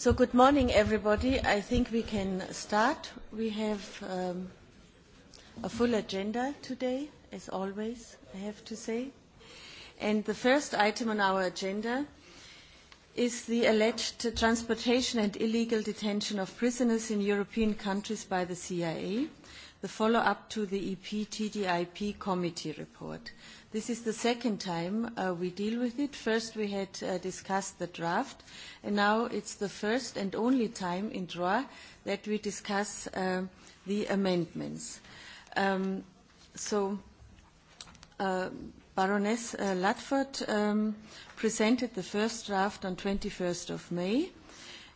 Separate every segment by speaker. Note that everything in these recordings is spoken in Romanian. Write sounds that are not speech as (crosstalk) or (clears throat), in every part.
Speaker 1: So good morning, everybody. I think we can start. We have um, a full agenda today, as always, I have to say. And the first item on our agenda is the alleged transportation and illegal detention of prisoners in European countries by the CIA the follow-up to the EP TDIP committee report. This is the second time uh, we deal with it. First we had uh, discussed the draft, and now it's the first and only time in DRA that we discuss uh, the amendments. Um, so uh, Baroness uh, Ludford um, presented the first draft on 21st of May,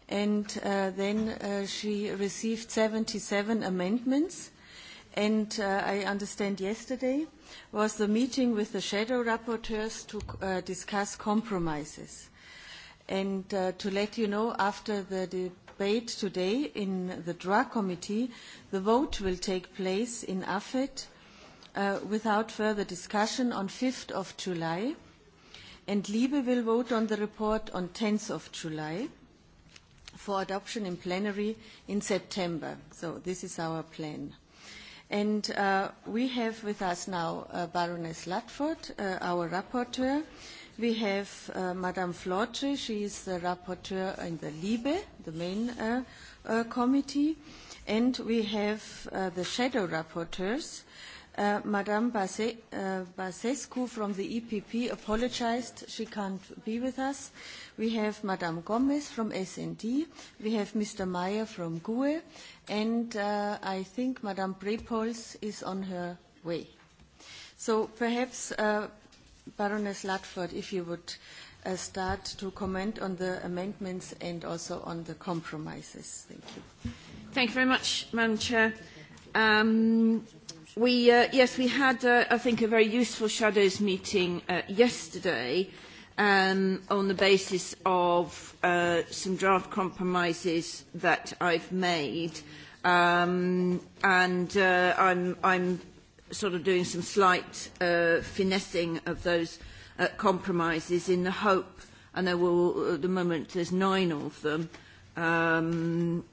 Speaker 1: and uh, then uh, she received 77 amendments and uh, I understand yesterday was the meeting with the shadow rapporteurs to uh, discuss compromises. And uh, to let you know, after the debate today in the DRA committee, the vote will take place in AFET uh, without further discussion on 5th of July, and Liebe will vote on the report on 10th of July for adoption in plenary in September. So this is our plan. And uh, we have with us now uh, Baroness Ludford, uh, our rapporteur. We have uh, Madame Flotre, she is the rapporteur in the LIBE, the main uh, uh, committee. And we have uh, the shadow rapporteurs. Uh, Uh, Madame Base, uh, Basescu from the EPP apologized. She can't be with us. We have Madame Gomez from SND. We have Mr. Meyer from GUE. And uh, I think Madame Brepols is on her way. So perhaps, uh, Baroness Ludford, if you would uh, start to comment on the amendments and also on the compromises. Thank you. Thank you very much, Madam
Speaker 2: Chair. Um, We, uh, yes, we had, uh, I think, a very useful shadows meeting uh, yesterday um, on the basis of uh, some draft compromises that I've made. Um, and uh, I'm, I'm sort of doing some slight uh, finessing of those uh, compromises in the hope, and there will, at the moment, there's nine of them, um,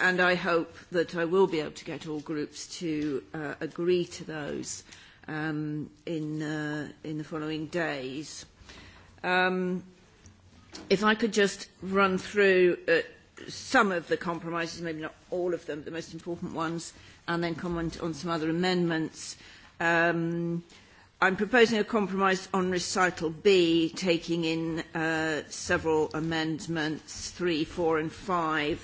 Speaker 2: and I hope that I will be able to get all groups to uh, agree to those um, in, uh, in the following days. Um, if I could just run through uh, some of the compromises, maybe not all of them, the most important ones, and then comment on some other amendments. Um, I'm proposing a compromise on recital B, taking in uh, several amendments, three, four, and five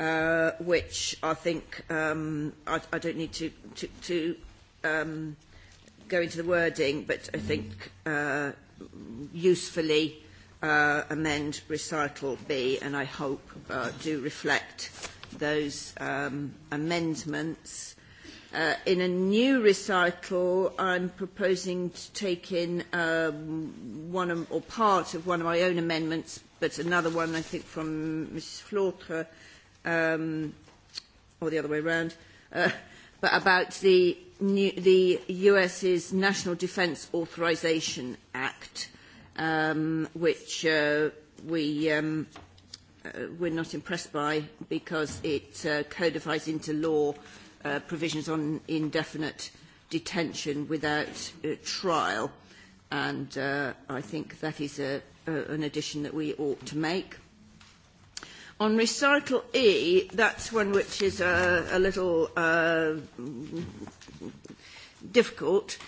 Speaker 2: uh, which I think um, I, I don't need to, to, to um, go into the wording, but I think uh, usefully uh, amend recital B, and I hope uh, do reflect those um, amendments. Uh, in a new recital, I'm proposing to take in um, one of, or part of one of my own amendments, but another one I think from Mrs. Flautre um, or the other way around, uh, but about the, new, the US's National Defense Authorization Act, um, which uh, we, um, uh, we're not impressed by because it uh, codifies into law uh, provisions on indefinite detention without uh, trial. And uh, I think that is a, a, an addition that we ought to make. On recital E, that's one which is a, uh, a little uh, difficult.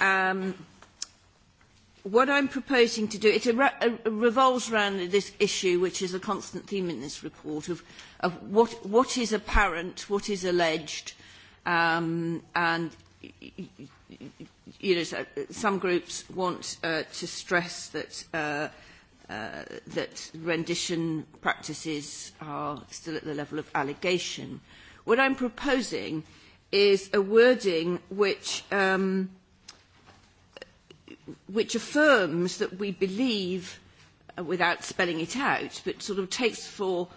Speaker 2: Um, what I'm proposing to do, it uh, revolves around this issue, which is a constant theme in this report, of, of what, what is apparent, what is alleged, um, and you know, so some groups want uh, to stress that uh, Uh, that rendition practices are still at the level of allegation. What I'm proposing is a wording which, um, which affirms that we believe, uh, without spelling it out, but sort of takes, for,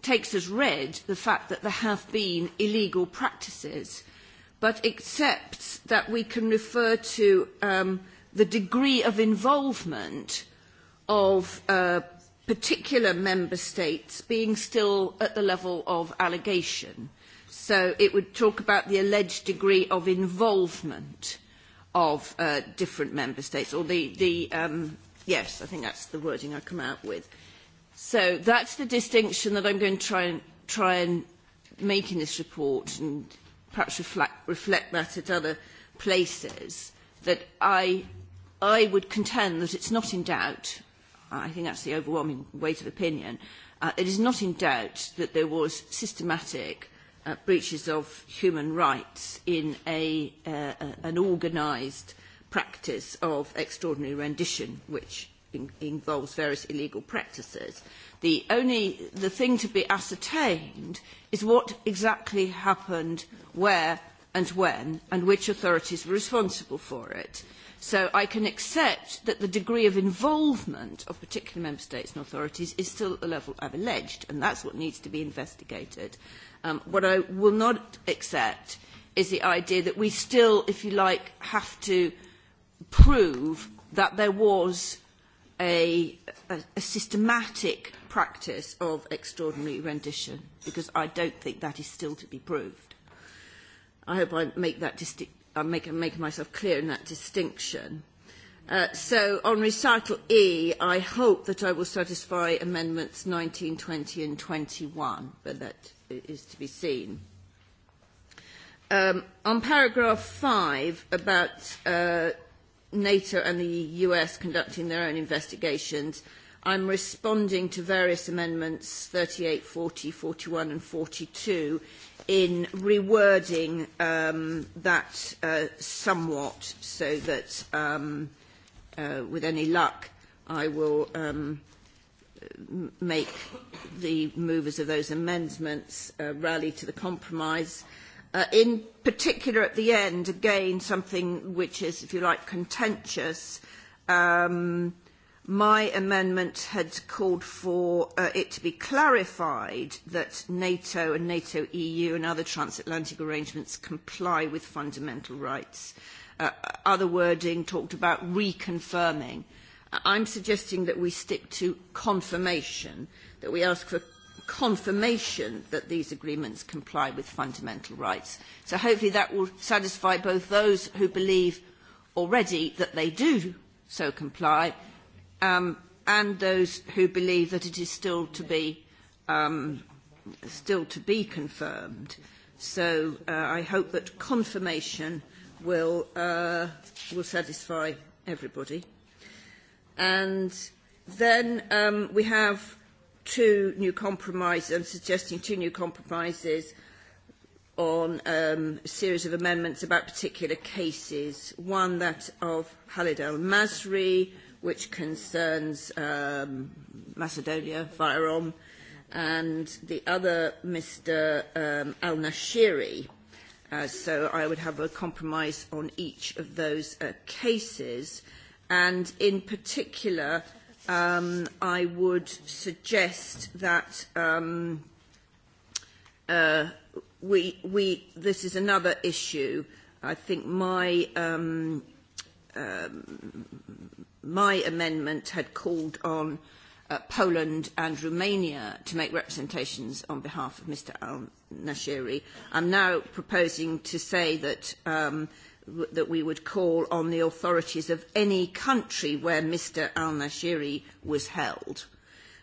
Speaker 2: takes as read the fact that there have been illegal practices, but accepts that we can refer to um, the degree of involvement of uh, particular member states being still at the level of allegation. So it would talk about the alleged degree of involvement of uh, different member states, or the, the um, yes, I think that's the wording I come out with. So that's the distinction that I'm going to try and, try and make in this report and perhaps reflect, reflect that at other places, that I, I would contend that it's not in doubt I think that's the overwhelming weight of opinion, uh, it is not in doubt that there was systematic uh, breaches of human rights in a, uh, an organised practice of extraordinary rendition, which in involves various illegal practices. The only the thing to be ascertained is what exactly happened, where and when, and which authorities were responsible for it. So I can accept that the degree of involvement of particular member states and authorities is still at the level I've alleged, and that's what needs to be investigated. Um, what I will not accept is the idea that we still, if you like, have to prove that there was a, a, a systematic practice of extraordinary rendition, because I don't think that is still to be proved. I hope I make that distinction I'm making, making myself clear in that distinction. Uh, so on recital E, I hope that I will satisfy amendments 19, 20 and 21, but that is to be seen. Um, on paragraph 5 about uh, NATO and the US conducting their own investigations, I'm responding to various amendments 38, 40, 41 and 42 in rewording um, that uh, somewhat so that um, uh, with any luck I will um, make the movers of those amendments uh, rally to the compromise. Uh, in particular at the end, again, something which is, if you like, contentious, um, uh, My amendment had called for uh, it to be clarified that NATO and NATO EU and other transatlantic arrangements comply with fundamental rights. Uh, other wording talked about reconfirming. I'm suggesting that we stick to confirmation, that we ask for confirmation that these agreements comply with fundamental rights. So hopefully that will satisfy both those who believe already that they do so comply um, and those who believe that it is still to be um, still to be confirmed. So uh, I hope that confirmation will uh, will satisfy everybody. And then um, we have two new compromises. I'm suggesting two new compromises on um, a series of amendments about particular cases. One that of Khalid El Masri which concerns um, Macedonia via and the other Mr. Um, Al Nashiri. Uh, so I would have a compromise on each of those uh, cases. And in particular, um, I would suggest that um, uh, we, we, this is another issue. I think my um, um, my amendment had called on uh, Poland and Romania to make representations on behalf of Mr. al-Nashiri. I'm now proposing to say that, um, that we would call on the authorities of any country where Mr. al-Nashiri was held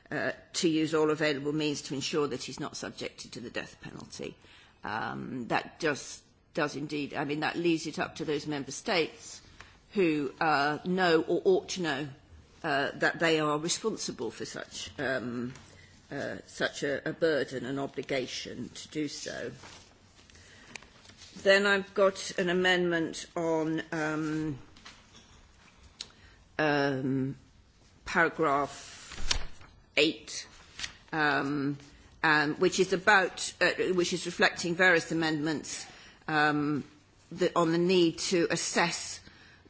Speaker 2: uh, to use all available means to ensure that he's not subjected to the death penalty. Um, that just does indeed, I mean, that leaves it up to those member states who uh, know or ought to know uh, that they are responsible for such, um, uh, such a, a burden and obligation to do so. Then I've got an amendment on um, um, paragraph 8, um, um, which is about, uh, which is reflecting various amendments um, the, on the need to assess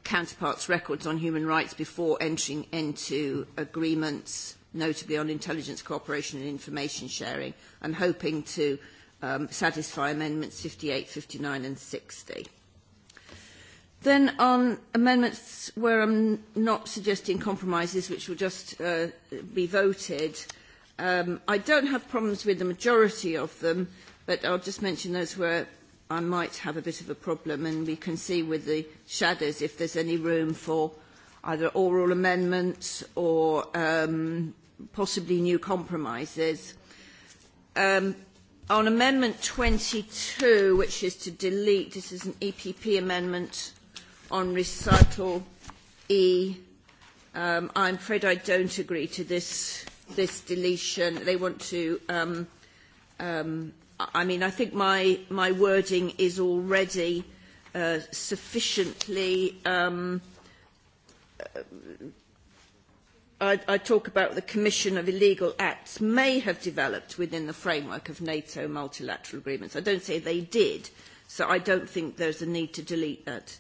Speaker 2: counterparts' records on human rights before entering into agreements, notably on intelligence cooperation and information sharing. I'm hoping to um, satisfy amendments 58, 59 and 60. Then on amendments where I'm not suggesting compromises, which will just uh, be voted, um, I don't have problems with the majority of them, but I'll just mention those where I might have a bit of a problem, and we can see with the shadows if there's any room for either oral amendments or um, possibly new compromises. Um, on Amendment 22, which is to delete, this is an EPP amendment on recital E. Um, I'm afraid I don't agree to this, this deletion. They want to um, um, I mean, I think my, my wording is already uh, sufficiently. Um, uh, I, I talk about the commission of illegal acts may have developed within the framework of NATO multilateral agreements. I don't say they did, so I don't think there's a need to delete that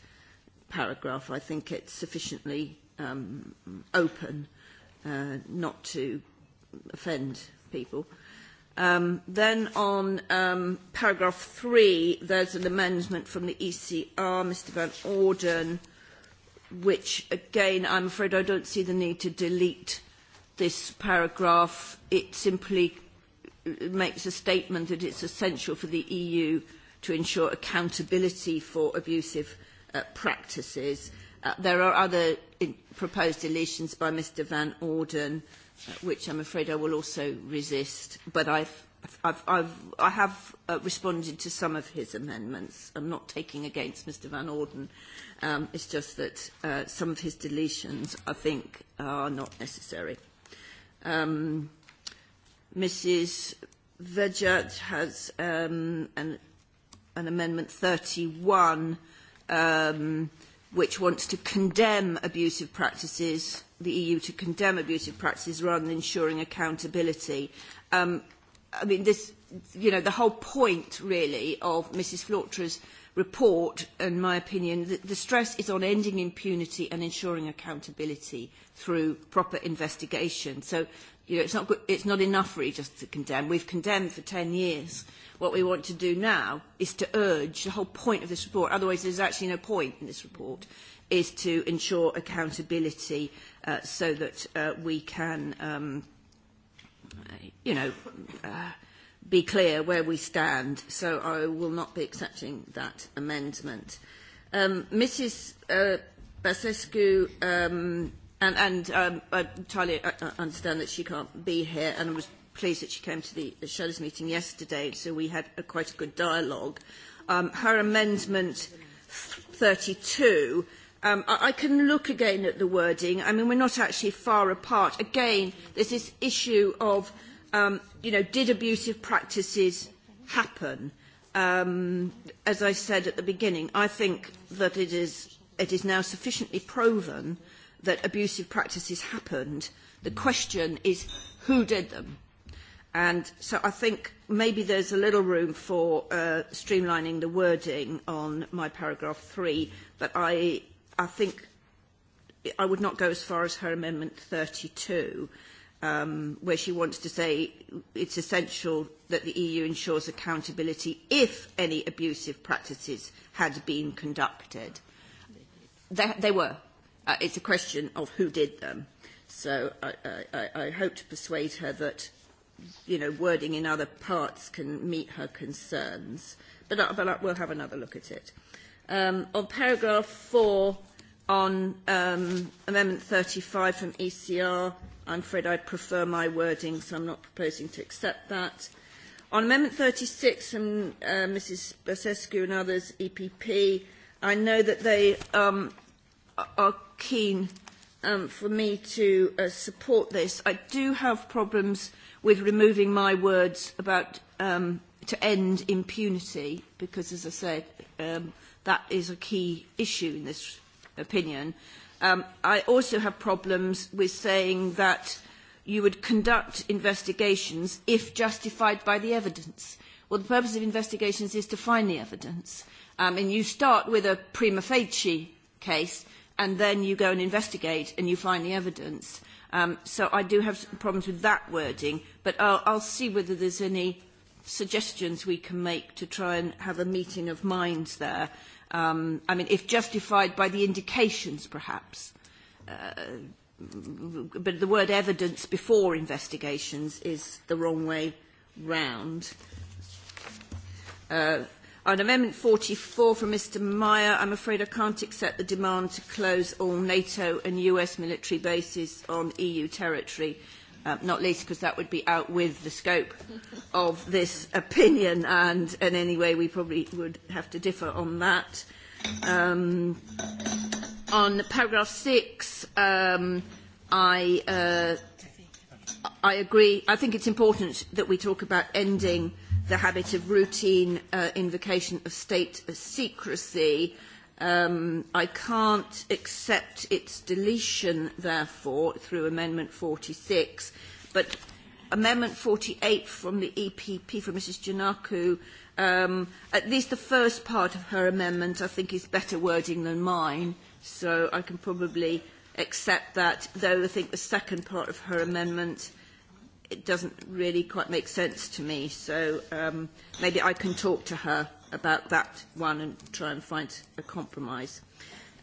Speaker 2: paragraph. I think it's sufficiently um, open uh, not to offend people. Uh, Um, then on um, paragraph three, there's an amendment from the ECR, Mr Van Orden, which again, I'm afraid I don't see the need to delete this paragraph. It simply makes a statement that it's essential for the EU to ensure accountability for abusive uh, practices. Uh, there are other in proposed deletions by Mr Van Orden. Uh, which I'm afraid I will also resist, but I've, I've, I've, I have uh, responded to some of his amendments. I'm not taking against Mr Van Orden. Um, it's just that uh, some of his deletions, I think, are not necessary. Um, Mrs Vejat has um, an, an amendment 31 um, which wants to condemn abusive practices, the EU to condemn abusive practices rather than ensuring accountability. Um, I mean, this, you know, the whole point really of Mrs. Flautra's report, in my opinion, the, the stress is on ending impunity and ensuring accountability through proper investigation. So, you know, it's not, good, it's not enough really just to condemn. We've condemned for 10 years. Mm What we want to do now is to urge the whole point of this report, otherwise there's actually no point in this report, is to ensure accountability uh, so that uh, we can, um, you know, uh, be clear where we stand. So I will not be accepting that amendment. Um, Mrs. Uh, Basescu um, and, and um, I entirely uh, uh, understand that she can't be here, and I was pleased that she came to the Shadows meeting yesterday, so we had a, quite a good dialogue. Um, her amendment 32, um, I, I can look again at the wording. I mean, we're not actually far apart. Again, there's this issue of, um, you know, did abusive practices happen? Um, as I said at the beginning, I think that it is, it is now sufficiently proven that abusive practices happened. The question is who did them? And so I think maybe there's a little room for uh, streamlining the wording on my paragraph three, but I, I think I would not go as far as her amendment 32, um, where she wants to say it's essential that the EU ensures accountability if any abusive practices had been conducted. They, they were. Uh, it's a question of who did them. So I, I, I hope to persuade her that you know, wording in other parts can meet her concerns. But, uh, but uh, we'll have another look at it. Um, on paragraph four, on um, Amendment 35 from ECR, I'm afraid I prefer my wording, so I'm not proposing to accept that. On Amendment 36 from uh, Mrs. Bersescu and others, EPP, I know that they um, are keen um, for me to uh, support this. I do have problems with removing my words about um, to end impunity, because as I said, um, that is a key issue in this opinion. Um, I also have problems with saying that you would conduct investigations if justified by the evidence. Well, the purpose of investigations is to find the evidence. Um, and you start with a prima facie case, and then you go and investigate and you find the evidence. Um, so I do have problems with that wording, but I'll, I'll see whether there's any suggestions we can make to try and have a meeting of minds there. Um, I mean, if justified by the indications, perhaps. Uh,
Speaker 3: but
Speaker 2: the word evidence before investigations is the wrong way round. Uh, On Amendment 44 from Mr Meyer, I'm afraid I can't accept the demand to close all NATO and US military bases on EU territory, uh, not least because that would be out with the scope (laughs) of this opinion, and in any way we probably would have to differ on that. Um, on paragraph 6, um, I, uh, I agree. I think it's important that we talk about ending – the habit of routine uh, invocation of state secrecy. Um, I can't accept its deletion, therefore, through Amendment 46, but Amendment 48 from the EPP, from Mrs. Janaku, um, at least the first part of her amendment, I think, is better wording than mine, so I can probably accept that, though I think the second part of her amendment it doesn't really quite make sense to me. So um, maybe I can talk to her about that one and try and find a compromise.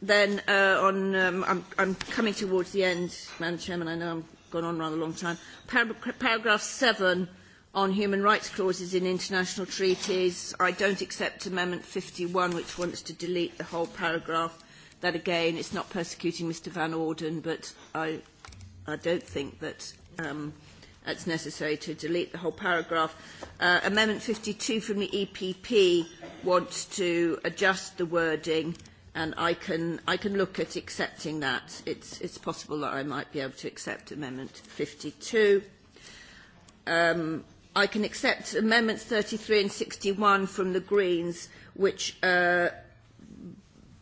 Speaker 2: Then uh, on, um, I'm, I'm coming towards the end, Madam Chairman. I know I've gone on rather a long time. Par- paragraph 7, on human rights clauses in international treaties. I don't accept Amendment 51, which wants to delete the whole paragraph. That again, it's not persecuting Mr. Van Orden, but I, I don't think that. Um, It's necessary to delete the whole paragraph. Uh, amendment 52 from the EPP wants to adjust the wording, and I can, I can look at accepting that. It's, it's possible that I might be able to accept Amendment 52. Um, I can accept Amendments 33 and 61 from the Greens, which uh,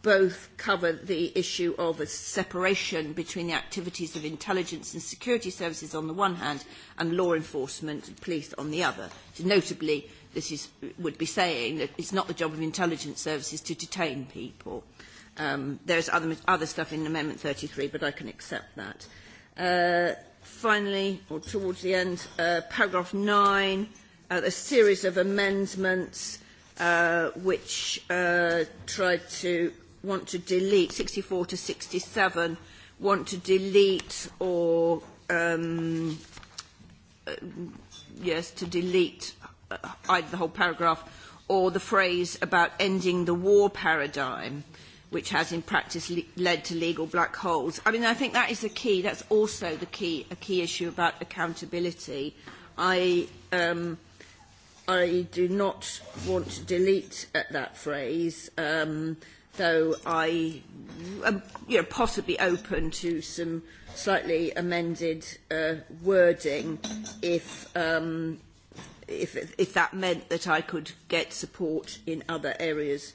Speaker 2: both cover the issue of a separation between the activities of intelligence and security services on the one hand and law enforcement and police on the other. So notably, this is, would be saying that it's not the job of intelligence services to detain people. Um, there's other, other stuff in Amendment 33, but I can accept that. Uh, finally, or towards the end, uh, paragraph 9, uh, a series of amendments uh, which uh, tried to want to delete, 64 to 67 want to delete or, um, uh, yes, to delete uh, either the whole paragraph or the phrase about ending the war paradigm, which has in practice le led to legal black holes. I mean, I think that is the key. That's also the key, a key issue about accountability. I, um, I do not want to delete uh, that phrase. Um, though I am um, you know, possibly open to some slightly amended uh, wording if, um, if, if that meant that I could get support in other areas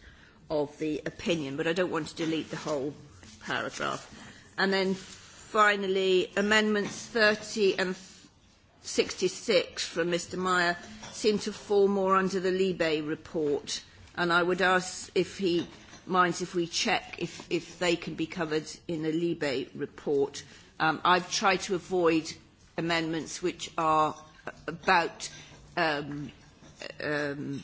Speaker 2: of the opinion, but I don't want to delete the whole paragraph. And then finally, amendments 30 and 66 from Mr Meyer seem to fall more under the Libe report, and I would ask if he minds if we check if, if they can be covered in the Libe report. Um, I've tried to avoid amendments which are about um, um,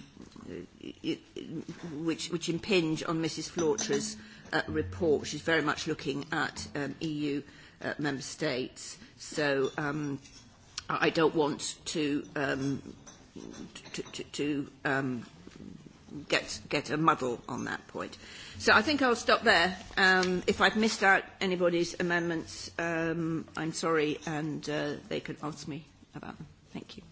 Speaker 2: which, which impinge on Mrs. Flautra's uh, report. She's very much looking at um, EU uh, member states. So um, I don't want to, um, to, to, to um, get, get a muddle on that point. So I think I'll stop there. Um, if I've missed out anybody's amendments, um, I'm sorry, and uh, they can ask me about them. Thank you.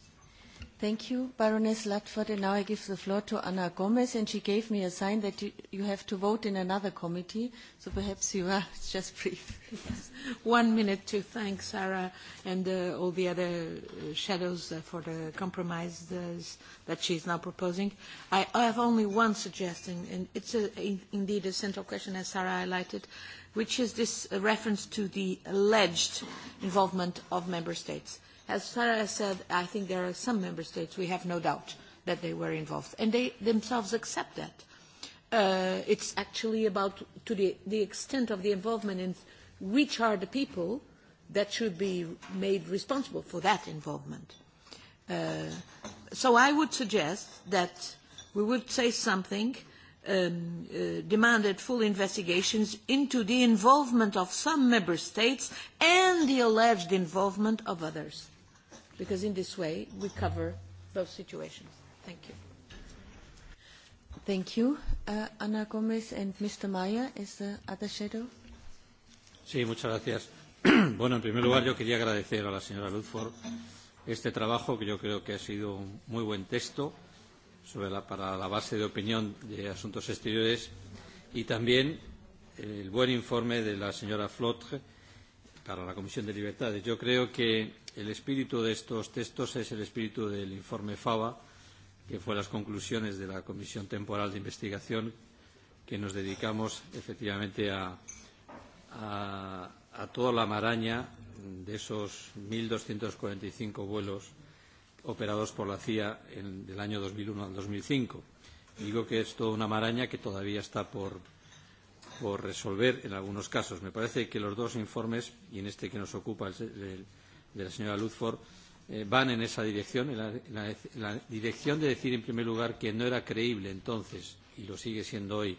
Speaker 1: Thank you, Baroness Ludford. And now I give the floor to Ana Gomez, and she gave me a sign that you, you have to vote in another committee, so perhaps you are (laughs) just brief. yes. One minute to thank Sarah and uh, all the other uh, shadows
Speaker 4: uh, for the compromises that she is now proposing. I, I have only one
Speaker 1: suggestion, and it's a, in, indeed a central question, as Sarah highlighted, which is this uh, reference to the alleged involvement of member states As Sara said, uh,
Speaker 4: I think there are some member states, we have no doubt that they were involved. And they themselves accept that. Uh, it's actually about to the, the extent of the involvement and in which are the people that should be made responsible for that involvement. Uh, so I would suggest that we would say something um, uh, demanded full investigations into the involvement of some member states and the alleged involvement of others because in this way we cover both situations. Thank you.
Speaker 1: Thank you, uh, Ana Gomez and Mr. Maya is the other shadow.
Speaker 5: Sí, muchas gracias. (clears throat) bueno, en primer lugar yo quería agradecer a la señora Ludford este trabajo que yo creo que ha sido un muy buen texto sobre la, para la base de opinión de asuntos exteriores y también eh, el buen informe de la señora Flotre para la Comisión de Libertades. Yo creo que el espíritu de estos textos es el espíritu del informe FABA, que fue las conclusiones de la Comisión Temporal de Investigación, que nos dedicamos efectivamente a, a, a toda la maraña de esos 1.245 vuelos operados por la CIA en, del año 2001 al 2005. Digo que es toda una maraña que todavía está por, por resolver en algunos casos. Me parece que los dos informes, y en este que nos ocupa el, el de la señora Ludford eh, van en esa dirección, en la, en, la, en la dirección de decir, en primer lugar, que no era creíble entonces, y lo sigue siendo hoy,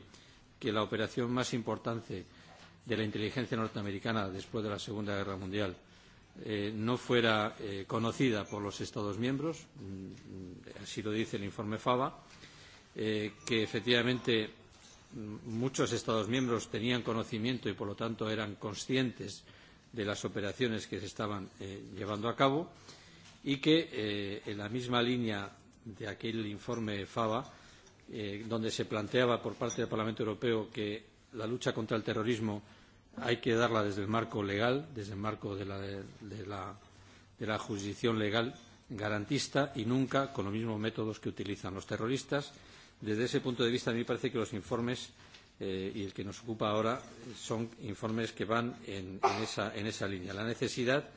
Speaker 5: que la operación más importante de la inteligencia norteamericana después de la Segunda Guerra Mundial eh, no fuera eh, conocida por los Estados miembros, mm, mm, así lo dice el informe FABA, eh, que efectivamente mm, muchos Estados miembros tenían conocimiento y por lo tanto eran conscientes eh, de las operaciones que se estaban eh, llevando a cabo y que, eh, en la misma línea de aquel informe FABA, eh, donde se planteaba por parte del Parlamento Europeo que la lucha contra el terrorismo hay que darla desde el marco legal, desde el marco de la, de la, de la jurisdicción legal garantista y nunca con los mismos métodos que utilizan los terroristas. Desde ese punto de vista, a mí me parece que los informes eh, y el que nos ocupa ahora son informes que van en, en, esa, en esa línea. La necesidad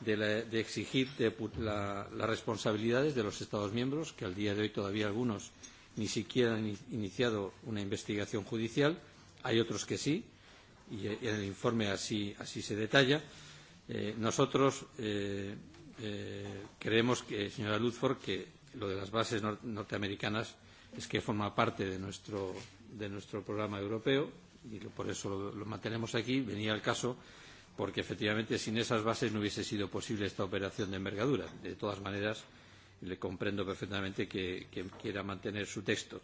Speaker 5: de, la, de exigir de la, las responsabilidades de los Estados miembros, que al día de hoy todavía algunos ni siquiera han iniciado una investigación judicial, hay otros que sí, y en eh, el informe así, así se detalla. Eh, nosotros eh, eh, creemos, que, señora Ludford, que lo de las bases norteamericanas es que forma parte de nuestro de nuestro programa europeo y por eso lo, lo mantenemos aquí. Venía al caso porque efectivamente sin esas bases no hubiese sido posible esta operación de envergadura. De todas maneras, le comprendo perfectamente que, que quiera mantener su texto.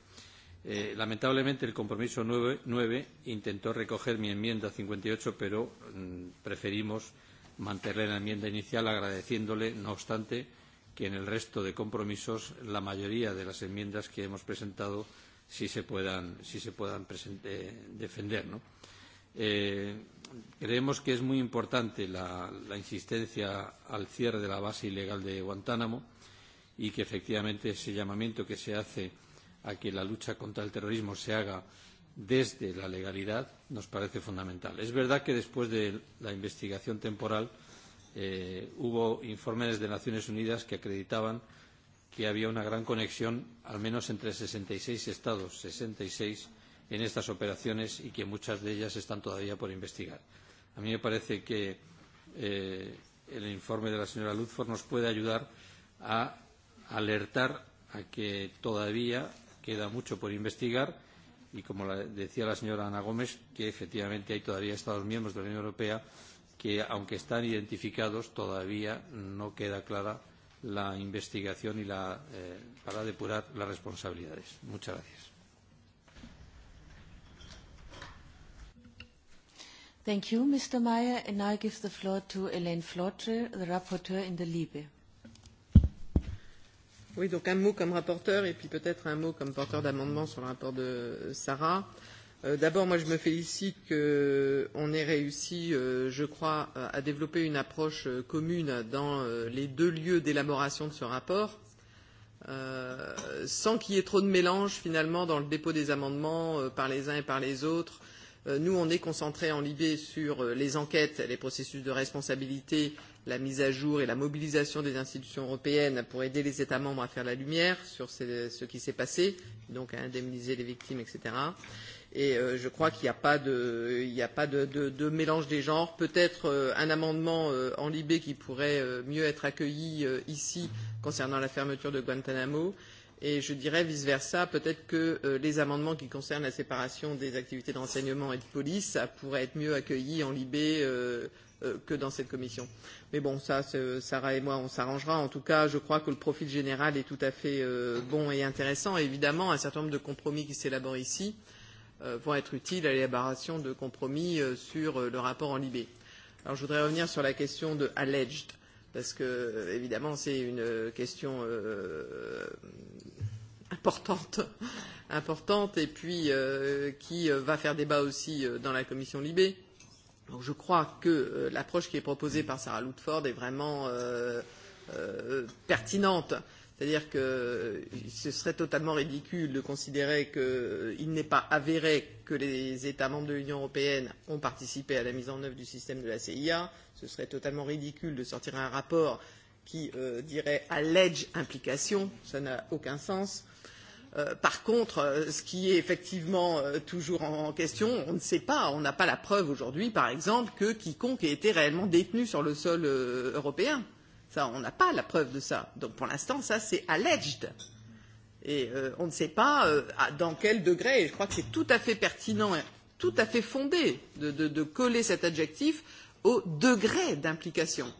Speaker 5: Eh, lamentablemente, el compromiso 9, 9 intentó recoger mi enmienda 58, pero mm, preferimos mantenerle la enmienda inicial agradeciéndole, no obstante, que en el resto de compromisos la mayoría de las enmiendas que hemos presentado si se puedan, si se puedan presente, defender. ¿no? Eh, creemos que es muy importante la, la insistencia al cierre de la base ilegal de Guantánamo y que efectivamente ese llamamiento que se hace a que la lucha contra el terrorismo se haga desde la legalidad nos parece fundamental. Es verdad que después de la investigación temporal eh, hubo informes de Naciones Unidas que acreditaban que había una gran conexión, al menos entre 66 estados, 66 en estas operaciones y que muchas de ellas están todavía por investigar. A mí me parece que eh, el informe de la señora Ludford nos puede ayudar a alertar a que todavía queda mucho por investigar y, como la, decía la señora Ana Gómez, que efectivamente hay todavía Estados miembros de la Unión Europea que, aunque están identificados, todavía no queda clara la investigación y la, eh, para depurar las responsabilidades. Muchas gracias.
Speaker 1: Thank you, Mr. Mayer. And now I give the floor to Elaine Flotre, the rapporteur in the Libe.
Speaker 6: Oui, donc un mot comme rapporteur et puis peut-être un mot comme porteur d'amendement sur le rapport de Sarah. Euh, d'abord, moi, je me félicite qu'on euh, ait réussi, euh, je crois, à développer une approche commune dans les deux lieux d'élaboration de ce rapport, sans qu'il y ait trop de mélange, finalement, dans le dépôt des amendements par les uns et par les autres. Euh, nous, on est concentrés en Libé sur les enquêtes, les processus de responsabilité, la mise à jour et la mobilisation des institutions européennes pour aider les États membres à faire la lumière sur ce qui s'est passé, donc à indemniser les victimes, etc. Et euh, je crois qu'il n'y a pas, de, il y a pas de, de, de mélange des genres. Peut-être euh, un amendement euh, en Libé qui pourrait euh, mieux être accueilli euh, ici concernant la fermeture de Guantanamo. Et je dirais vice-versa, peut-être que euh, les amendements qui concernent la séparation des activités d'enseignement et de police, ça pourrait être mieux accueilli en Libé euh, euh, que dans cette commission. Mais bon, ça, Sarah et moi, on s'arrangera. En tout cas, je crois que le profil général est tout à fait euh, bon et intéressant. Et évidemment, un certain nombre de compromis qui s'élaborent ici euh, Euh, vont être utiles à l'élaboration de compromis euh, sur euh, le rapport en Libé. Alors, je voudrais revenir sur la question de alleged, parce que, évidemment, c'est une question euh, importante, importante et puis euh, qui va faire débat aussi dans la commission Libé. Donc, je crois que euh, l'approche qui est proposée par Sarah Lutford est vraiment euh, euh, pertinente. Euh, C'est-à-dire que euh, ce serait totalement ridicule de considérer qu'il euh, n'est pas avéré que les États membres de l'Union européenne ont participé à la mise en œuvre du système de la CIA. Ce serait totalement ridicule de sortir un rapport qui euh, dirait allège implication. Ça n'a aucun sens. Euh, par contre, euh, ce qui est effectivement euh, toujours en en question, on ne sait pas, on n'a pas la preuve aujourd'hui, par exemple, que quiconque ait été réellement détenu sur le sol euh, européen. Euh, Ça, on n'a pas la preuve de ça. Donc pour l'instant, ça c'est alleged. Et euh, on ne sait pas euh, à, dans quel degré. Et je crois que c'est tout à fait pertinent, et tout à fait fondé de, de, de coller cet adjectif au degré d'implication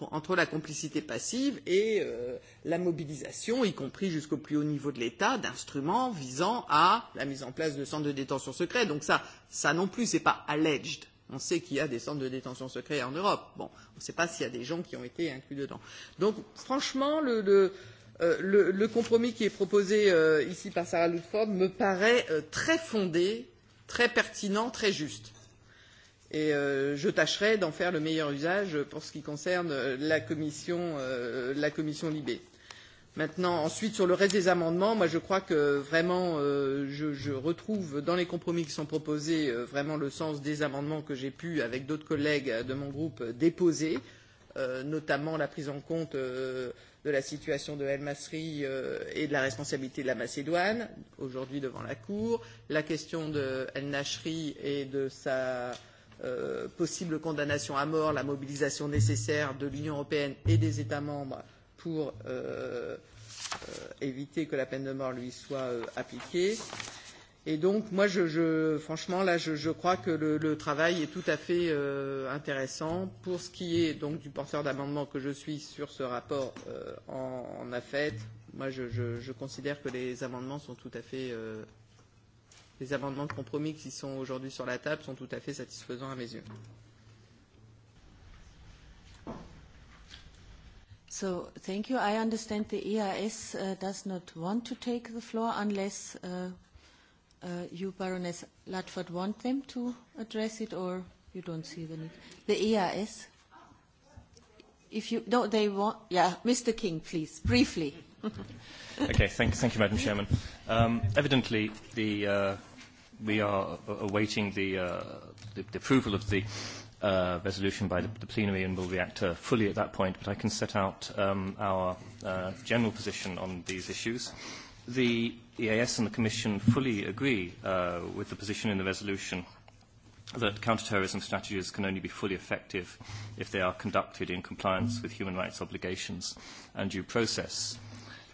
Speaker 6: entre la complicité passive et euh, la mobilisation, y compris jusqu'au plus haut niveau de l'État, d'instruments visant à la mise en place de centres de détention secrets. Donc ça, ça non plus, ce n'est pas alleged. On sait qu'il y a des centres de détention secrets en Europe. Bon, on ne sait pas s'il y a des gens qui ont été inclus dedans. Donc, franchement, le, le, euh, le, le compromis qui est proposé euh, ici par Sarah Ludford me paraît euh, très fondé, très pertinent, très juste. Et euh, je tâcherai d'en faire le meilleur usage pour ce qui concerne euh, la commission, euh, la commission Libé. Euh, Maintenant, ensuite, sur le reste des amendements, moi, je crois que vraiment, euh, je, je retrouve dans les compromis qui sont proposés euh, vraiment le sens des amendements que j'ai pu, avec d'autres collègues de mon groupe, euh, déposer, euh, notamment la prise en compte euh, de la situation de El Masri euh, et de la responsabilité de la Macédoine, aujourd'hui devant la Cour, la question de El Nashri et de sa euh, possible condamnation à mort, la mobilisation nécessaire de l'Union européenne et des États membres pour euh, Euh, éviter que la peine de mort lui soit euh, appliquée. Et donc, moi, je, je, franchement, là, je, je crois que le, le travail est tout à fait euh, intéressant pour ce qui est donc du porteur d'amendement que je suis sur ce rapport euh, en, en affaire. Moi, je, je, je considère que les amendements sont tout à fait, euh, les amendements de compromis qui sont aujourd'hui sur la table sont tout à fait satisfaisants à mes yeux.
Speaker 1: So thank you. I understand the EIS uh, does not want to take the floor unless uh, uh, you, Baroness Ludford, want them to address it, or you don't see the need. The EIS? If you... No, they want... Yeah, Mr. King, please, briefly. (laughs)
Speaker 7: okay, thank, thank you, Madam Chairman. Um, evidently, the, uh, we are awaiting the, uh, the, the approval of the uh, resolution by the, the plenary and will react uh, fully at that point, but I can set out um, our uh, general position on these issues. The EAS and the Commission fully agree uh, with the position in the resolution that counterterrorism strategies can only be fully effective if they are conducted in compliance with human rights obligations and due process.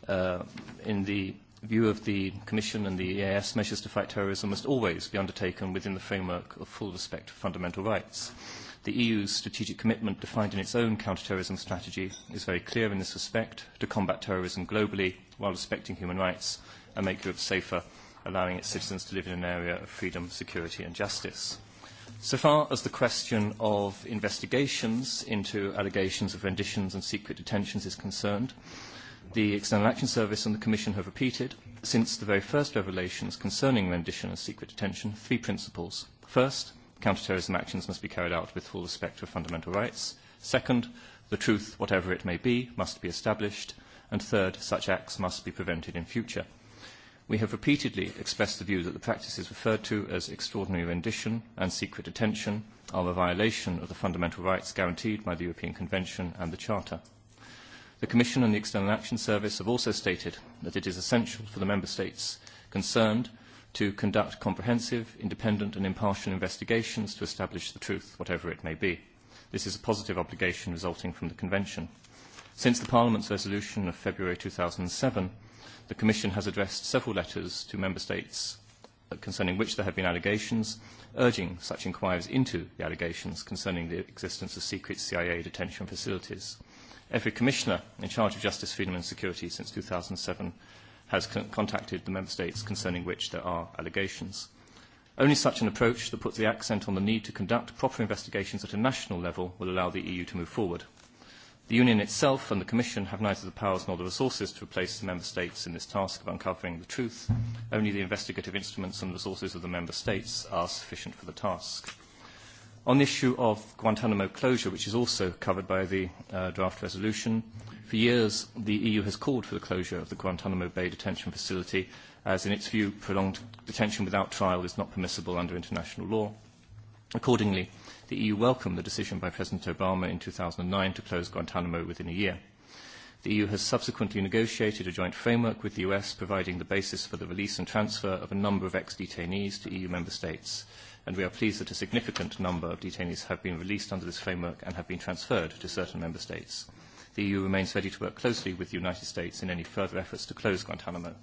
Speaker 7: Uh, in the view of the Commission and the EAS, measures to fight terrorism must always be undertaken within the framework of full respect for fundamental rights. The EU's strategic commitment defined in its own counterterrorism strategy is very clear in this respect, to combat terrorism globally while respecting human rights and make Europe safer, allowing its citizens to live in an area of freedom, security and justice. So far as the question of investigations into allegations of renditions and secret detentions is concerned, The External Action Service and the Commission have repeated, since the very first revelations concerning rendition and secret detention, three principles. First, counterterrorism actions must be carried out with full respect for fundamental rights. Second, the truth, whatever it may be, must be established. And third, such acts must be prevented in future. We have repeatedly expressed the view that the practices referred to as extraordinary rendition and secret detention are a violation of the fundamental rights guaranteed by the European Convention and the Charter. The Commission and the External Action Service have also stated that it is essential for the Member States concerned to conduct comprehensive, independent and impartial investigations to establish the truth, whatever it may be. This is a positive obligation resulting from the Convention. Since the Parliament's resolution of February 2007, the Commission has addressed several letters to Member States concerning which there have been allegations, urging such inquiries into the allegations concerning the existence of secret CIA detention facilities every commissioner in charge of justice, freedom and security since 2007 has con contacted the member states concerning which there are allegations. Only such an approach that puts the accent on the need to conduct proper investigations at a national level will allow the EU to move forward. The Union itself and the Commission have neither the powers nor the resources to replace the Member States in this task of uncovering the truth. Only the investigative instruments and resources of the Member States are sufficient for the task. On the issue of Guantanamo closure, which is also covered by the uh, draft resolution, for years the EU has called for the closure of the Guantanamo Bay detention facility, as in its view prolonged detention without trial is not permissible under international law. Accordingly, the EU welcomed the decision by President Obama in 2009 to close Guantanamo within a year. The EU has subsequently negotiated a joint framework with the US, providing the basis for the release and transfer of a number of ex-detainees to EU member states and we are pleased that a significant number of detainees have been released under this framework and have been transferred to certain member states. The EU remains ready to work closely with the United States in any further efforts to close Guantanamo.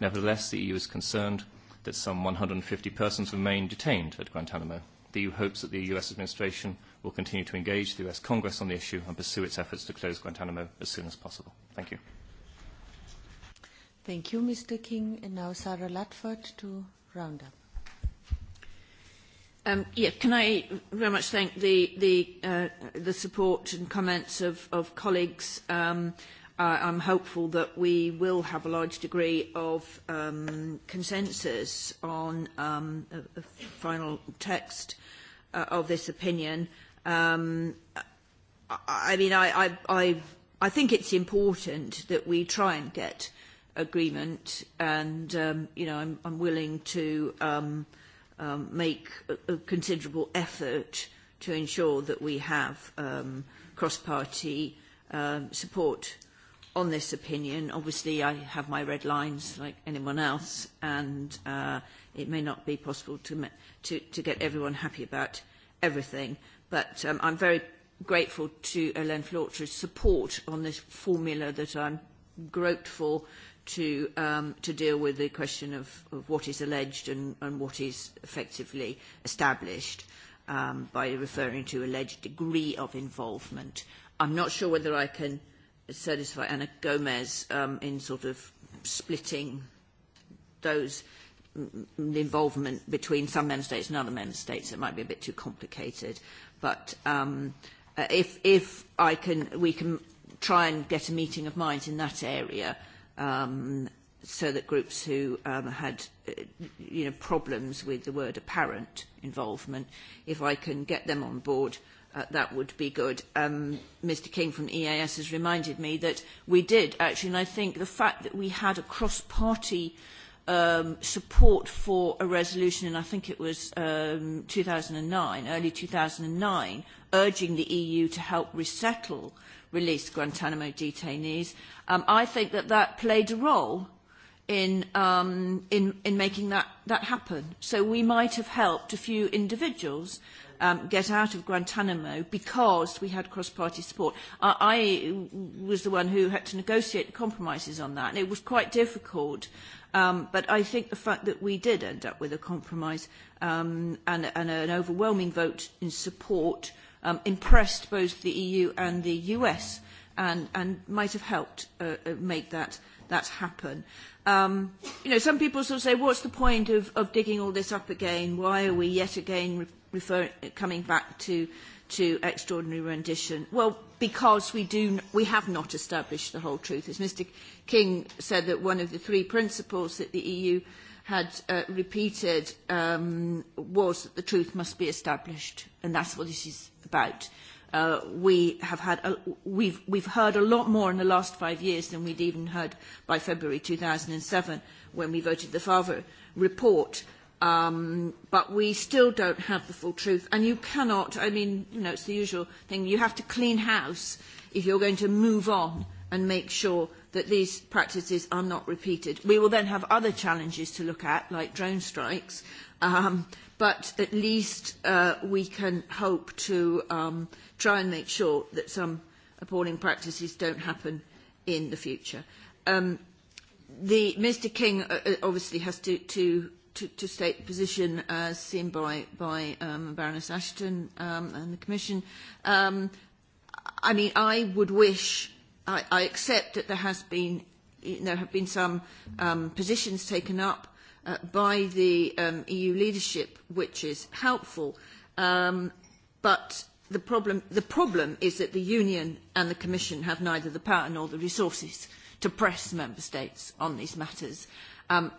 Speaker 7: Nevertheless, the EU is concerned that some 150 persons remain detained at Guantanamo. The EU hopes that the US administration will continue to engage the US Congress on the issue and pursue its efforts to close Guantanamo as soon as possible. Thank you.
Speaker 1: Thank you, Mr. King. And now Sarah Latford to round up.
Speaker 2: Um, yeah, can I very much thank the, the, uh, the support and comments of, of colleagues. Um, I, I'm hopeful that we will have a large degree of um, consensus on um, a, a final text uh, of this opinion. Um, I, I mean, I, I, I, I think it's important that we try and get agreement, and um, you know, I'm, I'm willing to. Um, um, make a, a considerable effort to ensure that we have um, cross-party um, support on this opinion. Obviously, I have my red lines like anyone else, and uh, it may not be possible to, to, to get everyone happy about everything. But um, I'm very grateful to Hélène Flautre's support on this formula that I'm groped for to, um, to deal with the question of, of what is alleged and, and what is effectively established um, by referring to alleged degree of involvement. I'm not sure whether I can satisfy Anna Gomez um, in sort of splitting those involvement between some member states and other member states. It might be a bit too complicated, but um, uh, if if I can, we can try and get a meeting of minds in that area um, so that groups who um, had uh, you know, problems with the word apparent involvement, if I can get them on board, uh, that would be good. Um, Mr King from EAS has reminded me that we did actually, and I think the fact that we had a cross-party um, support for a resolution, and I think it was um, 2009, early 2009, urging the EU to help resettle released Guantanamo detainees. Um, I think that that played a role in, um, in, in making that, that happen. So we might have helped a few individuals um, get out of Guantanamo because we had cross-party support. I, I was the one who had to negotiate the compromises on that, and it was quite difficult. Um, but I think the fact that we did end up with a compromise um, and, and an overwhelming vote in support um, impressed both the EU and the US and, and might have helped uh, uh, make that, that happen. Um, you know, some people sort of say, what's the point of, of digging all this up again? Why are we yet again refer, coming back to, to extraordinary rendition? Well, because we, do, we have not established the whole truth. As Mr King said, that one of the three principles that the EU had uh, repeated um, was that the truth must be established, and that's what this is about. Uh, we have had a, we've, we've heard a lot more in the last five years than we'd even heard by February 2007 when we voted the Favre report. Um, but we still don't have the full truth, and you cannot. I mean, you know, it's the usual thing. You have to clean house if you're going to move on and make sure that these practices are not repeated. We will then have other challenges to look at, like drone strikes, um, but at least uh, we can hope to um, try and make sure that some appalling practices don't happen in the future. Um, the, Mr King uh, uh, obviously has to, to, to, to state the position as uh, seen by, by um, Baroness Ashton um, and the Commission. Um, I mean, I would wish I, I accept that there has been there have been some um, positions taken up uh, by the um, EU leadership, which is helpful. Um, but the problem, the problem is that the Union and the Commission have neither the power nor the resources to press member states on these matters. Um,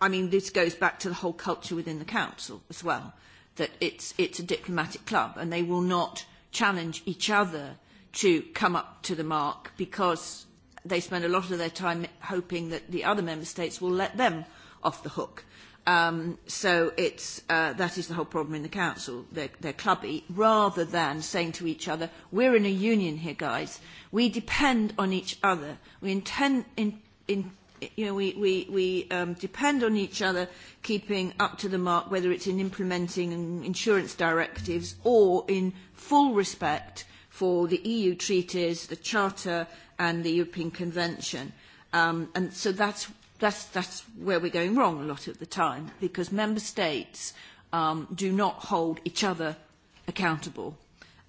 Speaker 2: I mean, this goes back to the whole culture within the Council as well, that it's, it's a diplomatic club and they will not challenge each other to come up to the mark because they spend a lot of their time hoping that the other member states will let them off the hook. Um, so it's, uh, that is the whole problem in the council. They're, they're clubby, rather than saying to each other, we're in a union here, guys. We depend on each other. We intend, in, in, you know, we, we, we um, depend on each other keeping up to the mark, whether it's in implementing insurance directives or in full respect for the EU treaties, the Charter and the European Convention. Um, and so that's, that's, that's where we're going wrong a lot of the time, because member states um, do not hold each other accountable.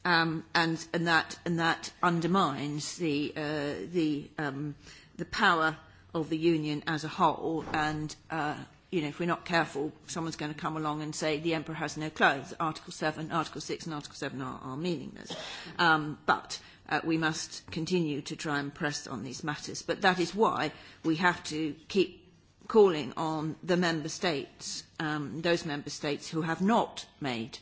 Speaker 2: Um, and, and, that, and that undermines the, uh, the, um, the power of the union as a whole and uh, you know, if we're not careful, someone's going to come along and say the emperor has no clothes. Article 7, Article 6 and Article 7 are, are meaningless. Um, but uh, we must continue to try and press on these matters. But that is why we have to keep calling on the member states, um, those member states who have not made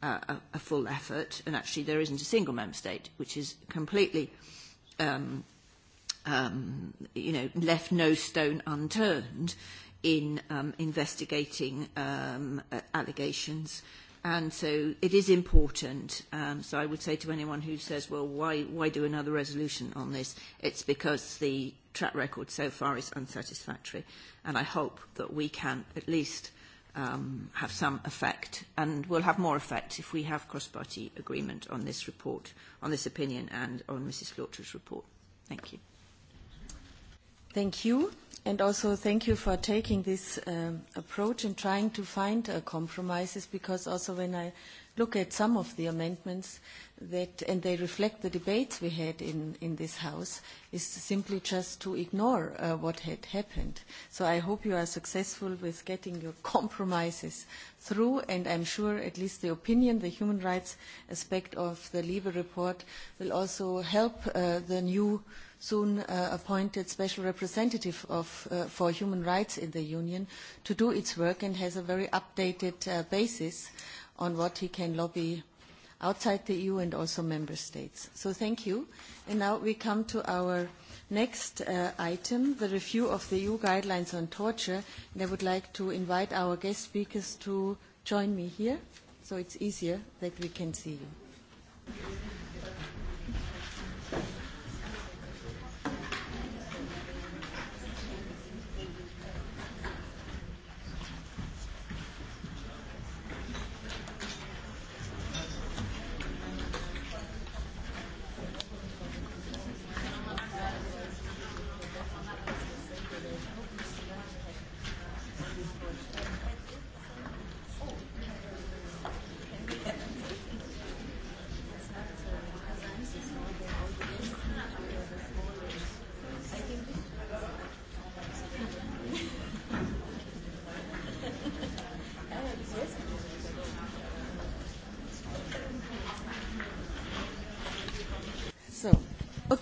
Speaker 2: uh, a, a full effort, and actually there isn't a single member state which is completely um, um, you know, left no stone unturned in um, investigating um, allegations. And so it is important. Um, so I would say to anyone who says, well, why, why do another resolution on this? It's because the track record so far is unsatisfactory. And I hope that we can at least um, have some effect. And we'll have more effect if we have cross-party agreement on this report, on this opinion, and on Mrs. Slaughter's report. Thank you.
Speaker 1: Thank you. And also thank you for taking this um, approach and trying to find uh, compromises because also when I look at some of the amendments that, and they reflect the debates we had in, in this House, is simply just to ignore uh, what had happened. So I hope you are successful with getting your (laughs) compromises through, and I'm sure at least the opinion, the human rights aspect of the Lieber report will also help uh, the new uh, soon uh, appointed special representative of, uh, for human rights in the Union to do its work and has a very updated uh, basis on what he can lobby outside the EU and also member states. So thank you. And now we come to our next uh, item, the review of the EU guidelines on torture. And I would like to invite our guest speakers to join me here so it's easier that we can see you.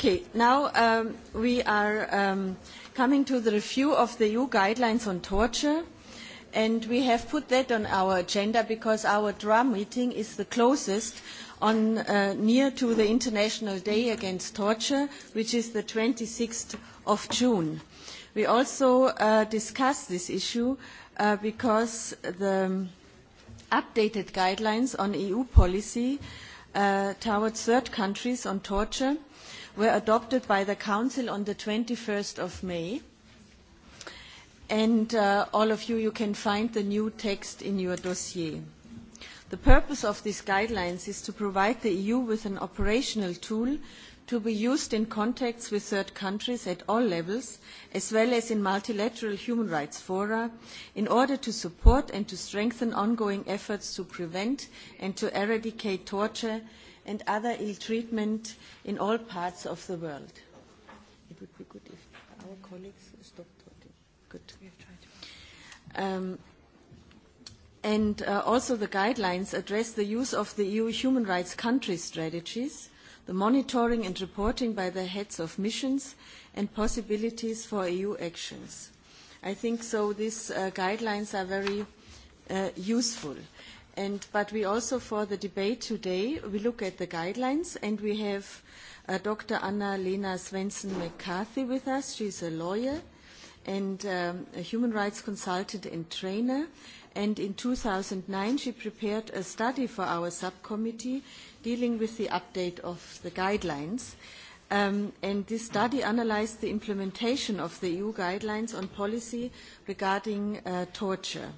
Speaker 1: Okay, now um, we are um, coming to the review of the EU guidelines on torture. And we have put that on our agenda because our DRA meeting is the closest on, uh, near to the International Day Against Torture, which is the 26th of June. We also uh, this issue uh, because the updated guidelines on EU policy uh, towards third countries on torture were adopted by the Council on the 21st of May. And uh, all of you, you can find the new text in your dossier. The purpose of these guidelines is to provide the EU with an operational tool to be used in contacts with third countries at all levels, as well as in multilateral human rights fora, in order to support and to strengthen ongoing efforts to prevent and to eradicate torture and other ill treatment in all parts of the world. It would be good if our colleagues stop talking. Good. We have tried. Um, and uh, also the guidelines address the use of the EU human rights country strategies, the monitoring and reporting by the heads of missions, and possibilities for EU actions. I think so these uh, guidelines are very uh, useful and, but we also, for the debate today, we look at the guidelines, and we have uh, Dr. Anna-Lena Svensson-McCarthy with us. She's a lawyer and um, a human rights consultant and trainer. And in 2009, she prepared a study for our subcommittee dealing with the update of the guidelines. Um, and this study analyzed the implementation of the EU guidelines on policy regarding uh, torture.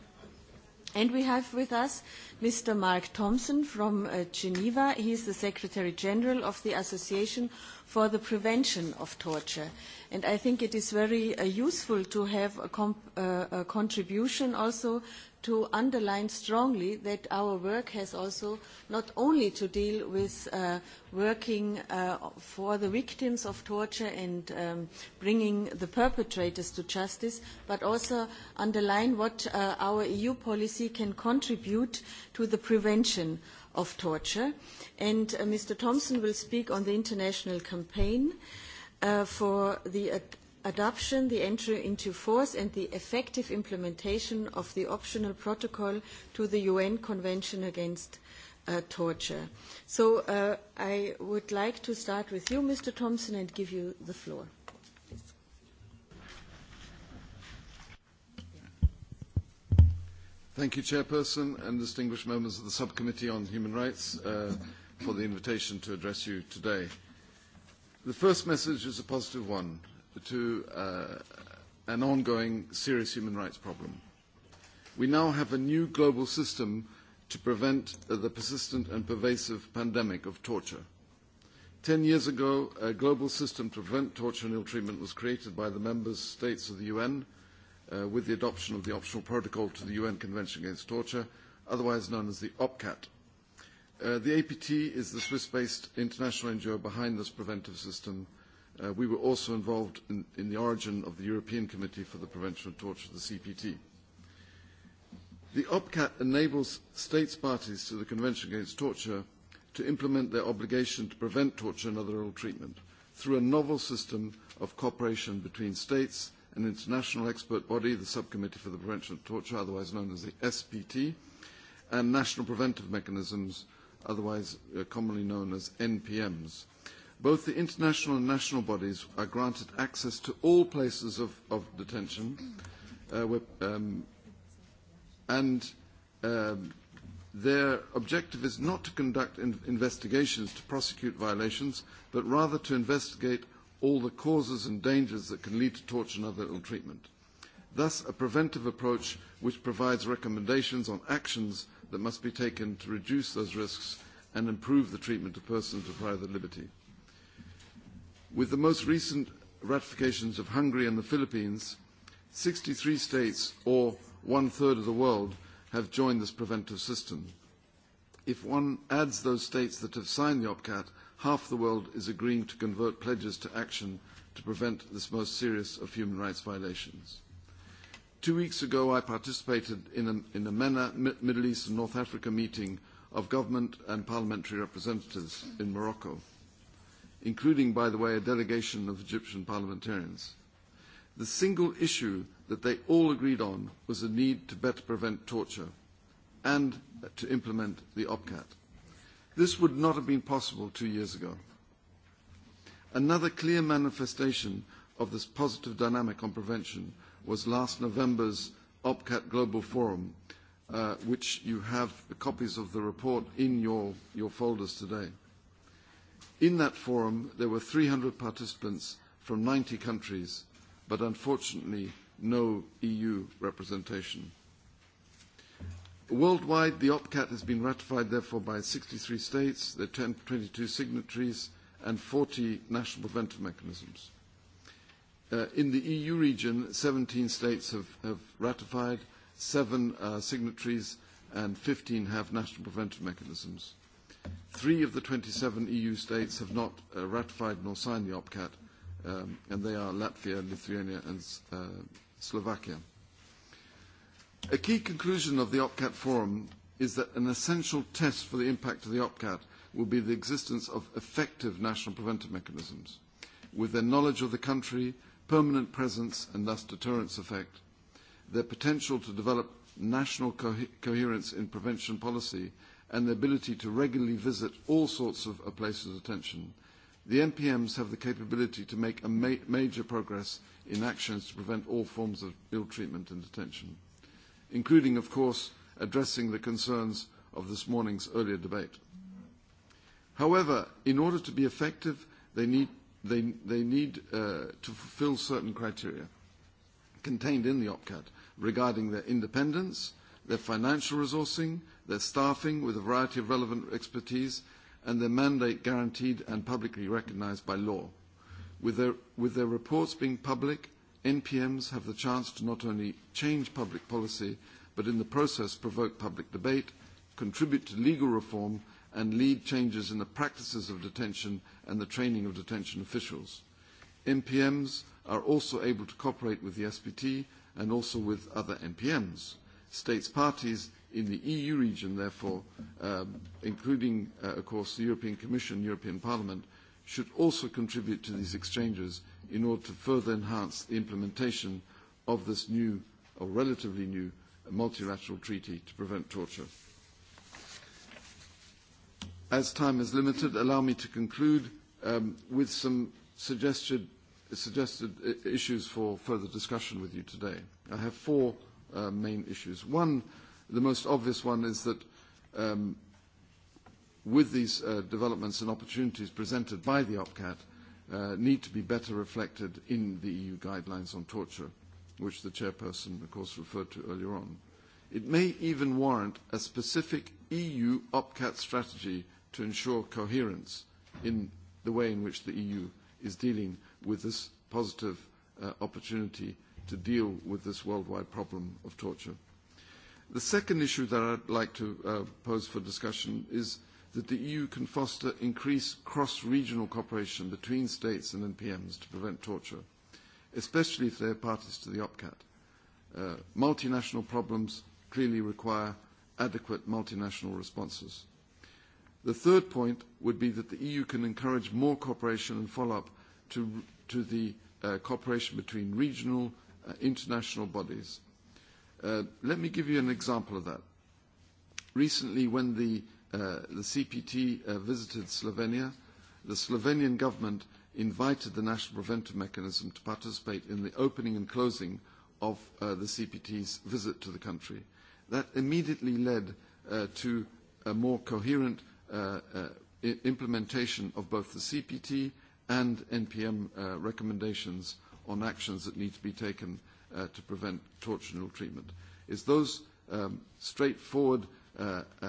Speaker 1: And we have with us Mr. Mark Thompson from uh, Geneva. He is the Secretary General of the Association for the Prevention of Torture. And I think it is very uh, useful to have a, uh, a contribution also to underline strongly that our work has also not only to deal with uh, working uh, for the victims of torture and um, bringing the perpetrators to justice, but also underline what uh, our EU policy can contribute to the prevention of torture. And uh, Mr. Thompson will speak on the international campaign uh, for the uh, adoption, the entry into force and the effective implementation of the optional protocol to the UN Convention against uh, Torture. So uh, I would like to start with you, Mr. Thompson, and give you the floor.
Speaker 8: Thank you, Chairperson, and distinguished members of the Subcommittee on Human Rights uh, for the invitation to address you today. The first message is a positive one to uh, an ongoing serious human rights problem. We now have a new global system to prevent uh, the persistent and pervasive pandemic of torture. Ten years ago, a global system to prevent torture and ill treatment was created by the member states of the UN uh, with the adoption of the optional protocol to the UN Convention Against Torture, otherwise known as the OPCAT. Uh, the APT is the Swiss-based international NGO behind this preventive system, Uh, we were also involved in, in the origin of the European Committee for the Prevention of Torture, the CPT. The OPCAT enables states parties to the Convention Against Torture to implement their obligation to prevent torture and other ill treatment through a novel system of cooperation between states, an international expert body, the Subcommittee for the Prevention of Torture, otherwise known as the SPT, and national preventive mechanisms, otherwise uh, commonly known as NPMs both the international and national bodies are granted access to all places of, of detention uh, where, um, and um, their objective is not to conduct in investigations to prosecute violations, but rather to investigate all the causes and dangers that can lead to torture and other ill treatment. Thus, a preventive approach which provides recommendations on actions that must be taken to reduce those risks and improve the treatment of persons deprived of liberty. With the most recent ratifications of Hungary and the Philippines, 63 states, or one-third of the world, have joined this preventive system. If one adds those states that have signed the OPCAT, half the world is agreeing to convert pledges to action to prevent this most serious of human rights violations. Two weeks ago, I participated in a, in a MENA, Middle East and North Africa meeting of government and parliamentary representatives in Morocco including, by the way, a delegation of Egyptian parliamentarians. The single issue that they all agreed on was the need to better prevent torture and to implement the OPCAT. This would not have been possible two years ago. Another clear manifestation of this positive dynamic on prevention was last November's OPCAT Global Forum, uh, which you have copies of the report in your, your folders today. In that forum, there were 300 participants from 90 countries, but unfortunately, no EU representation. Worldwide, the OPCAT has been ratified, therefore, by 63 states, their 10, 22 signatories, and 40 national preventive mechanisms. Uh, in the EU region, 17 states have, have ratified, seven uh, signatories, and 15 have national preventive mechanisms. Three of the 27 EU states have not uh, ratified nor signed the OPCAT, um, and they are Latvia, Lithuania, and uh, Slovakia. A key conclusion of the OPCAT forum is that an essential test for the impact of the OPCAT will be the existence of effective national preventive mechanisms, with their knowledge of the country, permanent presence, and thus deterrence effect, their potential to develop national co coherence in prevention policy and the ability to regularly visit all sorts of places of attention, the MPMs have the capability to make a ma major progress in actions to prevent all forms of ill treatment and detention, including, of course, addressing the concerns of this morning's earlier debate. However, in order to be effective, they need, they, they need uh, to fulfill certain criteria contained in the OPCAT regarding their independence, their financial resourcing, their staffing with a variety of relevant expertise, and their mandate guaranteed and publicly recognised by law. With their, with their reports being public, NPMs have the chance to not only change public policy, but in the process provoke public debate, contribute to legal reform, and lead changes in the practices of detention and the training of detention officials. NPMs are also able to cooperate with the SPT and also with other NPMs states parties in the EU region, therefore, um, including, uh, of course, the European Commission, European Parliament, should also contribute to these exchanges in order to further enhance the implementation of this new or relatively new multilateral treaty to prevent torture. As time is limited, allow me to conclude um, with some suggested, suggested uh, issues for further discussion with you today. I have four uh, main issues. One, the most obvious one, is that um, with these uh, developments and opportunities presented by the OPCAT uh, need to be better reflected in the EU guidelines on torture, which the chairperson, of course, referred to earlier on. It may even warrant a specific EU OPCAT strategy to ensure coherence in the way in which the EU is dealing with this positive uh, opportunity to deal with this worldwide problem of torture. The second issue that I'd like to uh, pose for discussion is that the EU can foster increased cross-regional cooperation between states and NPMs to prevent torture, especially if they are parties to the OPCAT. Uh, multinational problems clearly require adequate multinational responses. The third point would be that the EU can encourage more cooperation and follow-up to, to the uh, cooperation between regional Uh, international bodies. Uh, let me give you an example of that. Recently, when the, uh, the CPT uh, visited Slovenia, the Slovenian government invited the National Preventive Mechanism to participate in the opening and closing of uh, the CPT's visit to the country. That immediately led uh, to a more coherent uh, uh implementation of both the CPT and NPM uh, recommendations on actions that need to be taken uh, to prevent torture and ill treatment. It's those um, straightforward uh, uh,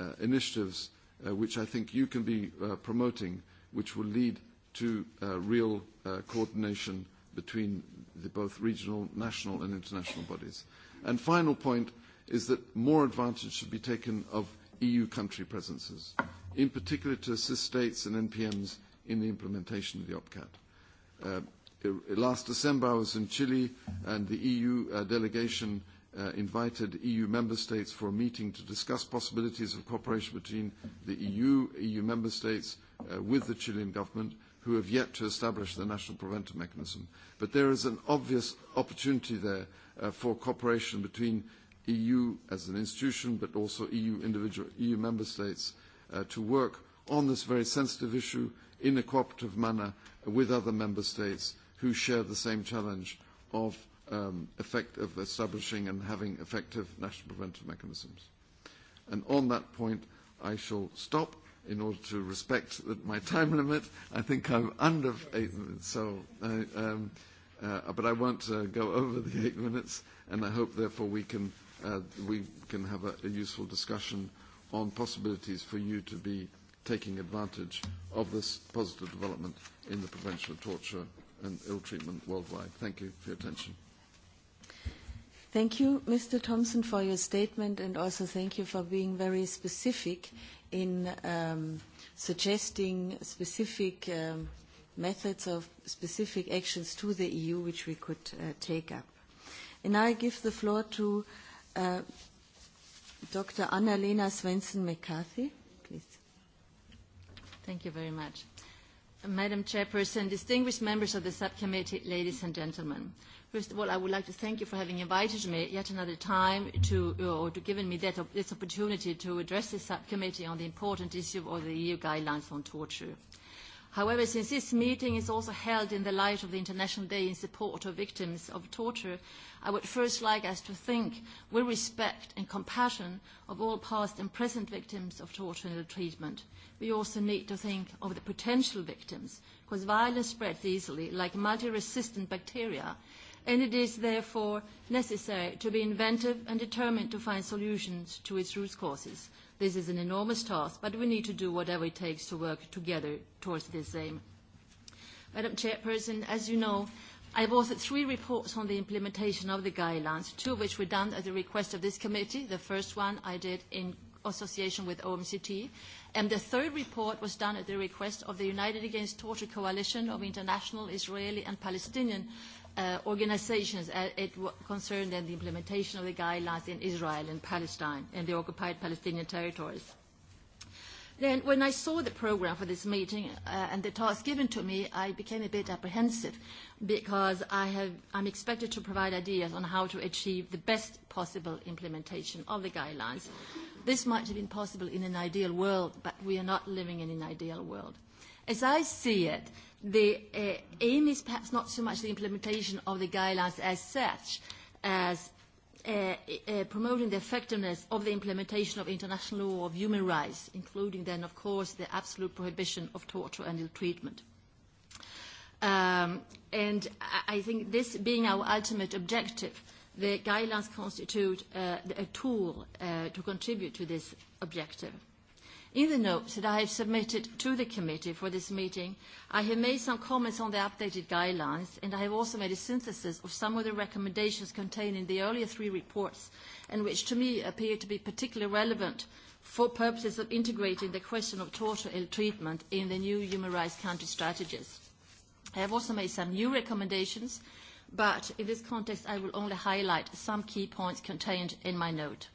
Speaker 8: uh, initiatives uh, which I think you can be uh, promoting, which will lead to uh, real uh, coordination between the both regional, national and international bodies. And final point is that more advantage should be taken of EU country presences, in particular to assist states and NPMs in the implementation of the OPCAT. Uh, Uh, last December, I was in Chile, and the EU uh, delegation uh, invited EU member states for a meeting to discuss possibilities of cooperation between the EU, EU member states, uh, with the Chilean government, who have yet to establish the national preventive mechanism. But there is an obvious opportunity there uh, for cooperation between EU as an institution, but also EU individual EU member states uh, to work on this very sensitive issue in a cooperative manner with other member states who share the same challenge of, um, effect of establishing and having effective national preventive mechanisms. And on that point, I shall stop in order to respect my time (laughs) limit. I think I'm under eight minutes, so I, um, uh, but I won't uh, go (laughs) over the eight minutes, and I hope, therefore, we can, uh, we can have a, a useful discussion on possibilities for you to be taking advantage of this positive development in the prevention of torture and ill treatment worldwide. Thank you for your attention.
Speaker 1: Thank you, Mr. Thompson, for your statement, and also thank you for being very specific in um, suggesting specific um, methods of specific actions to the EU which we could uh, take up. And now I give the floor to uh,
Speaker 9: Dr. Annalena
Speaker 1: Svensson-McCarthy, please. Thank
Speaker 9: you very much. Madam Chairperson, distinguished members of the subcommittee, ladies and gentlemen. First of all, I would like to thank you for having invited me yet another time to, uh, or to giving me that, this opportunity to address the subcommittee on the important issue of the EU guidelines on torture. However, since this meeting is also held in the light of the International Day in Support of Victims of Torture, I would first like us to think with respect and compassion of all past and present victims of torture and ill treatment. We also need to think of the potential victims, because violence spreads easily like multi-resistant bacteria, and it is therefore necessary to be inventive and determined to find solutions to its root causes. This is an enormous task, but we need to do whatever it takes to work together towards this aim. Madam Chairperson, as you know, I have authored three reports on the implementation of the guidelines, two of which were done at the request of this committee. The first one I did in association with OMCT, and the third report was done at the request of the United Against Torture Coalition of International Israeli and Palestinian uh, organizations it concerned in the implementation of the guidelines in Israel and Palestine and the occupied Palestinian territories. Then when I saw the program for this meeting uh, and the task given to me, I became a bit apprehensive because I have, I'm expected to provide ideas on how to achieve the best possible implementation of the guidelines. This might have been possible in an ideal world, but we are not living in an ideal world. As I see it, the uh, aim is perhaps not so much the implementation of the guidelines as such, as Uh, uh, promoting the effectiveness of the implementation of international law of human rights, including then, of course, the absolute prohibition of torture and ill treatment. Um, and I think this being our ultimate objective, the guidelines constitute uh, a tool uh, to contribute to this objective. In the notes that I have submitted to the committee for this meeting, I have made some comments on the updated guidelines, and I have also made a synthesis of some of the recommendations contained in the earlier three reports, and which to me appear to be particularly relevant for purposes of integrating the question of torture ill treatment in the new human rights country strategies. I have also made some new recommendations, but in this context I will only highlight some key points contained in my note.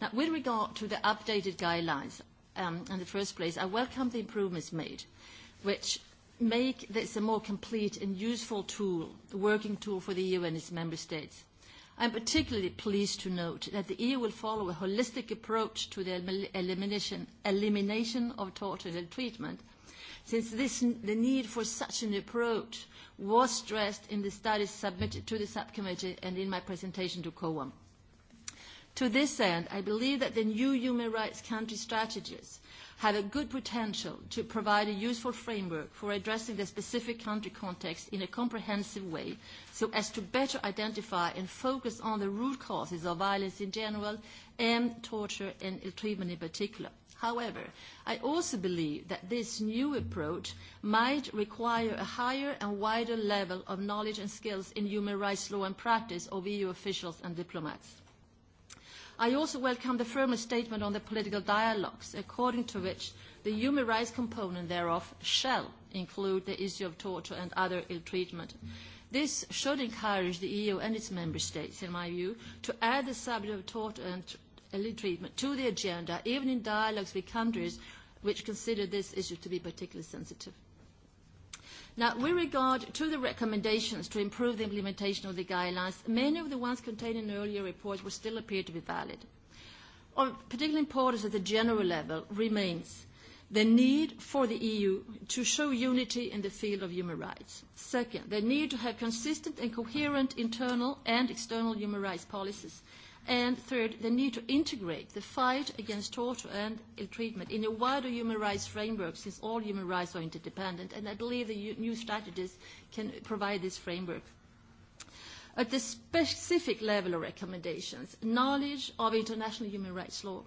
Speaker 9: Now, with regard to the updated guidelines, um, in the first place, I welcome the improvements made, which make this a more complete and useful tool, working tool for the EU and its member states. I am particularly pleased to note that the EU will follow a holistic approach to the elimination, elimination of torture and treatment, since this, the need for such an approach was stressed in the studies submitted to the subcommittee and in my presentation to COAM. To this end, I believe that the new human rights country strategies have a good potential to provide a useful framework for addressing the specific country context in a comprehensive way so as to better identify and focus on the root causes of violence in general and torture and ill treatment in particular. However, I also believe that this new approach might require a higher and wider level of knowledge and skills in human rights law and practice of EU officials and diplomats. I also welcome the firm statement on the political dialogues, according to which the human rights component thereof shall include the issue of torture and other ill treatment. This should encourage the EU and its member states, in my view, to add the subject of torture and ill treatment to the agenda, even in dialogues with countries which consider this issue to be particularly sensitive. Now, with regard to the recommendations to improve the implementation of the guidelines, many of the ones contained in earlier reports will still appear to be valid. Of particular importance at the general level remains the need for the EU to show unity in the field of human rights. Second, the need to have consistent and coherent internal and external human rights policies And third, the need to integrate the fight against torture and ill-treatment in a wider human rights framework, since all human rights are interdependent, and I believe the new strategies can provide this framework. At the specific level of recommendations, knowledge of international human rights law,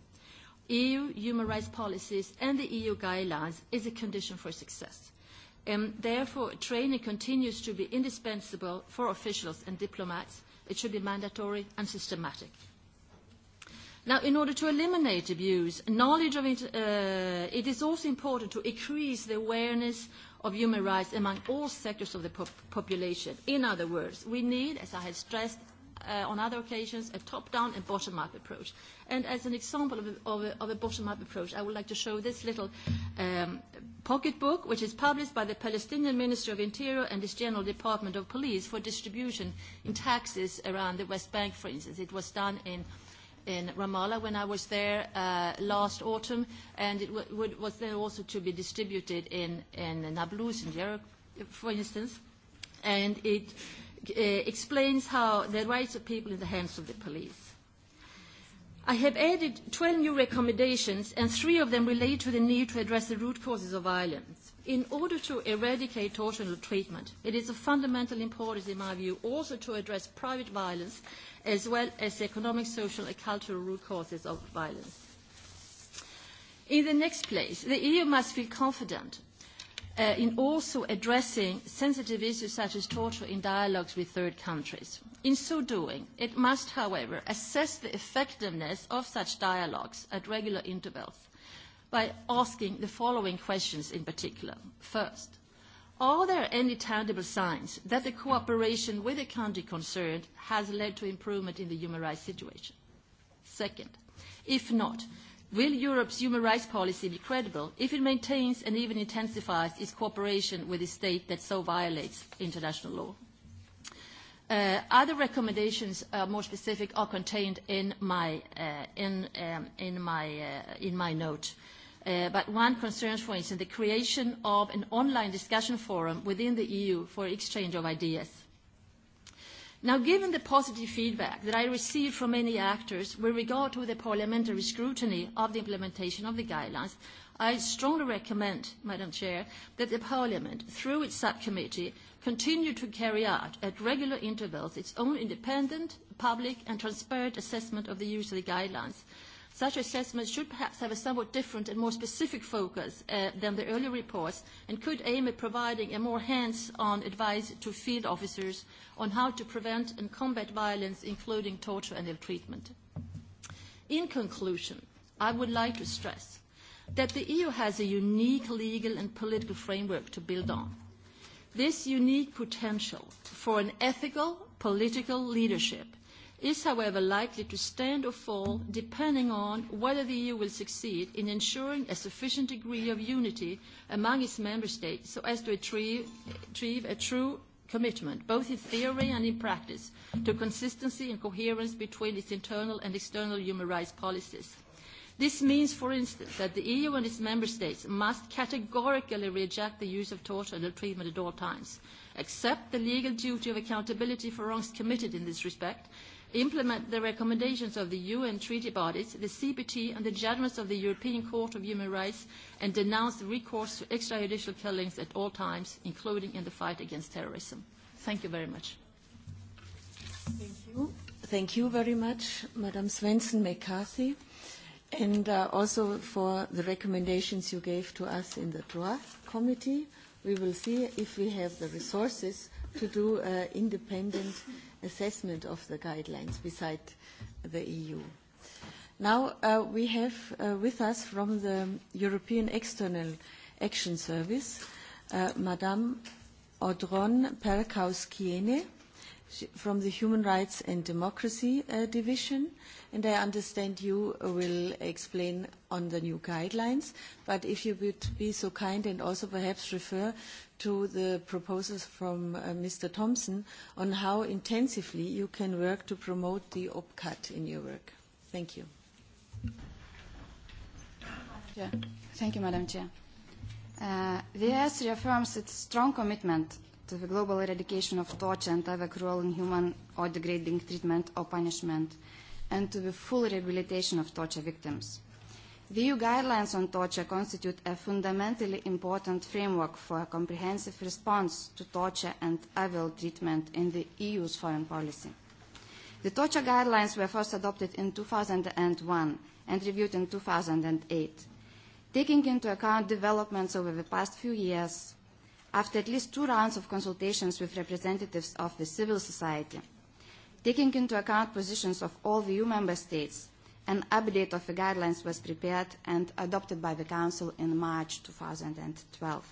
Speaker 9: EU human rights policies, and the EU guidelines is a condition for success. And um, therefore, training continues to be indispensable for officials and diplomats. It should be mandatory and systematic. Now, in order to eliminate abuse, knowledge of it, uh, it is also important to increase the awareness of human rights among all sectors of the pop population. In other words, we need, as I have stressed uh, on other occasions, a top-down and bottom-up approach. And as an example of a, of a, of a bottom-up approach, I would like to show this little um, pocketbook, which is published by the Palestinian Ministry of Interior and its General Department of Police for distribution in taxis around the West Bank, for instance. It was done in in Ramallah when I was there uh, last autumn, and it w was then also to be distributed in, in Nablus, in Jericho, for instance. And it uh, explains how the rights of people in the hands of the police. I have added 12 new recommendations, and three of them relate to the need to address the root causes of violence. In order to eradicate torsional treatment, it is of fundamental importance, in my view, also to address private violence as well as the economic, social, and cultural root causes of violence. In the next place, the EU must feel confident uh, in also addressing sensitive issues such as torture in dialogues with third countries. In so doing, it must, however, assess the effectiveness of such dialogues at regular intervals by asking the following questions in particular. First, are there any tangible signs that the cooperation with the country concerned has led to improvement in the human rights situation? Second, if not, Will Europe's human rights policy be credible if it maintains and even intensifies its cooperation with a state that so violates international law? Uh, other recommendations, uh, more specific, are contained in my, uh, in, um, in my, uh, in my note. Uh, but one concerns, for instance, the creation of an online discussion forum within the EU for exchange of ideas. Now, given the positive feedback that I received from many actors with regard to the parliamentary scrutiny of the implementation of the guidelines, I strongly recommend, Madam Chair, that the Parliament, through its subcommittee, continue to carry out at regular intervals its own independent, public and transparent assessment of the use of the guidelines Such assessments should perhaps have a somewhat different and more specific focus uh, than the earlier reports and could aim at providing a more hands-on advice to field officers on how to prevent and combat violence, including torture and ill-treatment. In conclusion, I would like to stress that the EU has a unique legal and political framework to build on. This unique potential for an ethical political leadership is, however, likely to stand or fall depending on whether the EU will succeed in ensuring a sufficient degree of unity among its member states so as to achieve, achieve a true commitment, both in theory and in practice, to consistency and coherence between its internal and external human rights policies. This means, for instance, that the EU and its member states must categorically reject the use of torture and ill treatment at all times, accept the legal duty of accountability for wrongs committed in this respect, implement the recommendations of the UN treaty bodies, the CBT, and the judgments of the European Court of Human Rights, and denounce the recourse to extrajudicial killings at all times, including in the fight against terrorism. Thank you very much.
Speaker 10: Thank
Speaker 1: you. Thank you very much, Madam Svensson McCarthy, and uh, also for the recommendations you gave to us in the draft committee. We will see if we have the resources to do uh, independent assessment of the guidelines beside the EU. Now uh, we have uh, with us from the European External Action Service, uh, Madame Audron Perkaus-Kiene from the Human Rights and Democracy uh, Division, uh, and I understand you will explain on the new guidelines. But if you would be so kind and also perhaps refer to the proposals from uh, Mr. Thompson on how intensively you can work to promote the OPCAT in your work. Thank you.
Speaker 11: Thank you, Madam Chair. Uh, VS reaffirms its strong commitment to the global eradication of torture and other cruel, inhuman or degrading treatment or punishment and to the full rehabilitation of torture victims. The EU guidelines on torture constitute a fundamentally important framework for a comprehensive response to torture and evil treatment in the EU's foreign policy. The torture guidelines were first adopted in 2001 and reviewed in 2008. Taking into account developments over the past few years, after at least two rounds of consultations with representatives of the civil society, Taking into account positions of all the EU member states, an update of the guidelines was prepared and adopted by the Council in March 2012.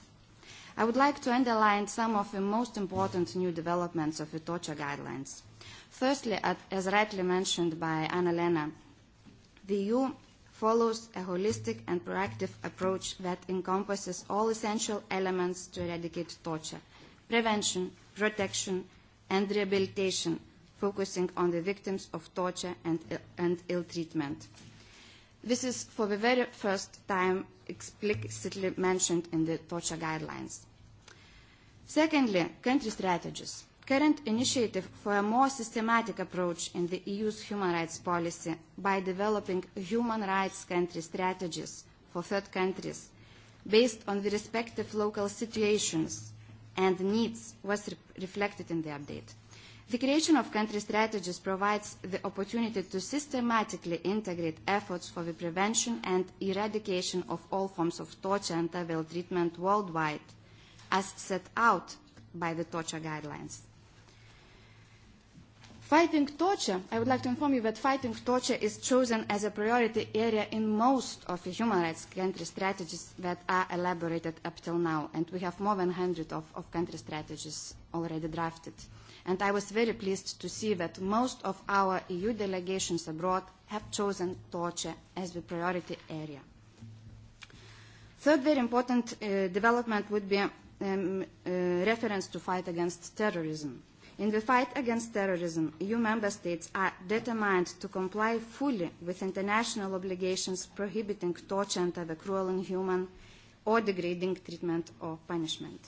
Speaker 11: I would like to underline some of the most important new developments of the torture guidelines. Firstly, as rightly mentioned by Anna-Lena, the EU follows a holistic and proactive approach that encompasses all essential elements to eradicate torture, prevention, protection, and rehabilitation focusing on the victims of torture and, and ill treatment. This is for the very first time explicitly mentioned in the torture guidelines. Secondly, country strategies. Current initiative for a more systematic approach in the EU's human rights policy by developing human rights country strategies for third countries based on the respective local situations and needs was re reflected in the update. The creation of country strategies provides the opportunity to systematically integrate efforts for the prevention and eradication of all forms of torture and evil treatment worldwide, as set out by the torture guidelines. Fighting torture, I would like to inform you that fighting torture is chosen as a priority area in most of the human rights country strategies that are elaborated up till now, and we have more than 100 of, of country strategies already drafted and I was very pleased to see that most of our EU delegations abroad have chosen torture as the priority area. Third very important uh, development would be um, uh, reference to fight against terrorism. In the fight against terrorism, EU member states are determined to comply fully with international obligations prohibiting torture and other cruel, inhuman, or degrading treatment or punishment.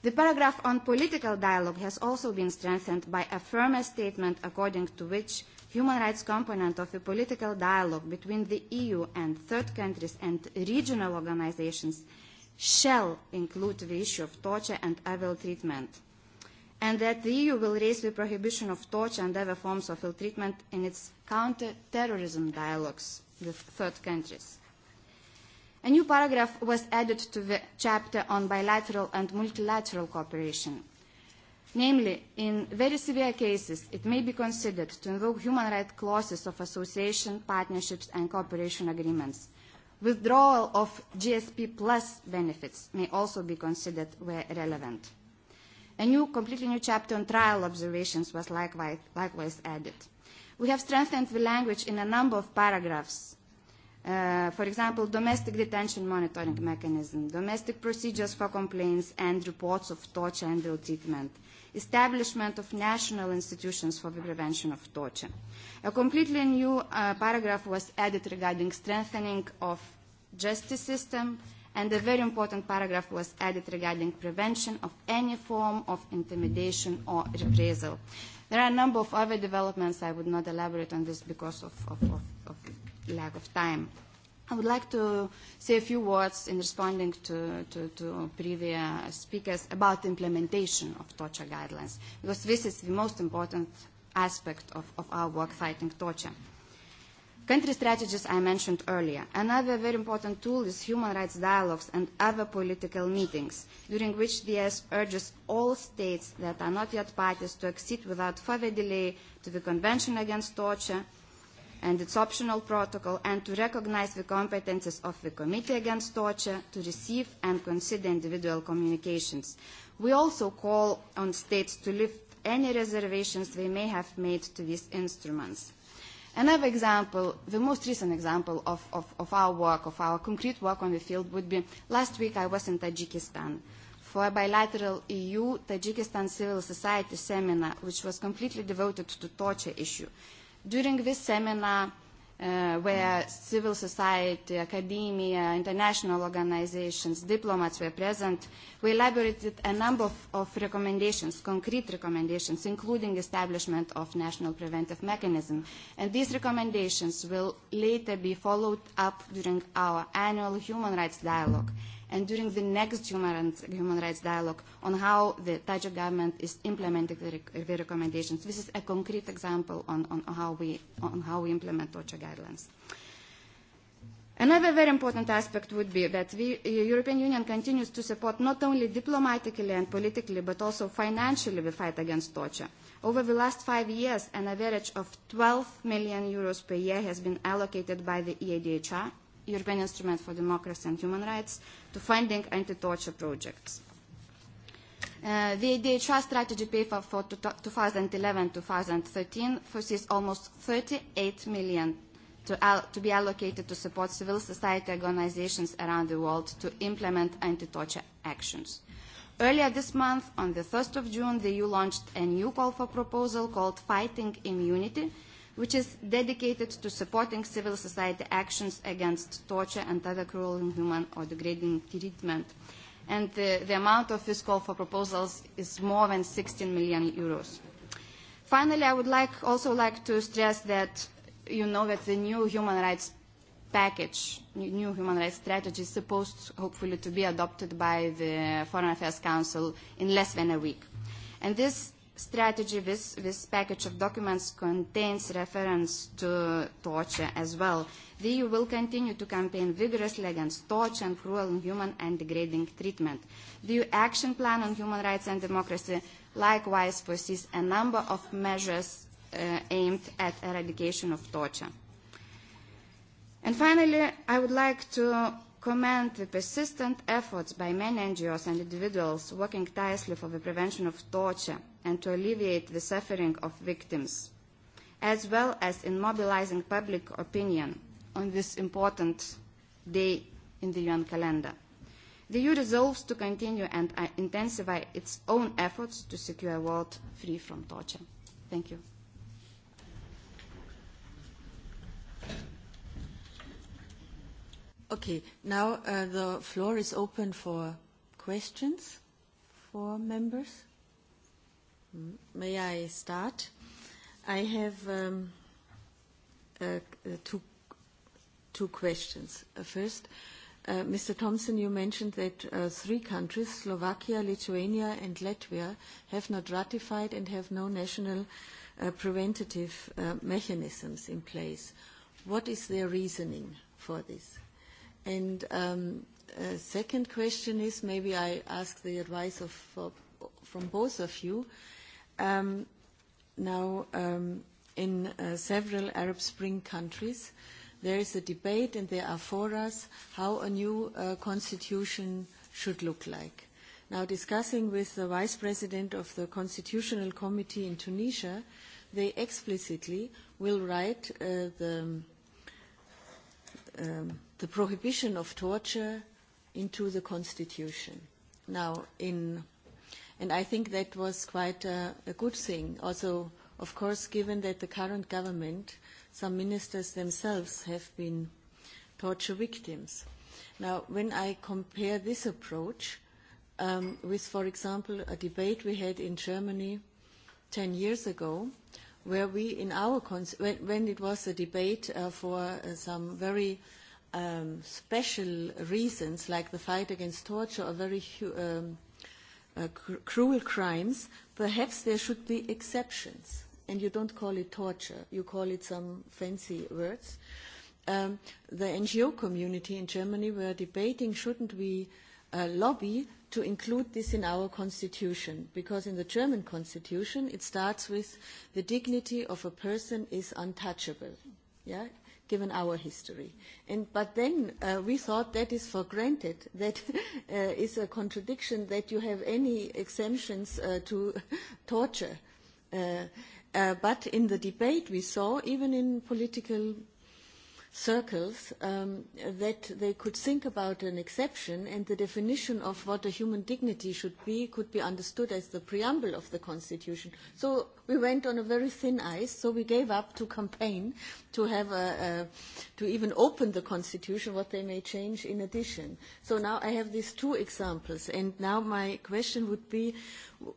Speaker 11: The paragraph on political dialogue has also been strengthened by a firmer statement according to which human rights component of a political dialogue between the EU and third countries and regional organizations shall include the issue of torture and evil treatment, and that the EU will raise the prohibition of torture and other forms of ill treatment in its counter-terrorism dialogues with third countries. A new paragraph was added to the chapter on bilateral and multilateral cooperation. Namely, in very severe cases, it may be considered to invoke human rights clauses of association, partnerships and cooperation agreements. Withdrawal of GSP plus benefits may also be considered where relevant. A new, completely new chapter on trial observations was likewise, likewise added. We have strengthened the language in a number of paragraphs Uh, for example, domestic detention monitoring mechanism, domestic procedures for complaints and reports of torture and ill treatment, establishment of national institutions for the prevention of torture. A completely new uh, paragraph was added regarding strengthening of justice system, and a very important paragraph was added regarding prevention of any form of intimidation or reprisal. There are a number of other developments. I would not elaborate on this because of, of, of, of lack of time. I would like to say a few words in responding to, to, to previous speakers about the implementation of torture guidelines, because this is the most important aspect of, of our work fighting torture. Country strategies I mentioned earlier. Another very important tool is human rights dialogues and other political meetings, during which the US urges all states that are not yet parties to accede without further delay to the Convention Against Torture, and its optional protocol and to recognize the competences of the Committee Against Torture to receive and consider individual communications. We also call on states to lift any reservations they may have made to these instruments. Another example, the most recent example of, of, of our work, of our concrete work on the field would be last week I was in Tajikistan for a bilateral EU-Tajikistan civil society seminar which was completely devoted to the torture issue. During this seminar, uh, where civil society, academia, international organizations, diplomats were present, we elaborated a number of, of recommendations, concrete recommendations, including establishment of national preventive mechanism. And these recommendations will later be followed up during our annual human rights dialogue. Mm -hmm and during the next human rights, dialogue on how the Tajik government is implementing the, rec the recommendations. This is a concrete example on, on, how, we, on how we implement torture guidelines. Another very important aspect would be that the European Union continues to support not only diplomatically and politically, but also financially the fight against torture. Over the last five years, an average of 12 million euros per year has been allocated by the EADHR European Instrument for Democracy and Human Rights, to funding anti-torture projects. Uh, the ADHR strategy paper for 2011-2013 foresees almost 38 million to, to be allocated to support civil society organizations around the world to implement anti-torture actions. Earlier this month, on the 1st of June, the EU launched a new call for proposal called Fighting Immunity – which is dedicated to supporting civil society actions against torture and other cruel, inhuman or degrading treatment. And the, the amount of this call for proposals is more than 16 million euros. Finally, I would like, also like to stress that you know that the new human rights package, new human rights strategy is supposed, hopefully, to be adopted by the Foreign Affairs Council in less than a week. And this strategy, this, this package of documents contains reference to torture as well. The EU will continue to campaign vigorously against torture and cruel, inhuman and degrading treatment. The EU Action Plan on Human Rights and Democracy likewise foresees a number of measures uh, aimed at eradication of torture. And finally, I would like to commend the persistent efforts by many NGOs and individuals working tirelessly for the prevention of torture and to alleviate the suffering of victims, as well as in mobilizing public opinion on this important day in the UN calendar. The EU resolves to continue and uh, intensify its own efforts to secure a world free from torture. Thank you.
Speaker 1: Okay, now uh, the floor is open for questions for members. May I start? I have um, uh, uh two, two questions. Uh, first, uh, Mr. Thompson, you mentioned that uh, three countries, Slovakia, Lithuania and Latvia, have not ratified and have no national uh, preventative uh, mechanisms in place. What is their reasoning for this? And um, second question is, maybe I ask the advice of, from both of you. Um, now, um, in uh, several Arab Spring countries, there is a debate and there are forums how a new uh, constitution should look like. Now, discussing with the vice president of the Constitutional Committee in Tunisia, they explicitly will write uh, the the prohibition of torture into the constitution. Now, in, and I think that was quite a, a good thing. Also, of course, given that the current government, some ministers themselves have been torture victims. Now, when I compare this approach um, with, for example, a debate we had in Germany 10 years ago, where we, in our, when, when it was a debate uh, for uh, some very um, special reasons like the fight against torture or very um, uh, cr cruel crimes, perhaps there should be exceptions. And you don't call it torture, you call it some fancy words. Um, the NGO community in Germany were debating shouldn't we uh, lobby to include this in our constitution, because in the German constitution it starts with the dignity of a person is untouchable. Yeah? given our history. And, but then uh, we thought that is for granted. (laughs) That uh, is a contradiction that you have any exemptions uh, to (laughs) torture. Uh, uh, but in the debate we saw, even in political circles um, that they could think about an exception and the definition of what a human dignity should be could be understood as the preamble of the Constitution. So we went on a very thin ice, so we gave up to campaign to, have a, a, to even open the Constitution, what they may change in addition. So now I have these two examples, and now my question would be,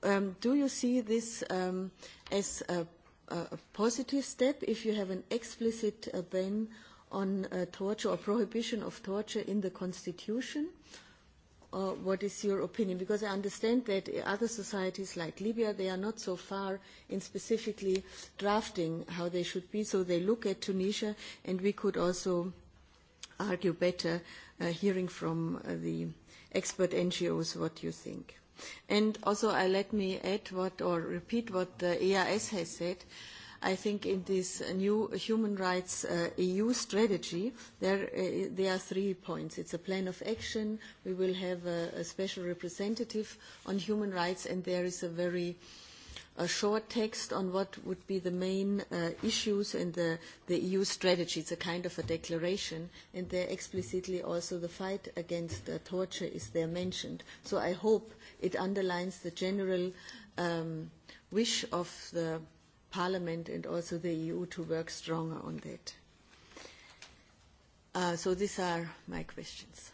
Speaker 1: um, do you see this um, as a, a positive step if you have an explicit uh, ban on uh, torture or prohibition of torture in the Constitution? Uh, what is your opinion? Because I understand that other societies like Libya, they are not so far in specifically drafting how they should be, so they look at Tunisia, and we could also argue better uh, hearing from uh, the expert NGOs what you think. And also, uh, let me add what or repeat what the EAS has said. Uh, I think in this new human rights uh, EU strategy, there, uh, there are three points. It's a plan of action. We will have a, a special representative on human rights, and there is a very a short text on what would be the main uh, issues in the, the EU strategy. It's a kind of a declaration, and there explicitly also the fight against uh, torture is there mentioned. So I hope it underlines the general um, wish of the Parliament and also the EU to work stronger on that. Uh, so these are my questions.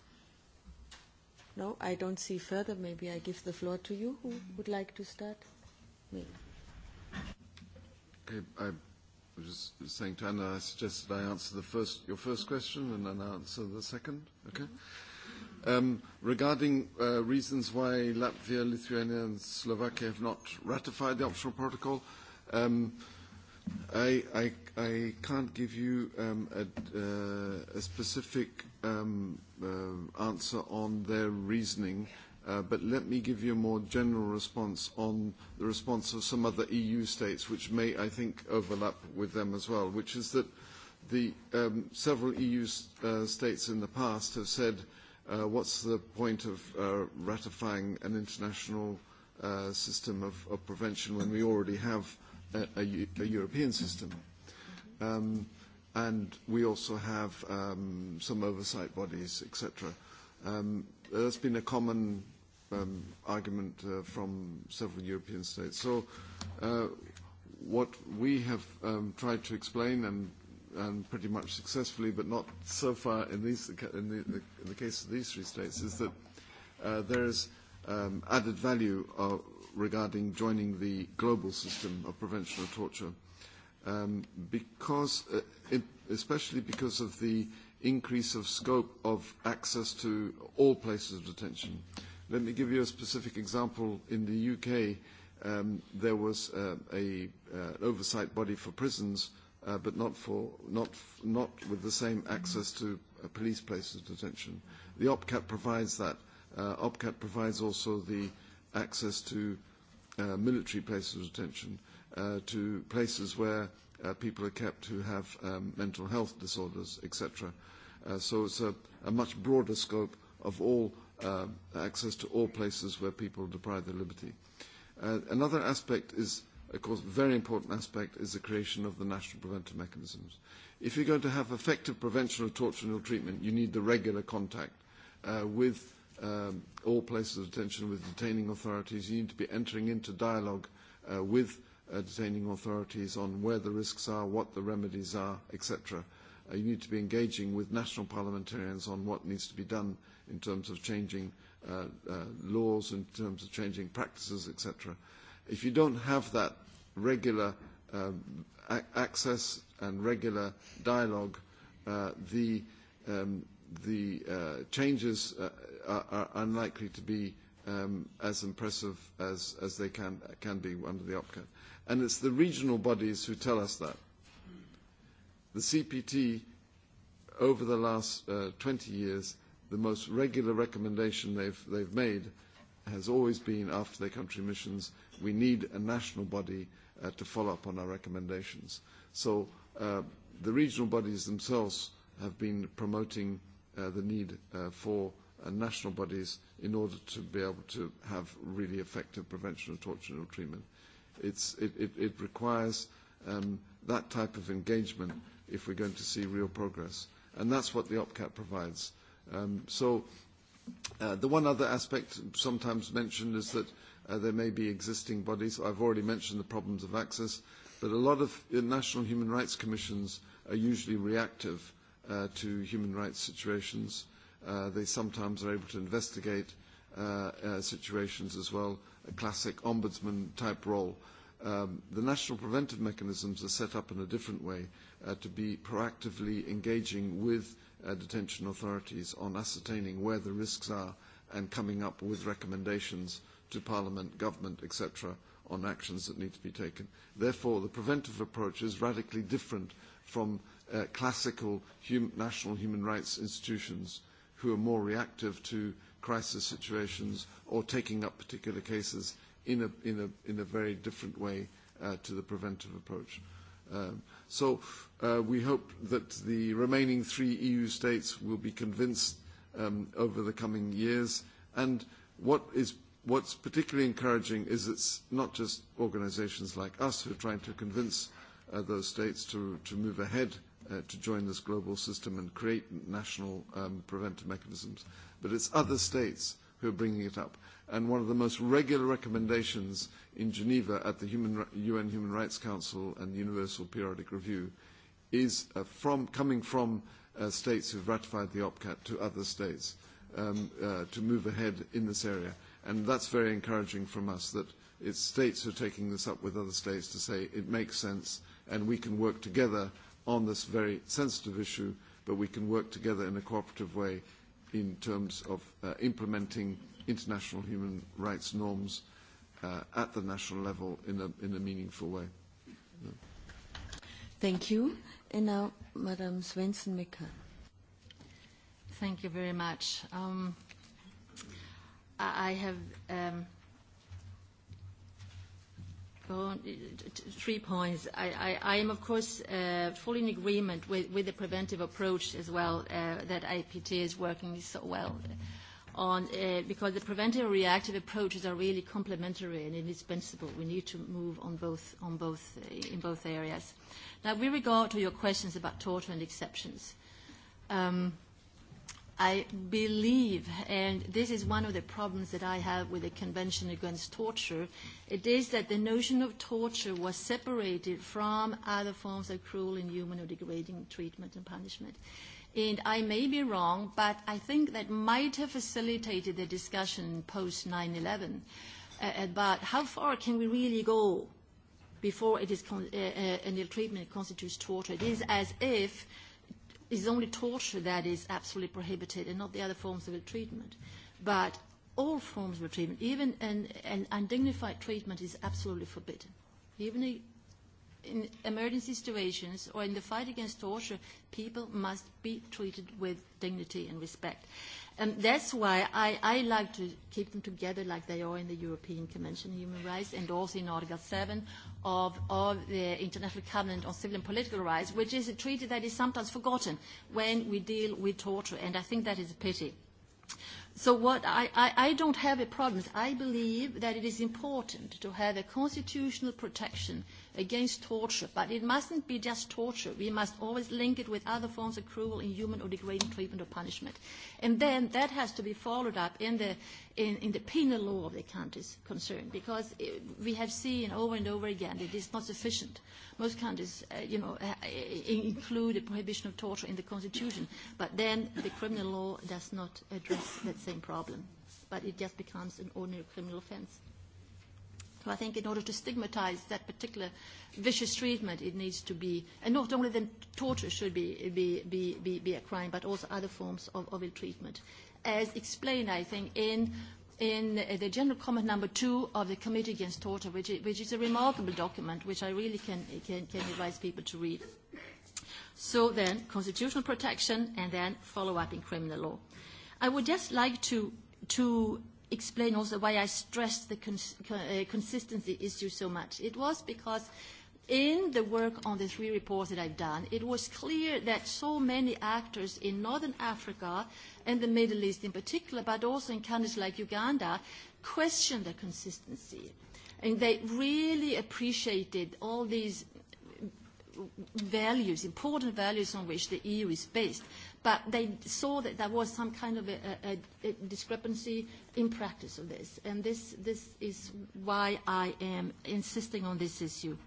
Speaker 1: No, I don't see further. Maybe I give the floor to you. Who would like to start?
Speaker 8: Me. Okay, I was just saying to Anna, I suggested I answer the first, your first question and then answer the second. Okay. Mm -hmm. Um, regarding uh, reasons why Latvia, Lithuania and Slovakia have not ratified the optional protocol, uh, Um, I, I, I can't give you um, a, uh, a specific um, uh, answer on their reasoning, uh, but let me give you a more general response on the response of some other EU states, which may, I think, overlap with them as well, which is that the um, several EU uh, states in the past have said, uh, what's the point of uh, ratifying an international uh, system of, of prevention when we already have a, a, a European system. Um, and we also have um, some oversight bodies, etc. Um, that's been a common um, argument uh, from several European states. So uh, what we have um, tried to explain and and pretty much successfully, but not so far in, these, in, the, in the case of these three states, is that uh, there is um, added value of, regarding joining the global system of prevention of torture, um, because, uh, especially because of the increase of scope of access to all places of detention. Let me give you a specific example. In the UK, um, there was uh, a uh, oversight body for prisons, uh, but not for not not with the same access to uh, police places of detention. The OPCAT provides that. Uh, OPCAT provides also the access to uh, military places of detention, uh, to places where uh, people are kept who have um, mental health disorders, etc. Uh, so it's a, a much broader scope of all uh, access to all places where people are deprived their liberty. Uh, another aspect is, of course, very important aspect is the creation of the national preventive mechanisms. If you're going to have effective prevention of torture and ill treatment, you need the regular contact uh, with um, all places of detention with detaining authorities. You need to be entering into dialogue uh, with uh, detaining authorities on where the risks are, what the remedies are, etc. Uh, you need to be engaging with national parliamentarians on what needs to be done in terms of changing uh, uh, laws, in terms of changing practices, etc. If you don't have that regular um, access and regular dialogue, uh, the um, the uh, changes uh, are, unlikely to be um, as impressive as, as they can, can be under the OPCA. And it's the regional bodies who tell us that. The CPT, over the last uh, 20 years, the most regular recommendation they've, they've made has always been after their country missions, we need a national body uh, to follow up on our recommendations. So uh, the regional bodies themselves have been promoting Uh, the need uh, for uh, national bodies in order to be able to have really effective prevention of torture and treatment. It's, it, it, it requires um, that type of engagement if we're going to see real progress. And that's what the OPCAT provides. Um, so uh, the one other aspect sometimes mentioned is that uh, there may be existing bodies. I've already mentioned the problems of access, but a lot of uh, national human rights commissions are usually reactive uh, to human rights situations. Uh, they sometimes are able to investigate uh, uh, situations as well, a classic ombudsman type role. Um, the national preventive mechanisms are set up in a different way uh, to be proactively engaging with uh, detention authorities on ascertaining where the risks are and coming up with recommendations to Parliament, government, etc., on actions that need to be taken. Therefore, the preventive approach is radically different from uh, classical hum national human rights institutions who are more reactive to crisis situations or taking up particular cases in a, in a, in a very different way uh, to the preventive approach. Um, so uh, we hope that the remaining three EU states will be convinced um, over the coming years. And what is, what's particularly encouraging is it's not just organizations like us who are trying to convince uh, those states to, to move ahead uh, to join this global system and create national um, preventive mechanisms. But it's other states who are bringing it up. And one of the most regular recommendations in Geneva at the Human, UN Human Rights Council and the Universal Periodic Review is uh, from, coming from uh, states have ratified the OPCAT to other states um, uh, to move ahead in this area. And that's very encouraging from us that it's states who are taking this up with other states to say it makes sense and we can work together on this very sensitive issue, but we can work together in a cooperative way in terms of uh, implementing international human rights norms uh, at the national level in a, in a meaningful way. Yeah.
Speaker 9: Thank you. And now, Madam Svensson-Mika. Thank you very much. Um, I have um, Uh, three points. I, I, I am, of course, uh, fully in agreement with, with the preventive approach as well uh, that IPT is working so well on, uh, because the preventive and reactive approaches are really complementary and indispensable. We need to move on both, on both, uh, in both areas. Now, with regard to your questions about torture and exceptions, um, I believe, and this is one of the problems that I have with the Convention Against Torture, it is that the notion of torture was separated from other forms of cruel, inhuman, or degrading treatment and punishment. And I may be wrong, but I think that might have facilitated the discussion post 9-11 uh, about how far can we really go before it is con- uh, uh, an ill treatment constitutes torture. It is as if is only torture that is absolutely prohibited and not the other forms of treatment. But all forms of treatment, even an, an undignified treatment, is absolutely forbidden. Even in emergency situations or in the fight against torture, people must be treated with dignity and respect. Um, that's why I, I like to keep them together like they are in the European Convention on Human Rights and also in Article 7 of, of the International Covenant on Civil and Political Rights, which is a treaty that is sometimes forgotten when we deal with torture, and I think that is a pity. So what I, I, I don't have a problem. I believe that it is important to have a constitutional protection against torture. But it mustn't be just torture. We must always link it with other forms of cruel, inhuman, or degrading treatment or punishment. And then that has to be followed up in the, in, in the penal law of the countries concerned, because it, we have seen over and over again that it is not sufficient. Most countries, uh, you know, uh, include a prohibition of torture in the constitution, but then the criminal law does not address that same problem, but it just becomes an ordinary criminal offense. So I think in order to stigmatize that particular vicious treatment, it needs to be, and not only then torture should be, be, be, be, be a crime, but also other forms of, of ill treatment. As explained, I think, in in the general comment number two of the Committee Against Torture, which is, which is a remarkable document, which I really can, can, can advise people to read. So then, constitutional protection, and then follow-up in criminal law. I would just like to, to explain also why I stressed the cons uh, consistency issue so much. It was because in the work on the three reports that I've done, it was clear that so many actors in Northern Africa and the Middle East in particular, but also in countries like Uganda, questioned the consistency. And they really appreciated all these values, important values on which the EU is based. But they saw that there was some kind of a, a, a discrepancy in practice of this. And this, this is why I am insisting on this issue.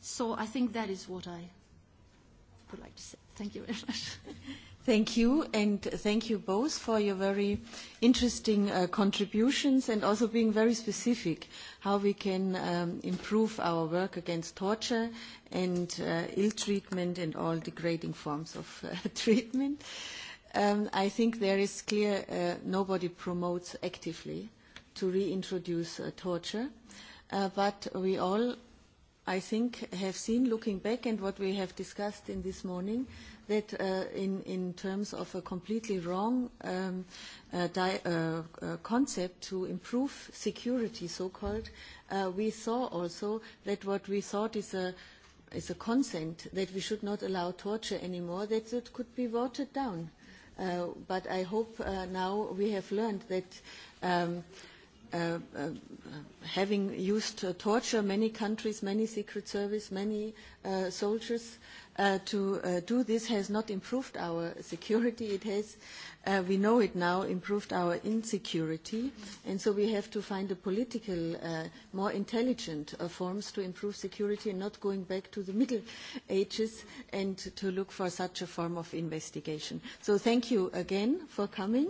Speaker 9: So I think that is what I would like to say. Thank you very much. (laughs)
Speaker 1: Thank you, and thank you both for your very interesting uh, contributions and also being very specific how we can um, improve our work against torture and uh, ill treatment and all degrading forms of uh, (laughs) treatment. Um, I think there is clear uh, nobody promotes actively to reintroduce uh, torture, uh, but we all, I think, have seen looking back and what we have discussed in this morning that uh, in, in terms of a completely wrong um, uh, uh, concept to improve security, so-called, we saw also that what we thought is a is a consent that we should not allow torture anymore, that it could be watered down. Uh, but I hope uh, now we have learned that um, uh, uh, having used uh, torture, many countries, many secret service, many uh, soldiers uh, to uh, do this has not improved our security. It has, uh, we know it now, improved our insecurity. And so we have to find a political, uh, more intelligent uh, forms to improve security and not going back to the Middle Ages and to look for such a form of investigation. So thank you again for coming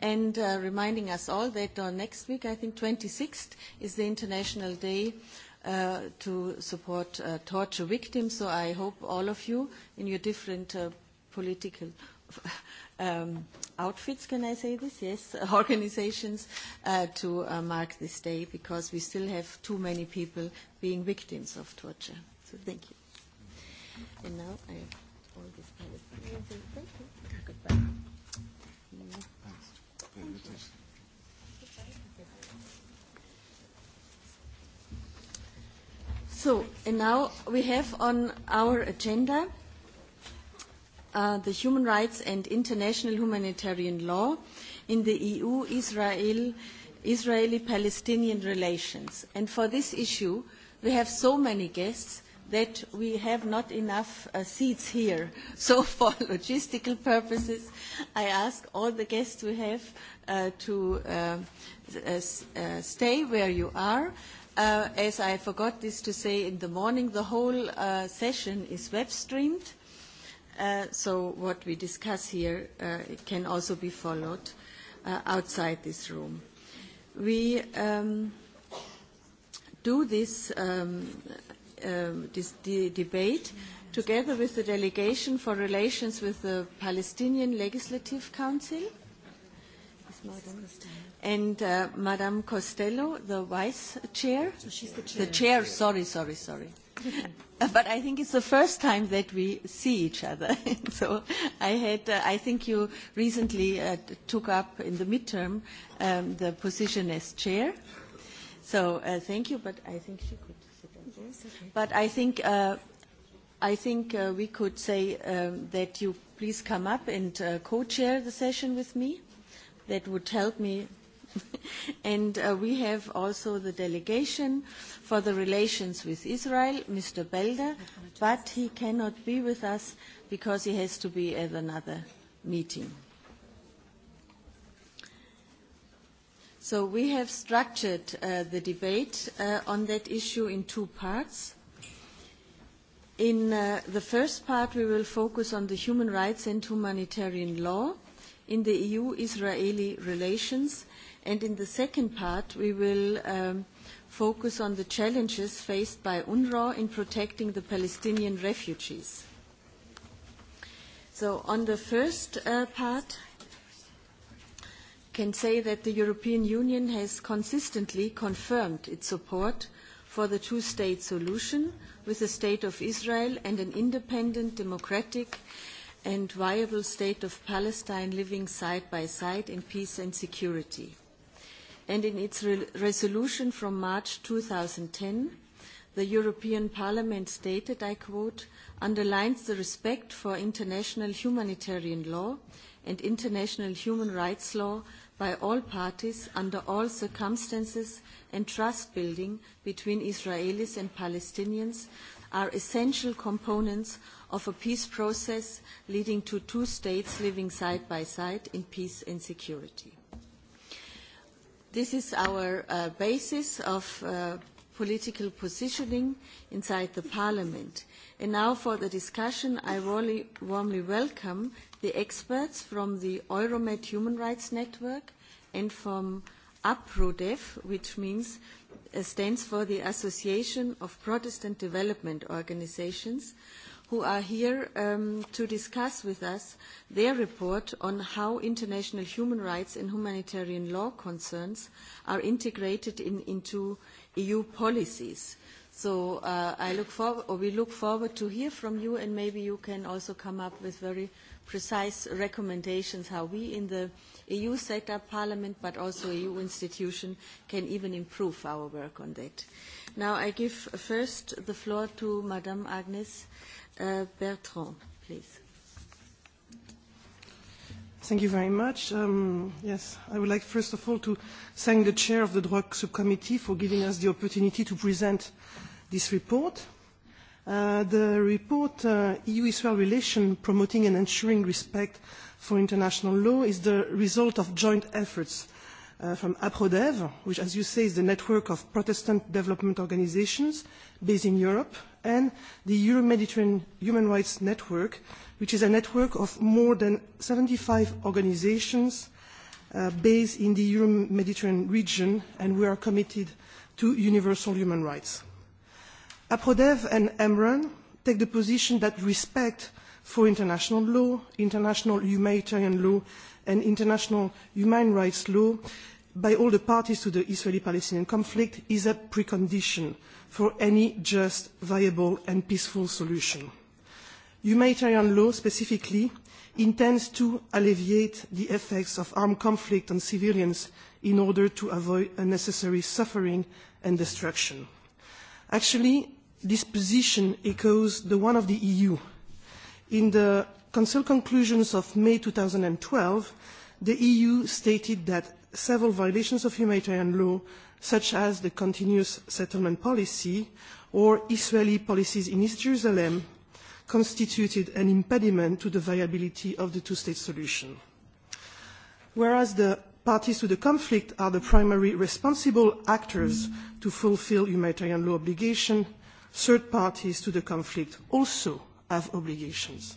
Speaker 1: and uh, reminding us all that uh, next week, I think 26th, is the International Day uh, to support uh, torture victims. So I hope all of you in your different uh, political (laughs) um, outfits, can I say this? Yes, (laughs) organizations uh, to uh, mark this day because we still have too many people being victims of torture. So thank you. And now I have all this Thank you. Goodbye.
Speaker 12: Thanks. Thank you.
Speaker 1: So, and now we have on our agenda uh, the human rights and international humanitarian law in the EU-Israel Israeli-Palestinian relations. And for this issue, we have so many guests that we have not enough uh, seats here. (laughs) So for logistical purposes, I ask all the guests we have uh, to uh, uh, uh stay where you are Uh, as I forgot this to say in the morning, the whole uh, session is web streamed. Uh, so what we discuss here can also be followed outside this room. We um, do this, um, um, debate together with the delegation for relations with the Palestinian Legislative Council and uh, Madame Costello, the vice chair. So she's the chair. The chair, sorry, sorry, sorry. (laughs) but I think it's the first time that we see each other. (laughs) so I had, uh, I think you recently uh, took up in the midterm um, the position as chair. So uh, thank you, but I think she could
Speaker 13: sit down. Yes, okay. But
Speaker 1: I think, uh, I think uh, we could say um, that you please come up and uh, co-chair the session with me. That would help me (laughs) and uh, we have also the delegation for the relations with Israel, Mr. Belder, but he cannot be with us because he has to be at another meeting. So we have structured uh, the debate uh, on that issue in two parts. In uh, the first part, we will focus on the human rights and humanitarian law in the EU-Israeli relations And in the second part, we will um, focus on the challenges faced by UNRWA in protecting the Palestinian refugees. So on the first uh, part, can say that the European Union has consistently confirmed its support for the two-state solution with the State of Israel and an independent, democratic and viable State of Palestine living side by side in peace and security and in its re resolution from March 2010, the European Parliament stated, I quote, underlines the respect for international humanitarian law and international human rights law by all parties under all circumstances and trust building between Israelis and Palestinians are essential components of a peace process leading to two states living side by side in peace and security. This is our uh, basis of uh, political positioning inside the Parliament. And now for the discussion, I warmly, warmly welcome the experts from the Euromed Human Rights Network and from APRODEF, which means uh, stands for the Association of Protestant Development Organizations, who are here um, to discuss with us their report on how international human rights and humanitarian law concerns are integrated in, into EU policies. So uh, I look forward, or we look forward to hear from you, and maybe you can also come up with very precise recommendations how we in the EU set up parliament but also EU institution can even improve our work on that. Now I give first the floor to Madame Agnes Uh, Bertrand, please.
Speaker 14: Thank you very much. Um, yes, I would like first of all to thank the chair of the Drug Subcommittee for giving us the opportunity to present this report. Uh, the report, uh, EU-Israel Relation Promoting and Ensuring Respect for International Law, is the result of joint efforts Uh, from APRODEV, which, as you say, is the network of Protestant development organizations based in Europe, and the Euro-Mediterranean Human Rights Network, which is a network of more than 75 organizations uh, based in the Euro-Mediterranean region, and we are committed to universal human rights. APRODEV and EMRAN take the position that respect for international law, international humanitarian law, and international human rights law by all the parties to the Israeli-Palestinian conflict is a precondition for any just, viable and peaceful solution. Humanitarian law specifically intends to alleviate the effects of armed conflict on civilians in order to avoid unnecessary suffering and destruction. Actually, this position echoes the one of the EU in the Council conclusions of May 2012, the EU stated that several violations of humanitarian law, such as the continuous settlement policy or Israeli policies in East Jerusalem, constituted an impediment to the viability of the two-state solution. Whereas the parties to the conflict are the primary responsible actors to fulfil humanitarian law obligations, third parties to the conflict also have obligations.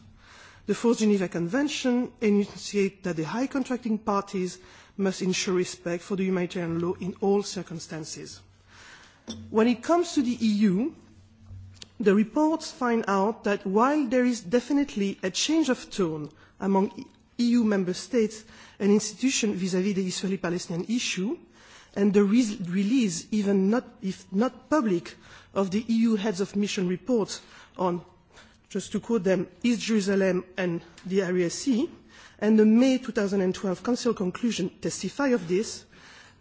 Speaker 14: The Fourth Geneva Convention enunciates that the high contracting parties must ensure respect for the humanitarian law in all circumstances. When it comes to the EU, the reports find out that while there is definitely a change of tone among EU member states and institutions vis-à-vis the Israeli-Palestinian issue, and the re release, even not, if not public, of the EU heads of mission reports on just to quote them, East Jerusalem and the Area C, and the May 2012 Council conclusion testify of this,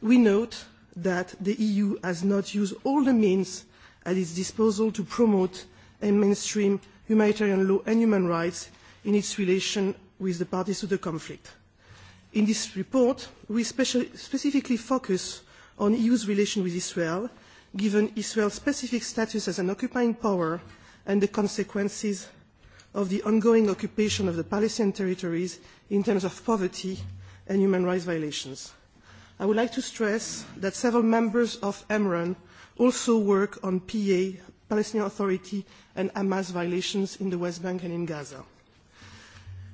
Speaker 14: we note that the EU has not used all the means at its disposal to promote and mainstream humanitarian law and human rights in its relation with the parties to the conflict. In this report, we specifically focus on EU's relation with Israel, given Israel's specific status as an occupying power and the consequences of the ongoing occupation of the Palestinian territories in terms of poverty and human rights violations. I would like to stress that several members of EMRAN also work on PA, Palestinian Authority and Hamas violations in the West Bank and in Gaza.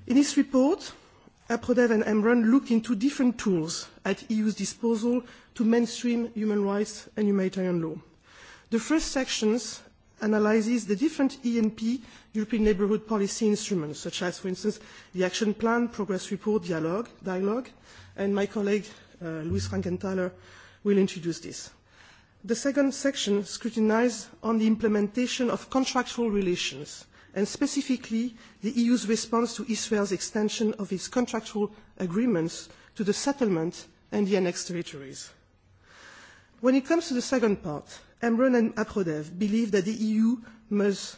Speaker 14: In this report, APRODEV and EMRAN look into different tools at EU's disposal to mainstream human rights and humanitarian law. The first sections analyses the different ENP, European Neighbourhood Policy instruments, such as, for instance, the Action Plan, Progress Report, Dialogue, dialogue and my colleague uh, Luis Frankenthaler will introduce this. The second section scrutinises on the implementation of contractual relations, and specifically the EU's response to Israel's extension of its contractual agreements to the settlement and the annexed territories. When it comes to the second part, Emron and APRODEV believe that the EU must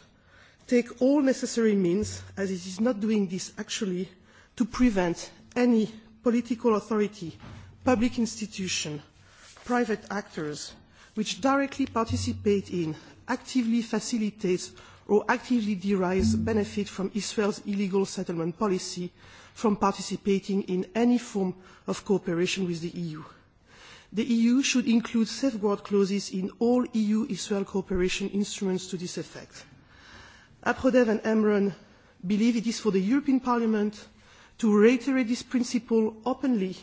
Speaker 14: take all necessary means, as it is not doing this actually, to prevent any political authority, public institution, private actors, which directly participate in, actively facilitates or actively derives benefit from Israel's illegal settlement policy from participating in any form of cooperation with the EU. The EU should include safeguard clauses in all EU-Israel cooperation instruments to this effect. APRODEV and EMRAN believe it is for the European Parliament to reiterate this principle openly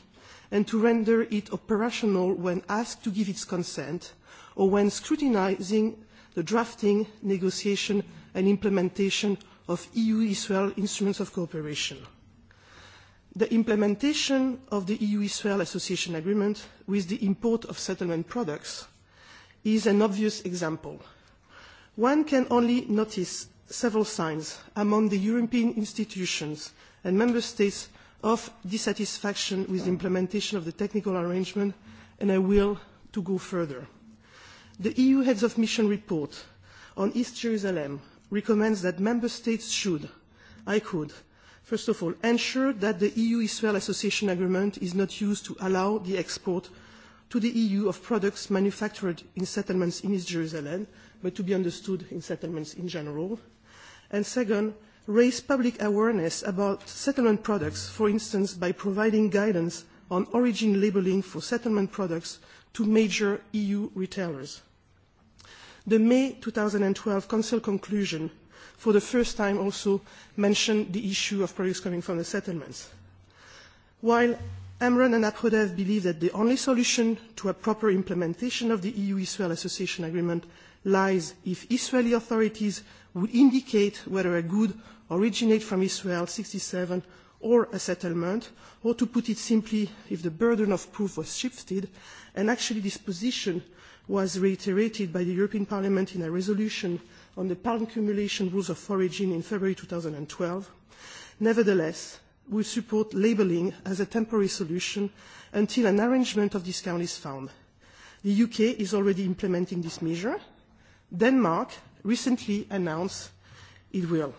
Speaker 14: and to render it operational when asked to give its consent or when scrutinising the drafting, negotiation and implementation of EU-Israel instruments of cooperation the implementation of the EU-Israel Association Agreement with the import of settlement products is an obvious example. One can only notice several signs among the European institutions and member states of dissatisfaction with the implementation of the technical arrangement, and I will to go further. The EU Heads of Mission report on East Jerusalem recommends that member states should, I could, First of all, ensure that the EU-Israel Association Agreement is not used to allow the export to the EU of products manufactured in settlements in East Jerusalem, but to be understood in settlements in general. And second, raise public awareness about settlement products, for instance, by providing guidance on origin labelling for settlement products to major EU retailers. The May 2012 Council conclusion for the first time also mentioned the issue of products coming from the settlements. While Amron and APRODEV believe that the only solution to a proper implementation of the EU-Israel Association Agreement lies if Israeli authorities would indicate whether a good originates from Israel 67 or a settlement, or to put it simply, if the burden of proof was shifted, and actually this position was reiterated by the European Parliament in a resolution on the palm cumulation rules of origin in February 2012. Nevertheless, we support labelling as a temporary solution until an arrangement of discount is found. The UK is already implementing this measure. Denmark recently announced it will.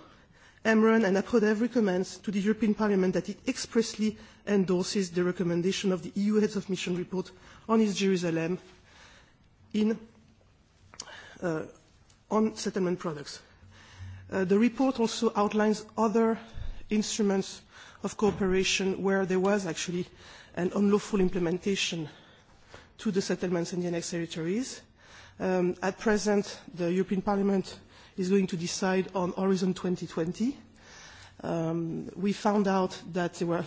Speaker 14: Emron and Aprodev recommends to the European Parliament that it expressly endorses the recommendation of the EU Heads of Mission report on East Jerusalem in, uh, on settlement products. Uh, the report also outlines other instruments of cooperation where there was actually an unlawful implementation to the settlements in the annexed territories. Um, at present, the European Parliament is going to decide on Horizon 2020. Um, we found out that there were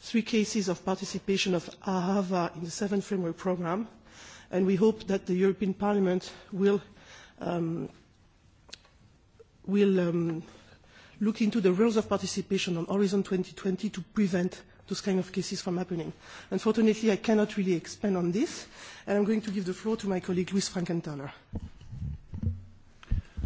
Speaker 14: three cases of participation of AHAVA in the seventh framework programme, and we hope that the European Parliament will um, will um, look into the rules of participation on Horizon 2020 to prevent those kind of cases from happening. Unfortunately, I cannot really expand on this, and I'm going to give the floor to my colleague Luis Frankenthaler.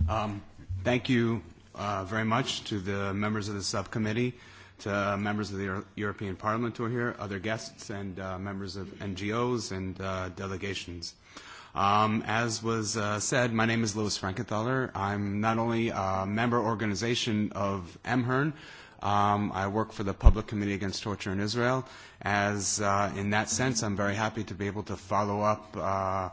Speaker 3: Um, thank you uh, very much to the members of the subcommittee, to members of the Euro European Parliament who are here, other guests, and uh, members of NGOs and uh, delegations. Uh, Um, as was uh, said, my name is Louis Frankenthaler. I'm not only a member organization of MHERN, um, I work for the Public Committee Against Torture in Israel. As uh, in that sense, I'm very happy to be able to follow up uh,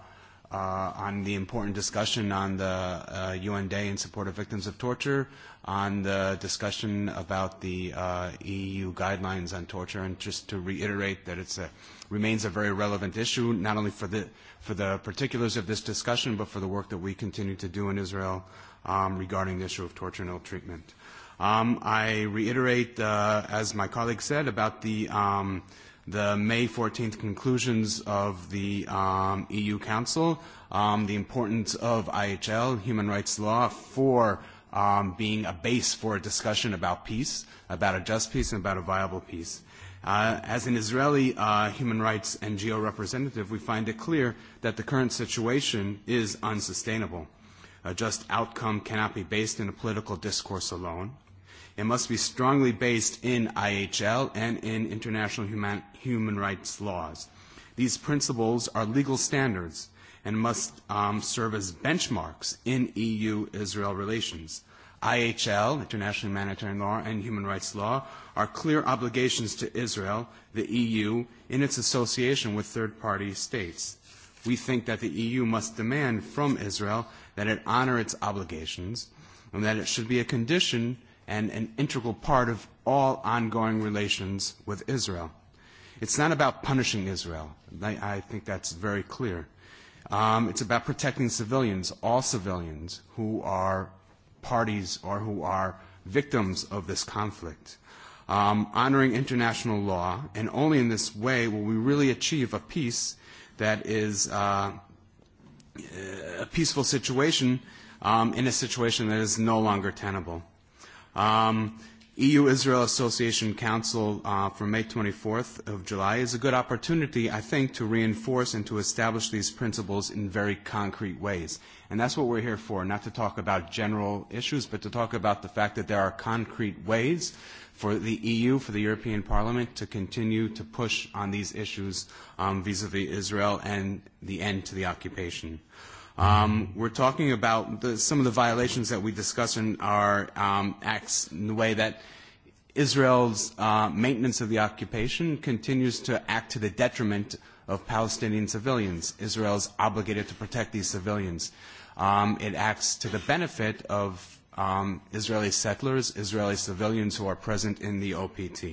Speaker 3: uh, on the important discussion on the uh, UN Day in support of victims of torture, on the discussion about the uh, EU guidelines on torture, and just to reiterate that it remains a very relevant issue, not only for the, for the particulars of this discussion, but for the work that we continue to do in Israel um, regarding the issue of torture and ill treatment. Um, I reiterate, uh, as my colleague said, about the um, the May 14th conclusions of the um, EU Council, um, the importance of IHL, human rights law, for um, being a base for a discussion about peace, about a just peace and about a viable peace. Uh, as an Israeli uh, human rights NGO representative, we find it clear that the current situation is unsustainable. A just outcome cannot be based in a political discourse alone. It must be strongly based in IHL and in international human, human rights laws. These principles are legal standards and must um, serve as benchmarks in EU-Israel relations. IHL, international humanitarian law, and human rights law are clear obligations to Israel, the EU, in its association with third-party states. We think that the EU must demand from Israel that it honor its obligations and that it should be a condition and an integral part of all ongoing relations with Israel. It's not about punishing Israel. I, think that's very clear. Um, it's about protecting civilians, all civilians who are parties or who are victims of this conflict. Um, honoring international law, and only in this way will we really achieve a peace that is uh, a peaceful situation um, in a situation that is no longer tenable. Um, EU-Israel Association Council uh, from May 24th of July is a good opportunity, I think, to reinforce and to establish these principles in very concrete ways. And that's what we're here for, not to talk about general issues, but to talk about the fact that there are concrete ways for the EU, for the European Parliament, to continue to push on these issues vis-à-vis um, -vis Israel and the end to the occupation. Um, we're talking about the, some of the violations that we discuss in our um, acts in the way that Israel's uh, maintenance of the occupation continues to act to the detriment of Palestinian civilians. Israel is obligated to protect these civilians. Um, it acts to the benefit of um, Israeli settlers, Israeli civilians who are present in the OPT.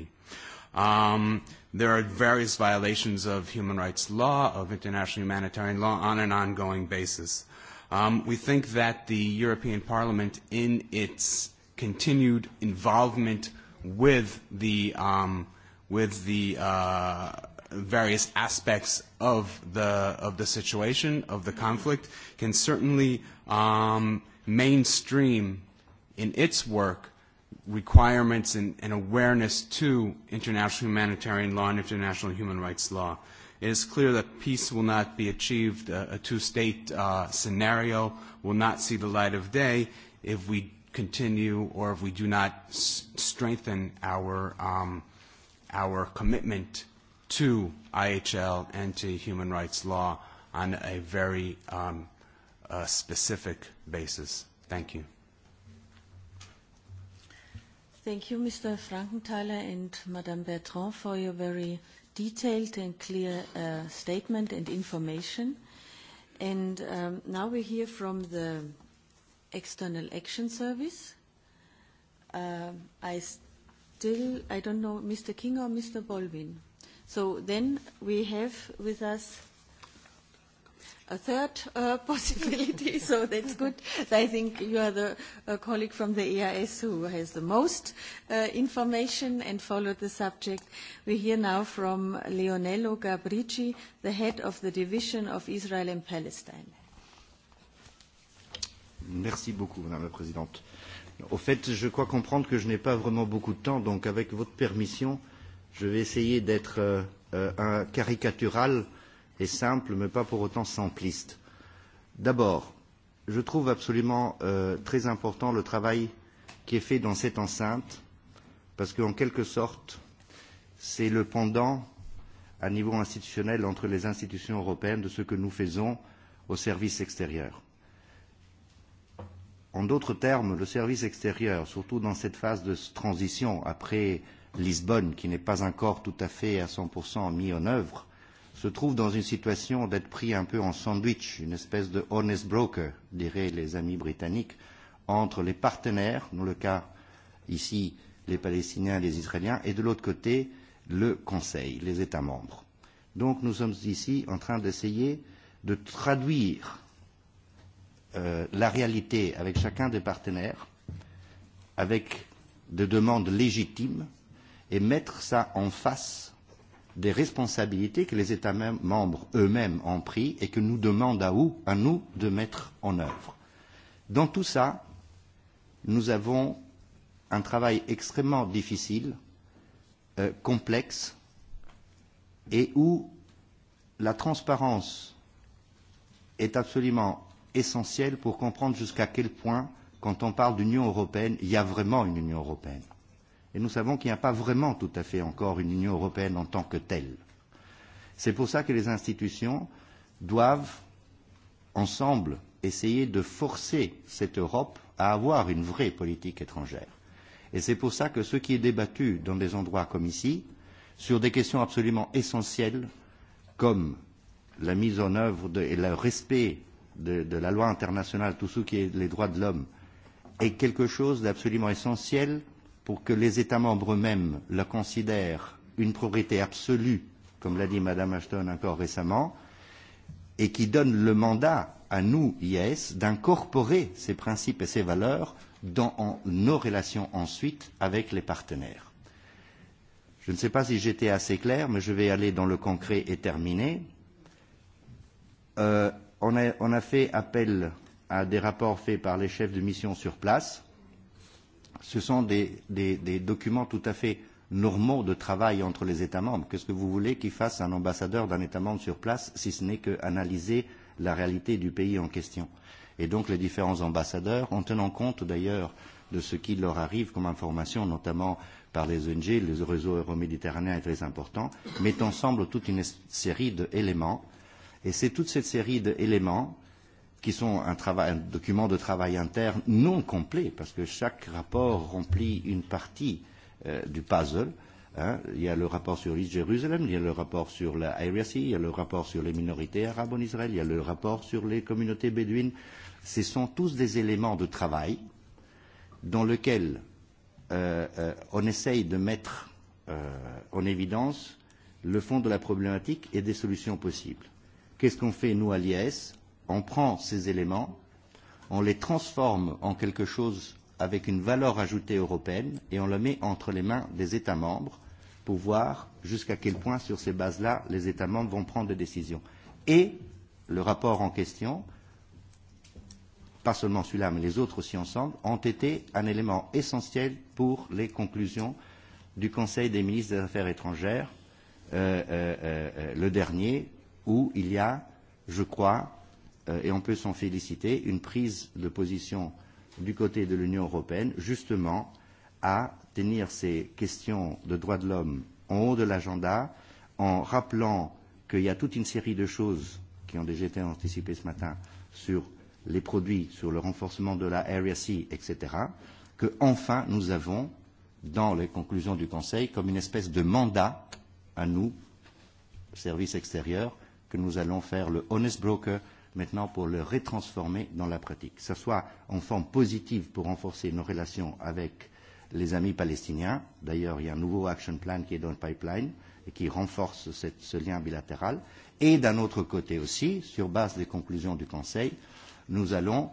Speaker 3: Um, there are various violations of human rights law, of international humanitarian law, on an ongoing basis. Um, we think that the European Parliament, in its continued involvement with the um, with the uh, various aspects of the of the situation of the conflict, can certainly um, mainstream in its work requirements and, and awareness to international humanitarian law and international human rights law. It is clear that peace will not be achieved. A, uh, a two-state uh, scenario will not see the light of day if we continue or if we do not s- strengthen our, um, our commitment to IHL and to human rights law on a very um, uh, specific basis. Thank you.
Speaker 1: Thank you, Mr. Frankenthaler and Madame Bertrand, for your very detailed and clear uh, statement and information. And um, now we hear from the External Action Service. Uh, I still, I don't know, Mr. King or Mr. Bolvin. So then we have with us a third uh, (laughs) possibility, (laughs) so that's good. So I think you are the uh, colleague from the EIS who has the most uh, information and followed the subject. We hear now from Leonello Gabrici, the head of the Division of Israel and Palestine.
Speaker 15: Merci beaucoup, Madame la Présidente. Au fait, je crois comprendre que je n'ai pas vraiment beaucoup de temps, donc avec votre permission, je vais essayer d'être euh, euh, un caricatural euh, et simple, mais pas pour autant simpliste. D'abord, je trouve absolument euh, très important le travail qui est fait dans cette enceinte, parce qu'en quelque sorte, c'est le pendant à niveau institutionnel entre les institutions européennes de ce que nous faisons au service extérieur. En d'autres termes, le service extérieur, surtout dans cette phase de transition après Lisbonne, qui n'est pas encore tout à fait à 100% mis en œuvre, se trouve dans une situation d'être pris un peu en sandwich, une espèce de honest broker, diraient les amis britanniques, entre les partenaires, dans le cas ici les Palestiniens, les Israéliens, et de l'autre côté le Conseil, les États membres. Donc nous sommes ici en train d'essayer de traduire euh, la réalité avec chacun des partenaires, avec des demandes légitimes, et mettre ça en face des responsabilités que les États membres eux-mêmes ont pris et que nous demandent à, où, à nous de mettre en œuvre. Dans tout ça, nous avons un travail extrêmement difficile, euh, complexe, et où la transparence est absolument essentielle pour comprendre jusqu'à quel point, quand on parle d'Union européenne, il y a vraiment une Union européenne. Et nous savons qu'il n'y a pas vraiment tout à fait encore une Union européenne en tant que telle. C'est pour ça que les institutions doivent, ensemble, essayer de forcer cette Europe à avoir une vraie politique étrangère. Et c'est pour ça que ce qui est débattu dans des endroits comme ici, sur des questions absolument essentielles, comme la mise en œuvre de, et le respect de, de la loi internationale, tout ce qui est les droits de l'homme, est quelque chose d'absolument essentiel pour que les États membres eux-mêmes la considèrent une priorité absolue, comme l'a dit Mme Ashton encore récemment, et qui donne le mandat à nous, IAS, d'incorporer ces principes et ces valeurs dans nos relations ensuite avec les partenaires. Je ne sais pas si j'étais assez clair, mais je vais aller dans le concret et terminer. Euh, on, a, on a fait appel à des rapports faits par les chefs de mission sur place ce sont des, des, des documents tout à fait normaux de travail entre les États membres. Qu'est-ce que vous voulez qu'il fasse un ambassadeur d'un État membre sur place si ce n'est qu'analyser la réalité du pays en question Et donc les différents ambassadeurs, en tenant compte d'ailleurs de ce qui leur arrive comme information, notamment par les ONG, le réseau euroméditerranéen est très important, mettent ensemble toute une série d'éléments. Et c'est toute cette série d'éléments qui sont un, travail, un document de travail interne non complet, parce que chaque rapport remplit une partie euh, du puzzle. Hein. Il y a le rapport sur l'île Jérusalem, il y a le rapport sur la Area Sea, il y a le rapport sur les minorités arabes en Israël, il y a le rapport sur les communautés bédouines. Ce sont tous des éléments de travail dans lesquels euh, euh, on essaye de mettre euh, en évidence le fond de la problématique et des solutions possibles. Qu'est-ce qu'on fait, nous, à l'IAS on prend ces éléments, on les transforme en quelque chose avec une valeur ajoutée européenne et on le met entre les mains des États membres pour voir jusqu'à quel point, sur ces bases-là, les États membres vont prendre des décisions. Et le rapport en question, pas seulement celui-là, mais les autres aussi ensemble, ont été un élément essentiel pour les conclusions du Conseil des ministres des Affaires étrangères, euh, euh, euh, euh le dernier, où il y a, je crois, euh, et on peut s'en féliciter, une prise de position du côté de l'Union européenne, justement, à tenir ces questions de droits de l'homme en haut de l'agenda, en rappelant qu'il y a toute une série de choses qui ont déjà été anticipées ce matin sur les produits, sur le renforcement de la Area C, etc., que enfin nous avons, dans les conclusions du Conseil, comme une espèce de mandat à nous, services extérieurs, que nous allons faire le honest broker maintenant pour le retransformer dans la pratique, que ce soit en forme positive pour renforcer nos relations avec les amis palestiniens. D'ailleurs, il y a un nouveau action plan qui est dans le pipeline et qui renforce cette, ce lien bilatéral. Et d'un autre côté aussi, sur base des conclusions du Conseil, nous allons,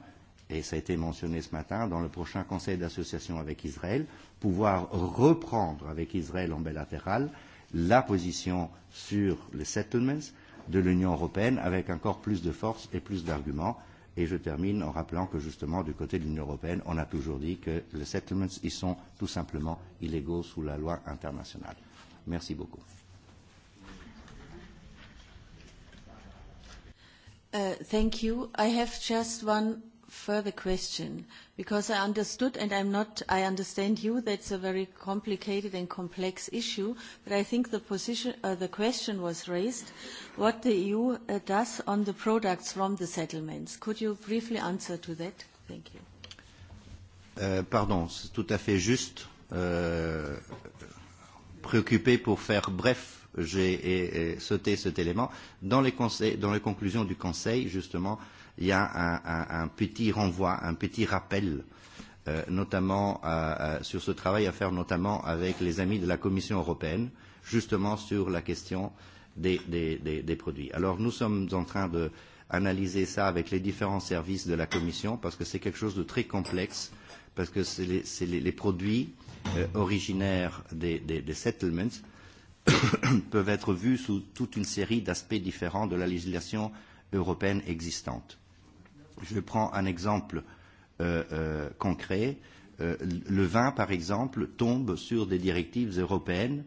Speaker 15: et ça a été mentionné ce matin, dans le prochain Conseil d'association avec Israël, pouvoir reprendre avec Israël en bilatéral la position sur les settlements, euh, de l'Union européenne avec encore plus de force et plus d'arguments. Et je termine en rappelant que justement, du côté de l'Union européenne, on a toujours dit que les settlements, ils sont tout simplement illégaux sous la loi internationale. Merci beaucoup.
Speaker 1: Uh, thank you. I have just one further question because I understood and I'm not I understand you that's a very complicated and complex issue but I think the position uh, the question was raised what the EU uh, does on the products from the settlements could you briefly answer to that thank you
Speaker 15: euh, pardon c'est tout à fait juste euh, préoccupé pour faire bref j'ai sauté cet élément dans les conseils dans les conclusions du conseil justement euh, il y a un, un, un petit renvoi, un petit rappel, euh, notamment euh, euh, sur ce travail à faire, notamment avec les amis de la Commission européenne, justement sur la question des, des, des, des produits. Alors nous sommes en train de analyser ça avec les différents services de la Commission parce que c'est quelque chose de très complexe parce que les, les, les produits euh, originaires des, des, des settlements (coughs) peuvent être vus sous toute une série d'aspects différents de la législation européenne existante. Je prends un exemple euh, euh, concret. Euh, le vin, par exemple, tombe sur des directives européennes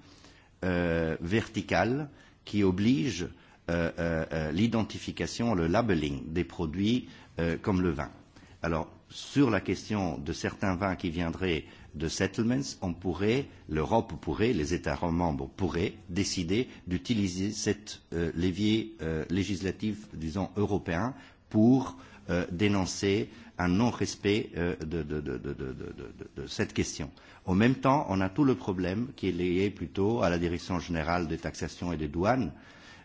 Speaker 15: euh, verticales qui obligent euh, euh, euh, l'identification, le labeling des produits euh, comme le vin. Alors, sur la question de certains vins qui viendraient de settlements, on pourrait, l'Europe pourrait, les États membres pourraient décider d'utiliser cet euh, levier euh, législatif, disons, européen pour euh, Euh, dénoncer un non-respect euh, de, de, de, de, de, de, de cette question. En même temps, on a tout le problème qui est lié plutôt à la Direction générale des taxations et des douanes,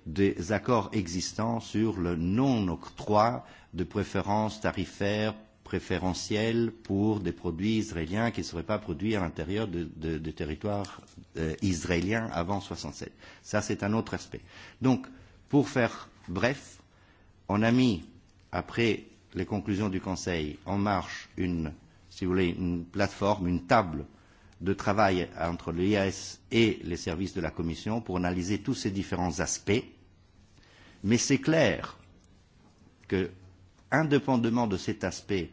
Speaker 15: des accords existants sur le non-octroi de préférences tarifaires préférentielles pour des produits israéliens qui ne seraient pas produits à l'intérieur de, de, de territoires euh, israéliens avant 67. Ça, c'est un autre aspect. Donc, pour faire bref, on a mis, après les conclusions du Conseil en marche une, si vous voulez, une plateforme, une table de travail entre l'IAS et les services de la Commission pour analyser tous ces différents aspects. Mais c'est clair que, indépendamment de cet aspect,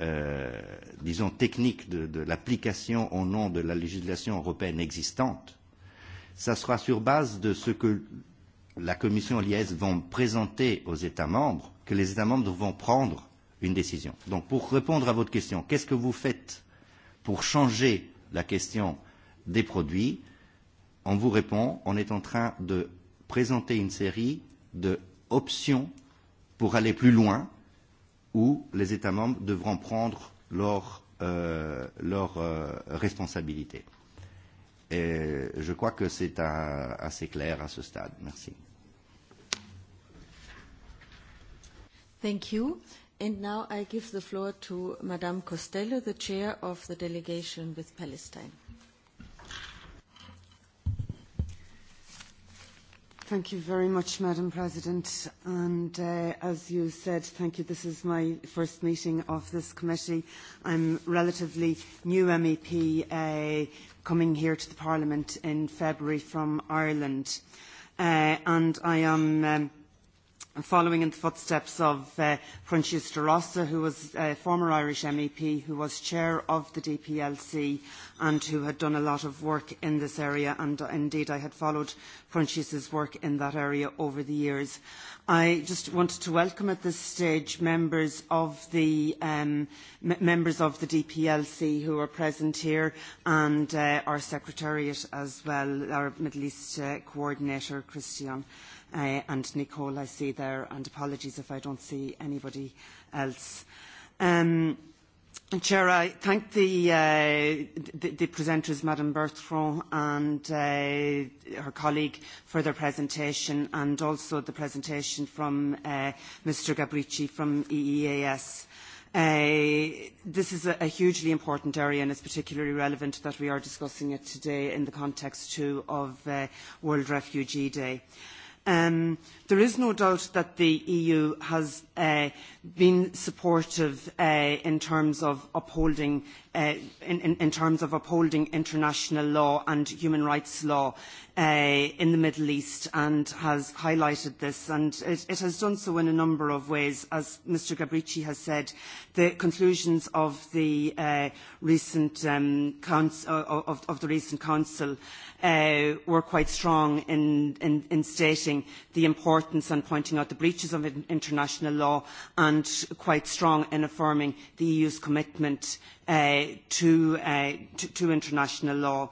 Speaker 15: euh, disons, technique de, de l'application au nom de la législation européenne existante, ça sera sur base de ce que la Commission et l'IS vont présenter aux États membres, que les États membres vont prendre une décision. Donc pour répondre à votre question, qu'est-ce que vous faites pour changer la question des produits On vous répond, on est en train de présenter une série d'options pour aller plus loin où les États membres devront prendre leurs leur, euh, leur, euh responsabilités. Et je crois que c'est assez clair à ce stade. Merci.
Speaker 1: Thank you. And now I give the floor to Madame Costello, the
Speaker 16: chair of the delegation with Palestine. Thank you very much, Madam President. And uh, as you said, thank you. This is my first meeting of this committee. I'm relatively new MEP. Uh, coming here to the Parliament in February from Ireland. Uh, and I am... Um, following in the footsteps of uh, de Rossa, who was a former Irish MEP, who was chair of the DPLC and who had done a lot of work in this area. And uh, indeed, I had followed Francisca's work in that area over the years. I just wanted to welcome at this stage members of the um, members of the DPLC who are present here, and uh, our secretariat as well, our Middle East uh, coordinator Christian uh, and Nicole I see there, and apologies if I don't see anybody else. Um, Chair, I thank the, uh, the, the presenters, Madame Bertrand and uh, her colleague, for their presentation and also the presentation from uh, Mr Gabrici from EEAS. Uh, this is a, a hugely important area and it's particularly relevant that we are discussing it today in the context too of uh, World Refugee Day. Um, There is no doubt that the EU has uh, been supportive uh, in terms of upholding uh, in, in, in, terms of upholding international law and human rights law uh, in the Middle East and has highlighted this and it, it, has done so in a number of ways. As Mr Gabrici has said, the conclusions of the uh, recent um, council, of, of, the recent council uh, were quite strong in, in, in stating the importance importance on pointing out the breaches of international law and quite strong in affirming the EU's commitment uh, to, uh, to, to, international law.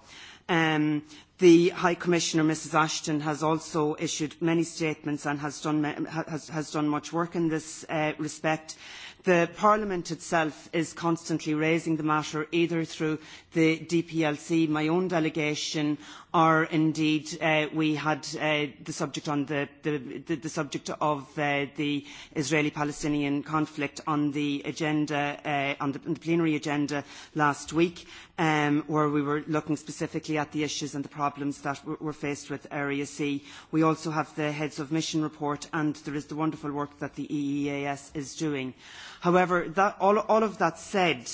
Speaker 16: Um, the High Commissioner, Mrs Ashton, has also issued many statements and has done, has, has done much work in this uh, respect. The Parliament itself is constantly raising the matter either through the DPLC, my own delegation, or indeed uh, we had uh, the subject on the, the, the, the subject of uh, the Israeli-Palestinian conflict on the agenda, uh, on, on, the, plenary agenda last week, um, where we were looking specifically at the issues and the problems that we're faced with Area C. We also have the Heads of Mission report and there is the wonderful work that the EEAS is doing. However, that, all, all of that said,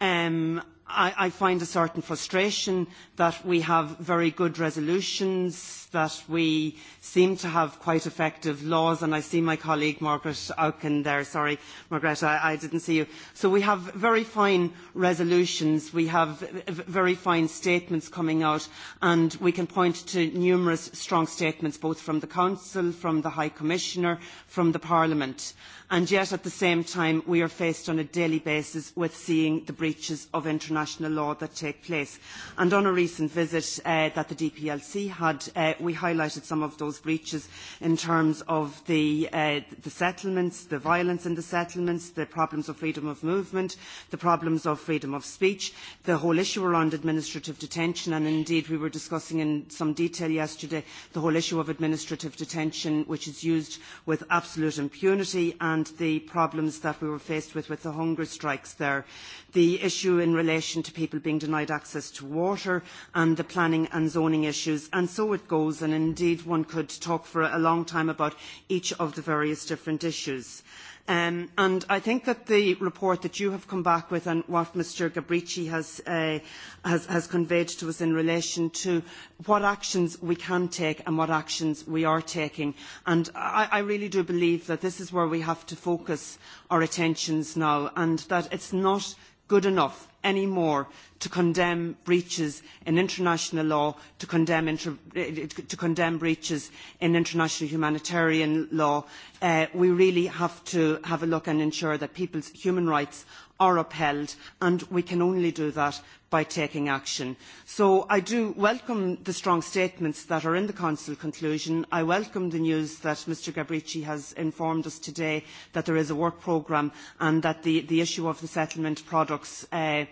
Speaker 16: um, I, I find a certain frustration that we have very good resolutions, that we seem to have quite effective laws, and I see my colleague Margaret Auken there. Sorry, Margaret, I, I didn't see you. So we have very fine resolutions, we have very fine statements coming out, and we can point to numerous strong statements, both from the Council, from the High Commissioner, from the Parliament. And yet, at the same time, we are faced on a daily basis with seeing the breaches of international international law that take place. And on a recent visit uh, that the DPLC had, uh, we highlighted some of those breaches in terms of the, uh, the settlements, the violence in the settlements, the problems of freedom of movement, the problems of freedom of speech, the whole issue around administrative detention, and indeed we were discussing in some detail yesterday the whole issue of administrative detention, which is used with absolute impunity, and the problems that we were faced with with the hunger strikes there. The issue in relation relation to people being denied access to water and the planning and zoning issues. And so it goes, and indeed one could talk for a long time about each of the various different issues. Um, and I think that the report that you have come back with and what Mr Gabrici has, uh, has, has conveyed to us in relation to what actions we can take and what actions we are taking. And I, I really do believe that this is where we have to focus our attentions now and that it's not good enough anymore to condemn breaches in international law, to condemn, inter eh, to condemn breaches in international humanitarian law. Uh, we really have to have a look and ensure that people's human rights are upheld and we can only do that by taking action. So I do welcome the strong statements that are in the Council conclusion. I welcome the news that Mr Gabrici has informed us today that there is a work programme and that the, the, issue of the settlement products uh,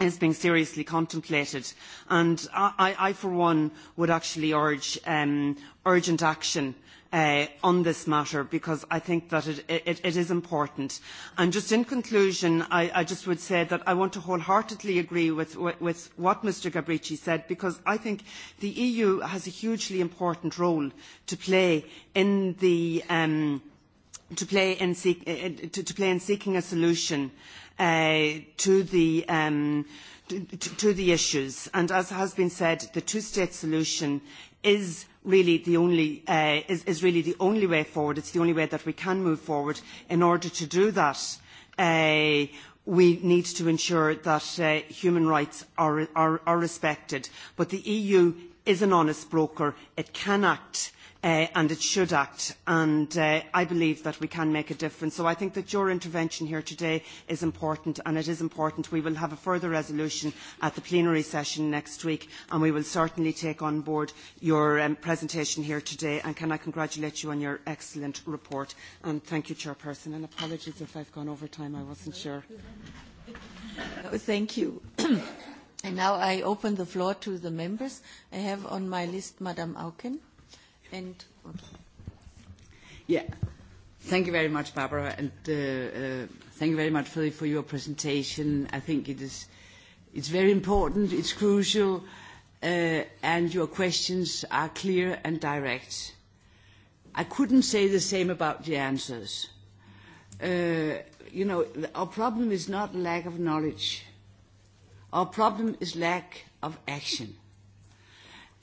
Speaker 16: is being seriously contemplated. And I, I, I, for one, would actually urge um, urgent action uh, on this matter because I think that it, it, it is important. And just in conclusion, I, I just would say that I want to wholeheartedly agree with, with, with what Mr Gabrici said because I think the EU has a hugely important role to play in the um, to play in, seek, uh, uh, to, to play in seeking a solution uh, to the um, to, to the issues. And as has been said, the two-state solution is really the only, uh, is, is really the only way forward. It's the only way that we can move forward. In order to do that, uh, we need to ensure that uh, human rights are, are, are respected. But the EU is an honest broker. It can act. Uh, Uh, and it should act. And uh, I believe that we can make a difference. So I think that your intervention here today is important, and it is important. We will have a further resolution at the plenary session next week, and we will certainly take on board your um, presentation here today. And can I congratulate you on your excellent report? And thank you, Chairperson. And apologies if I've gone over time. I wasn't sure.
Speaker 1: Oh, thank you. (clears throat) and now I open the floor to the members. I have on my list Madame Auken. And okay. yeah, thank you
Speaker 17: very much, Barbara, and uh, uh, thank you very much for, the, for your presentation. I think it is it's very important, it's crucial, uh, and your questions are clear and direct. I couldn't say the same about the answers. Uh, you know, our problem is not lack of knowledge. Our problem is lack of action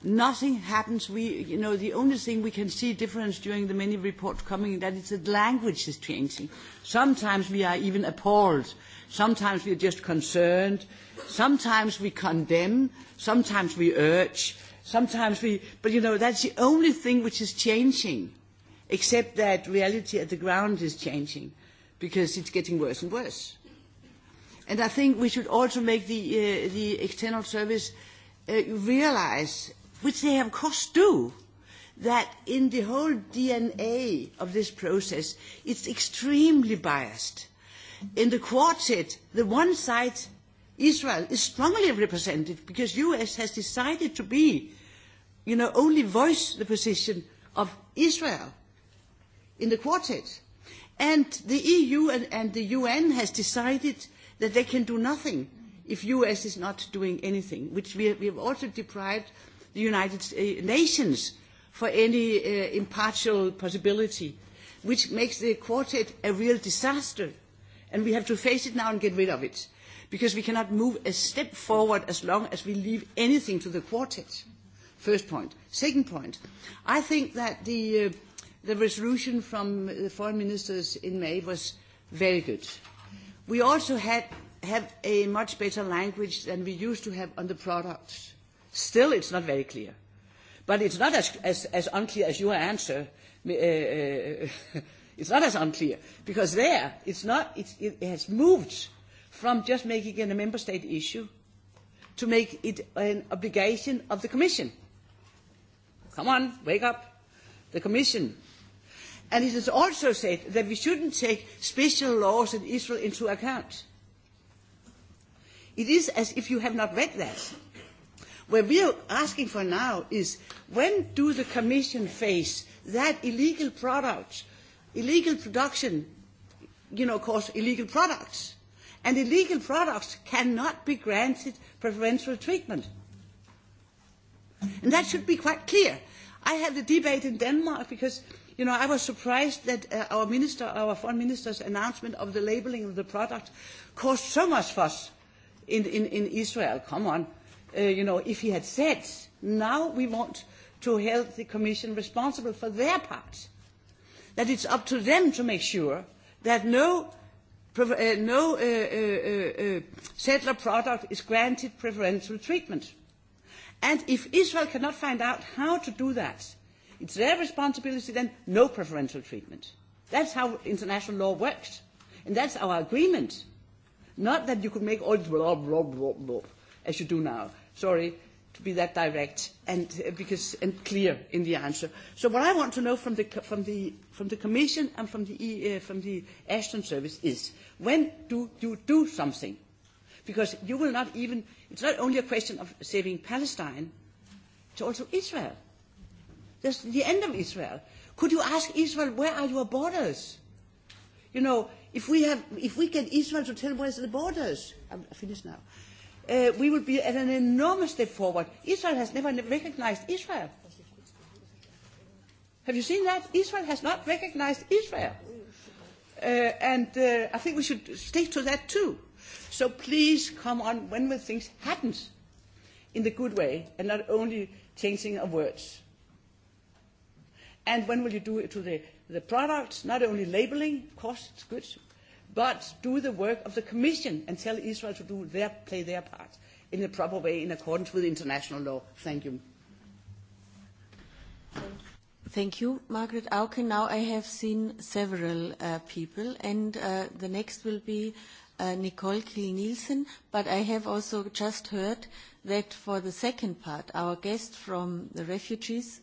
Speaker 17: nothing happens. We, you know, the only thing we can see difference during the many reports coming that is that language is changing. Sometimes we are even appalled. Sometimes we are just concerned. Sometimes we condemn. Sometimes we urge. Sometimes we, but you know, that's the only thing which is changing, except that reality at the ground is changing, because it's getting worse and worse. And I think we should also make the, uh, the external service uh, realize which they of course do, that in the whole DNA of this process, it's extremely biased. In the quartet, the one side, Israel, is strongly represented because US has decided to be, you know, only voice the position of Israel in the quartet. And the EU and, and the UN has decided that they can do nothing if US is not doing anything, which we, we have also deprived the United eh, Nations for any uh, impartial possibility, which makes the quartet a real disaster. And we have to face it now and get rid of it, because we cannot move a step forward as long as we leave anything to the quartet. First point. Second point, I think that the, uh, the resolution from the foreign ministers in May was very good. We also had, have a much better language than we used to have on the products Still, it's not very clear. But it's not as, as, as unclear as your answer. Uh, uh (laughs) it's not as unclear because there it's not, it's, it has moved from just making it a member state issue to make it an obligation of the Commission. Come on, wake up. The Commission. And it has also said that we shouldn't take special laws in Israel into account. It is as if you have not read that. What we are asking for now is when do the Commission face that illegal products, illegal production, you know, cause illegal products? And illegal products cannot be granted preferential treatment. And that should be quite clear. I had the debate in Denmark because, you know, I was surprised that uh, our minister, our foreign minister's announcement of the labeling of the product caused so much fuss in, in, in Israel. Come on, uh, you know, if he had said, now we want to hold the Commission responsible for their part, that it's up to them to make sure that no, uh, no uh uh, uh, uh, settler product is granted preferential treatment. And if Israel cannot find out how to do that, it's their responsibility then, no preferential treatment. That's how international law works. And that's our agreement. Not that you could make all this blah, blah, blah, blah, as you do now sorry, to be that direct and, uh, because, and clear in the answer. So what I want to know from the, from the, from the Commission and from the, uh, from the Ashton Service is, when do you do something? Because you will not even, it's not only a question of saving Palestine, it's also Israel. That's the end of Israel. Could you ask Israel, where are your borders? You know, if we, have, if we get Israel to tell where's the borders, I'm finished now uh, we would be at an enormous step forward. Israel has never recognized Israel. Have you seen that? Israel has not recognized Israel. Uh, and uh, I think we should stick to that too. So please come on when will things happen in the good way and not only changing of words. And when will you do it to the, the products, not only labeling, of course it's good, but do the work of the Commission and tell Israel to do their, play their part in a proper way in accordance with international law. Thank you.
Speaker 1: Thank you, Margaret Auken. Now I have seen several uh, people, and uh, the next will be uh, Nicole Kiel-Nielsen, but I have also just heard that for the second part, our guest from the refugees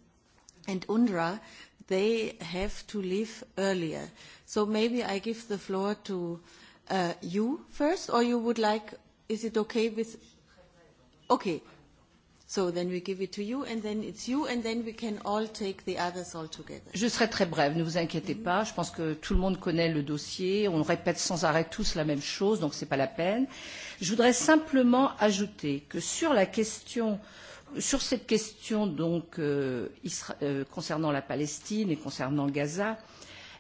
Speaker 1: and UNRWA they have to leave earlier. So maybe I give the floor to uh, you first, or you would like, is it okay with, okay. So then we give it to you, and then it's you, and then we can all take the others all together.
Speaker 18: Je serai très brève, ne vous inquiétez mm -hmm. pas. Je pense que tout le monde connaît le dossier. On répète sans arrêt tous la même chose, donc ce n'est pas la peine. Je voudrais simplement ajouter que sur la question euh, sur cette question donc euh, Isra euh, concernant la Palestine et concernant Gaza,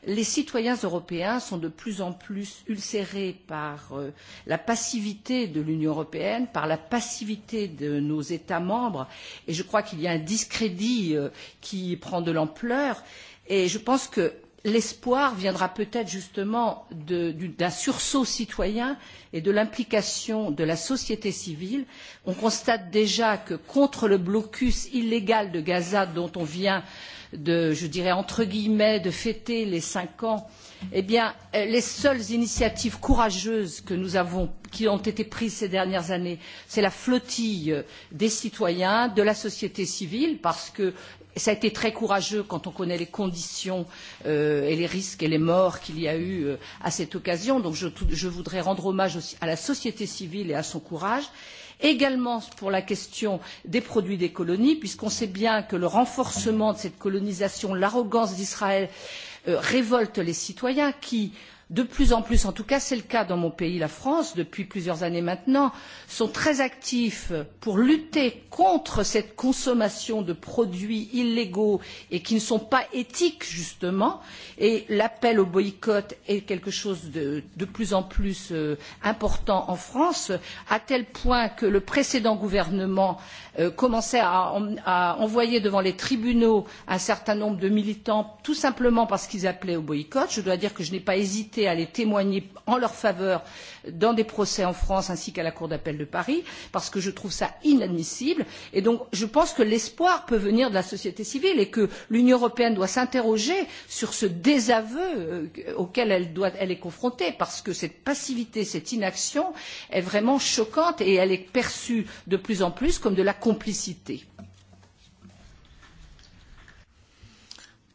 Speaker 18: les citoyens européens sont de plus en plus ulcérés par euh, la passivité de l'Union européenne, par la passivité de nos États membres, et je crois qu'il y a un discrédit euh, qui prend de l'ampleur. Et je pense que l'espoir viendra peut-être justement d'un sursaut citoyen et de l'implication de la société civile. On constate déjà que contre le blocus illégal de Gaza dont on vient de, je dirais entre guillemets, de fêter les cinq ans, eh bien, euh, les seules initiatives courageuses que nous avons, qui ont été prises ces dernières années, c'est la flottille des citoyens, de la société civile, parce que ça a été très courageux quand on connaît les conditions euh, et les risques et les morts qu'il y a eu euh, à cette occasion. Donc je, je voudrais rendre hommage aussi à la société civile et à son courage. Également pour la question des produits des colonies, puisqu'on sait bien que le renforcement de cette colonisation, l'arrogance d'Israël euh, révolte les citoyens qui, euh, de plus en plus, en tout cas c'est le cas dans mon pays, la France, depuis plusieurs années maintenant, sont très actifs pour lutter contre cette consommation de produits illégaux et qui ne sont pas éthiques justement. Et l'appel au boycott est quelque chose de, de plus en plus euh, important en France, à tel point que le précédent gouvernement euh, commençait à, à envoyer devant les tribunaux un certain nombre de militants tout simplement parce qu'ils appelaient au boycott. Je dois dire que je n'ai pas hésité invité à aller témoigner en leur faveur dans des procès en France ainsi qu'à la Cour d'appel de Paris, parce que je trouve ça inadmissible. Et donc, je pense que l'espoir peut venir de la société civile et que l'Union européenne doit s'interroger sur ce désaveu euh, auquel elle, doit, elle est confrontée, parce que cette passivité, cette inaction est vraiment choquante et elle est perçue de plus en plus comme de la complicité.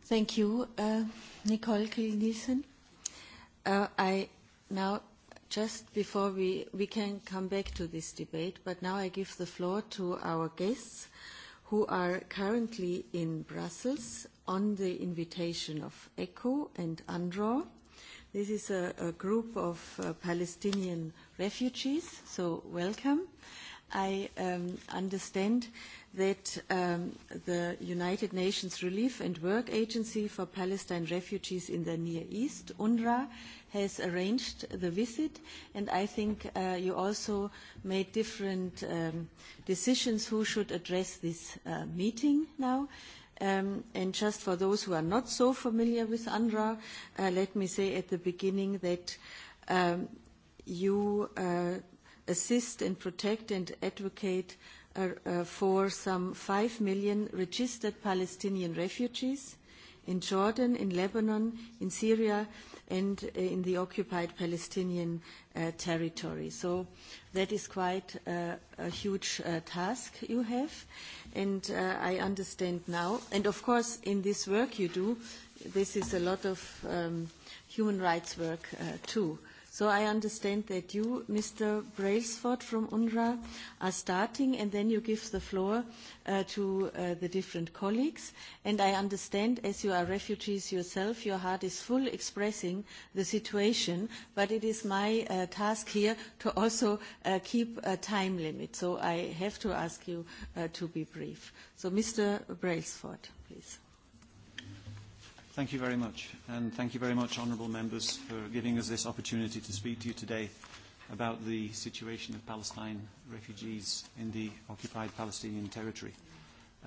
Speaker 1: Thank you. Uh, Nicole kiel Uh, I now just before we we can come back to this debate, but now I give the floor to our guests who are currently in Brussels on the invitation of ECHO and UNRWA. This is a, a group of uh, Palestinian refugees, so welcome. I um, understand that um, the United Nations Relief and Work Agency for Palestine Refugees in the Near East, UNRWA, has arranged the visit, and I think uh, you also made different um, decisions who should address this uh, meeting now. Um, and just for those who are not so familiar with UNRWA, uh, let me say at the beginning that um, you uh, assist and protect and advocate Uh, uh, for some 5 million registered Palestinian refugees in Jordan, in Lebanon, in Syria, and uh, in the occupied Palestinian uh, territory. So that is quite uh, a huge uh, task you have, and uh, I understand now. And of course, in this work you do, this is a lot of um, human rights work uh, too. So I understand that you, Mr. Brailsford from UNRWA, are starting, and then you give the floor uh, to uh, the different colleagues. And I understand, as you are refugees yourself, your heart is full expressing the situation, but it is my uh, task here to also uh, keep a time limit. So I have to ask you uh, to be brief. So Mr. Brailsford,
Speaker 19: please. Thank you very much, and thank you very much, honourable members, for giving us this opportunity to speak to you today about the situation of Palestine refugees in the occupied Palestinian territory.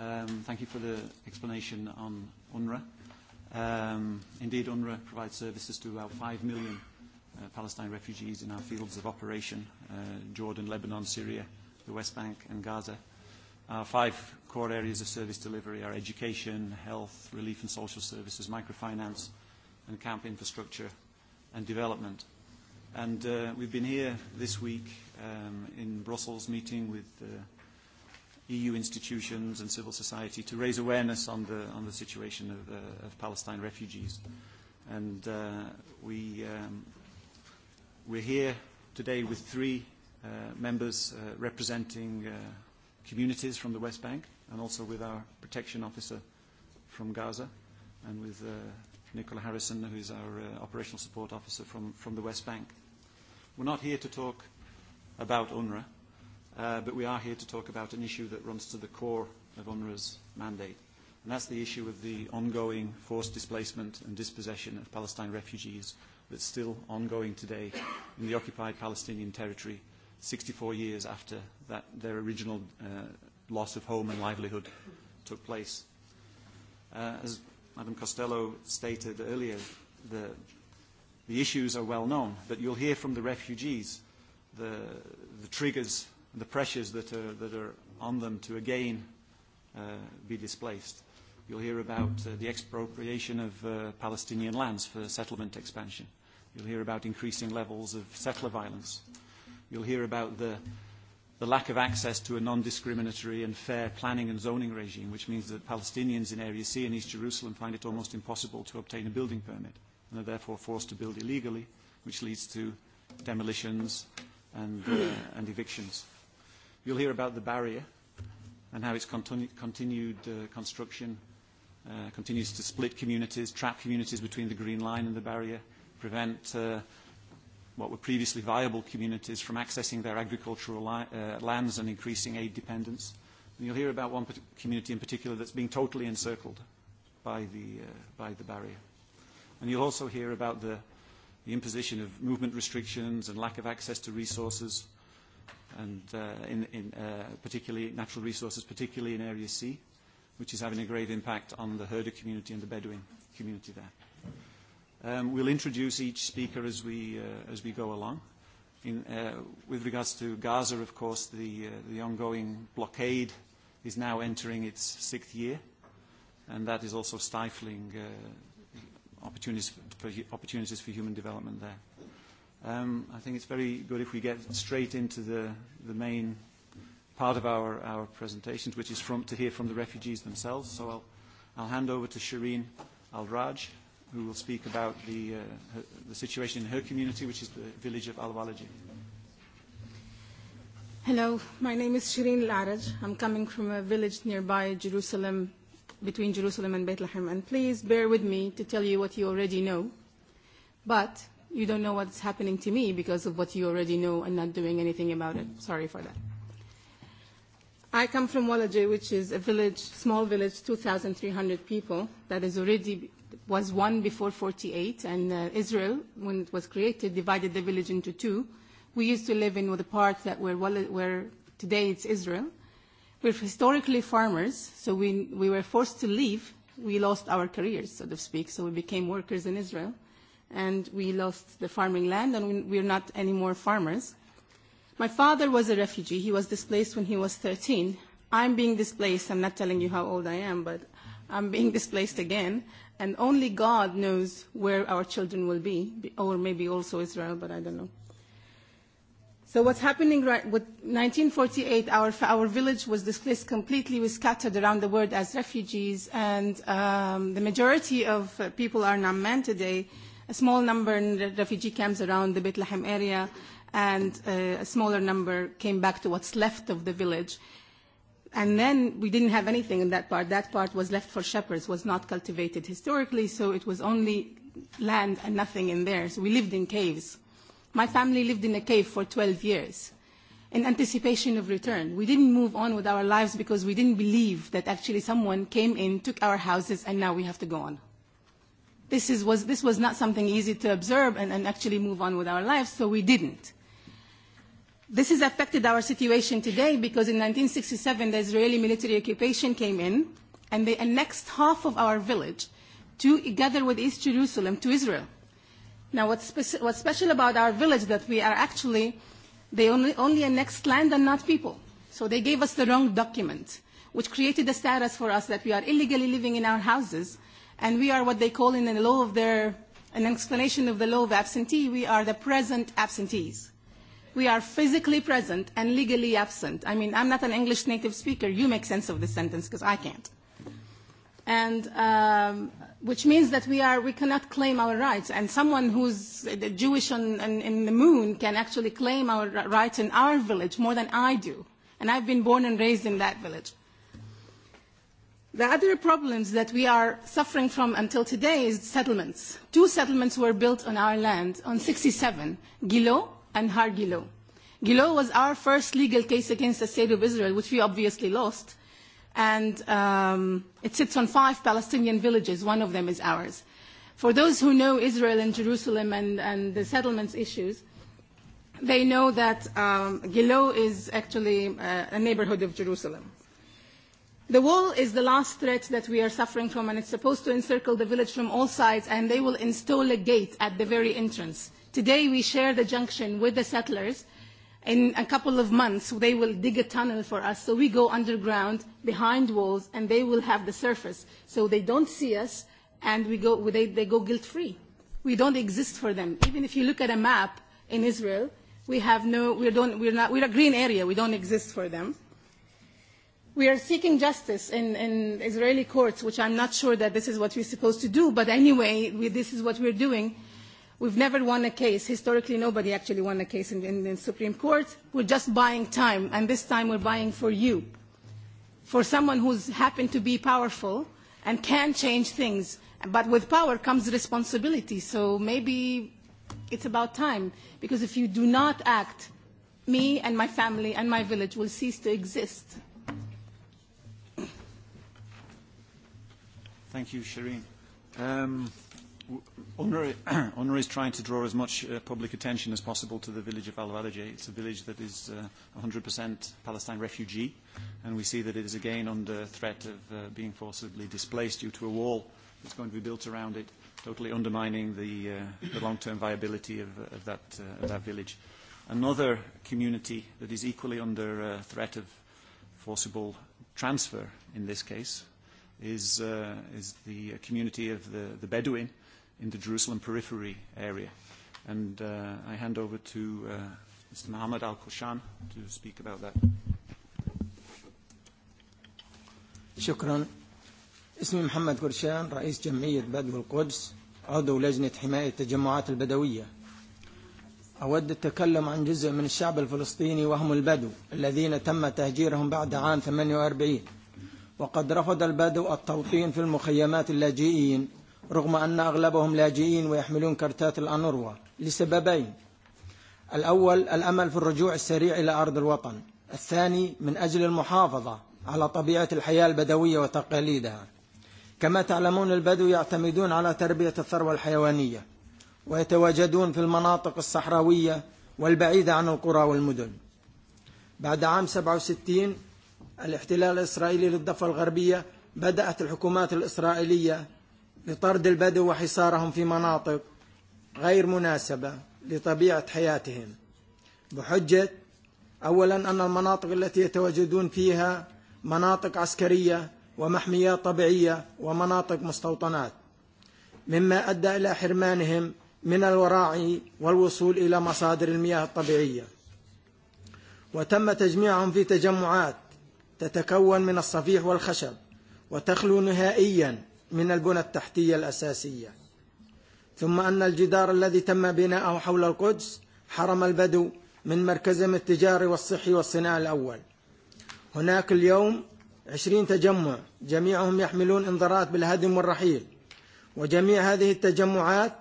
Speaker 19: Um, thank you for the explanation on UNRWA. Um, indeed, UNRWA provides services to about 5 million uh, Palestine refugees in our fields of operation, uh, Jordan, Lebanon, Syria, the West Bank and Gaza. Our five core areas of service delivery are education, health, relief and social services, microfinance and camp infrastructure and development. And uh, we've been here this week um, in Brussels meeting with uh, EU institutions and civil society to raise awareness on the, on the situation of, uh, of Palestine refugees. And uh, we, um, we're here today with three uh, members uh, representing uh, communities from the West Bank and also with our protection officer from Gaza and with uh, Nicola Harrison, who's our uh, operational support officer from, from the West Bank. We're not here to talk about UNRWA, uh, but we are here to talk about an issue that runs to the core of UNRWA's mandate, and that's the issue of the ongoing forced displacement and dispossession of Palestine refugees that's still ongoing today in the occupied Palestinian territory 64 years after that, their original uh, loss of home and livelihood took place. Uh, as Madam Costello stated earlier, the, the issues are well known, but you'll hear from the refugees the, the triggers, and the pressures that are, that are on them to again uh, be displaced. You'll hear about uh, the expropriation of uh, Palestinian lands for settlement expansion. You'll hear about increasing levels of settler violence. Uh, You'll hear about the, the lack of access to a non-discriminatory and fair planning and zoning regime, which means that Palestinians in Area C and East Jerusalem find it almost impossible to obtain a building permit and are therefore forced to build illegally, which leads to demolitions and, uh, and evictions. You'll hear about the barrier and how its continu continued uh, construction uh, continues to split communities, trap communities between the green line and the barrier, prevent uh, what were previously viable communities from accessing their agricultural li uh, lands and increasing aid dependence. And you'll hear about one community in particular that's being totally encircled by the, uh, by the barrier. And you'll also hear about the, the imposition of movement restrictions and lack of access to resources, and uh, in, in, uh, particularly natural resources, particularly in Area C, which is having a grave impact on the herder community and the Bedouin community there. Um, we'll introduce each speaker as we, uh, as we go along. In, uh, with regards to Gaza, of course, the, uh, the ongoing blockade is now entering its sixth year, and that is also stifling uh, opportunities, for, opportunities for human development there. Um, I think it's very good if we get straight into the, the main part of our, our presentations, which is from, to hear from the refugees themselves. So I'll, I'll hand over to Shireen Al-Raj, who will speak about the, uh, her, the situation in her community, which is the village of Alwalaji.
Speaker 20: Hello, my name is Shireen Laraj. I'm coming from a village nearby Jerusalem, between Jerusalem and Bethlehem. And please bear with me to tell you what you already know. But you don't know what's happening to me because of what you already know and not doing anything about it. Sorry for that. I come from Walaje, which is a village, small village, 2,300 people, that is already was one before 48, and uh, Israel, when it was created, divided the village into two. We used to live in the part that where, where today it's Israel. We're historically farmers, so we, we were forced to leave. We lost our careers, so to speak, so we became workers in Israel. And we lost the farming land, and we, we're not anymore farmers. My father was a refugee. He was displaced when he was 13. I'm being displaced. I'm not telling you how old I am, but I'm being displaced again, and only God knows where our children will be, or maybe also Israel, but I don't know. So what's happening right with 1948, our, our village was displaced completely. We scattered around the world as refugees, and um, the majority of uh, people are non-men today, a small number in refugee camps around the Bethlehem area, and uh, a smaller number came back to what's left of the village And then we didn't have anything in that part. That part was left for shepherds, was not cultivated historically, so it was only land and nothing in there. So we lived in caves. My family lived in a cave for 12 years in anticipation of return. We didn't move on with our lives because we didn't believe that actually someone came in, took our houses, and now we have to go on. This, is, was, this was not something easy to observe and, and actually move on with our lives, so we didn't. This has affected our situation today because in 1967 the Israeli military occupation came in and they annexed half of our village together with East Jerusalem to Israel. Now what's, speci what's special about our village that we are actually, they only, only annexed land and not people. So they gave us the wrong document, which created the status for us that we are illegally living in our houses and we are what they call in the law of their, an explanation of the law of absentee, we are the present absentees we are physically present and legally absent. I mean, I'm not an English native speaker. You make sense of this sentence because I can't. And um, which means that we, are, we cannot claim our rights. And someone who's Jewish on, on, in the moon can actually claim our rights in our village more than I do. And I've been born and raised in that village. The other problems that we are suffering from until today is settlements. Two settlements were built on our land on 67, Gilo and Har Gilo. Gilo was our first legal case against the state of Israel, which we obviously lost. And um, it sits on five Palestinian villages. One of them is ours. For those who know Israel and Jerusalem and, and the settlements issues, they know that um, Gilo is actually uh, a neighborhood of Jerusalem. The wall is the last threat that we are suffering from, and it's supposed to encircle the village from all sides, and they will install a gate at the very entrance Today we share the junction with the settlers. In a couple of months, they will dig a tunnel for us, so we go underground behind walls, and they will have the surface, so they don't see us, and we go, they, they go guilt-free. We don't exist for them. Even if you look at a map in Israel, we have no, we don't, we're not, we're a green area. We don't exist for them. We are seeking justice in, in Israeli courts, which I'm not sure that this is what we're supposed to do, but anyway, we, this is what we're doing We've never won a case. Historically, nobody actually won a case in, in, in Supreme Court. We're just buying time, and this time we're buying for you, for someone who's happened to be powerful and can change things. But with power comes responsibility, so maybe it's about time, because if you do not act, me and my family and my village will cease to exist.
Speaker 19: Thank you, Shireen. Um, UNRWA (clears throat) is trying to draw as much uh, public attention as possible to the village of Al-Walaji. It's a village that is uh, 100% Palestine refugee, and we see that it is again under threat of uh, being forcibly displaced due to a wall that's going to be built around it, totally undermining the, uh, the long-term viability of, of, that, uh, of that village. Another community that is equally under uh, threat of forcible transfer in this case is, uh, is the uh, community of the, the Bedouin, uh, in the Jerusalem periphery area. And uh, I hand over to uh, Mr. Mohammed Al-Kushan to speak about that.
Speaker 12: Shukran. اسمي محمد قرشان رئيس جمعية بدو القدس عضو لجنة حماية التجمعات البدوية أود التكلم عن جزء من الشعب الفلسطيني وهم البدو الذين تم تهجيرهم بعد عام 48 وقد رفض البدو التوطين في المخيمات اللاجئين رغم أن أغلبهم لاجئين ويحملون كرتات الأنوروا لسببين الأول الأمل في الرجوع السريع إلى أرض الوطن الثاني من أجل المحافظة على طبيعة الحياة البدوية وتقاليدها كما تعلمون البدو يعتمدون على تربية الثروة الحيوانية ويتواجدون في المناطق الصحراوية والبعيدة عن القرى والمدن بعد عام 67 الاحتلال الإسرائيلي للضفة الغربية بدأت الحكومات الإسرائيلية لطرد البدو وحصارهم في مناطق غير مناسبة لطبيعة حياتهم بحجة أولا أن المناطق التي يتواجدون فيها مناطق عسكرية ومحميات طبيعية ومناطق مستوطنات مما أدى إلى حرمانهم من الوراعي والوصول إلى مصادر المياه الطبيعية وتم تجميعهم في تجمعات تتكون من الصفيح والخشب وتخلو نهائيا من البنى التحتية الأساسية ثم أن الجدار الذي تم بناءه حول القدس حرم البدو من مركزهم التجاري والصحي والصناعي الأول هناك اليوم عشرين تجمع جميعهم يحملون انذارات بالهدم والرحيل وجميع هذه التجمعات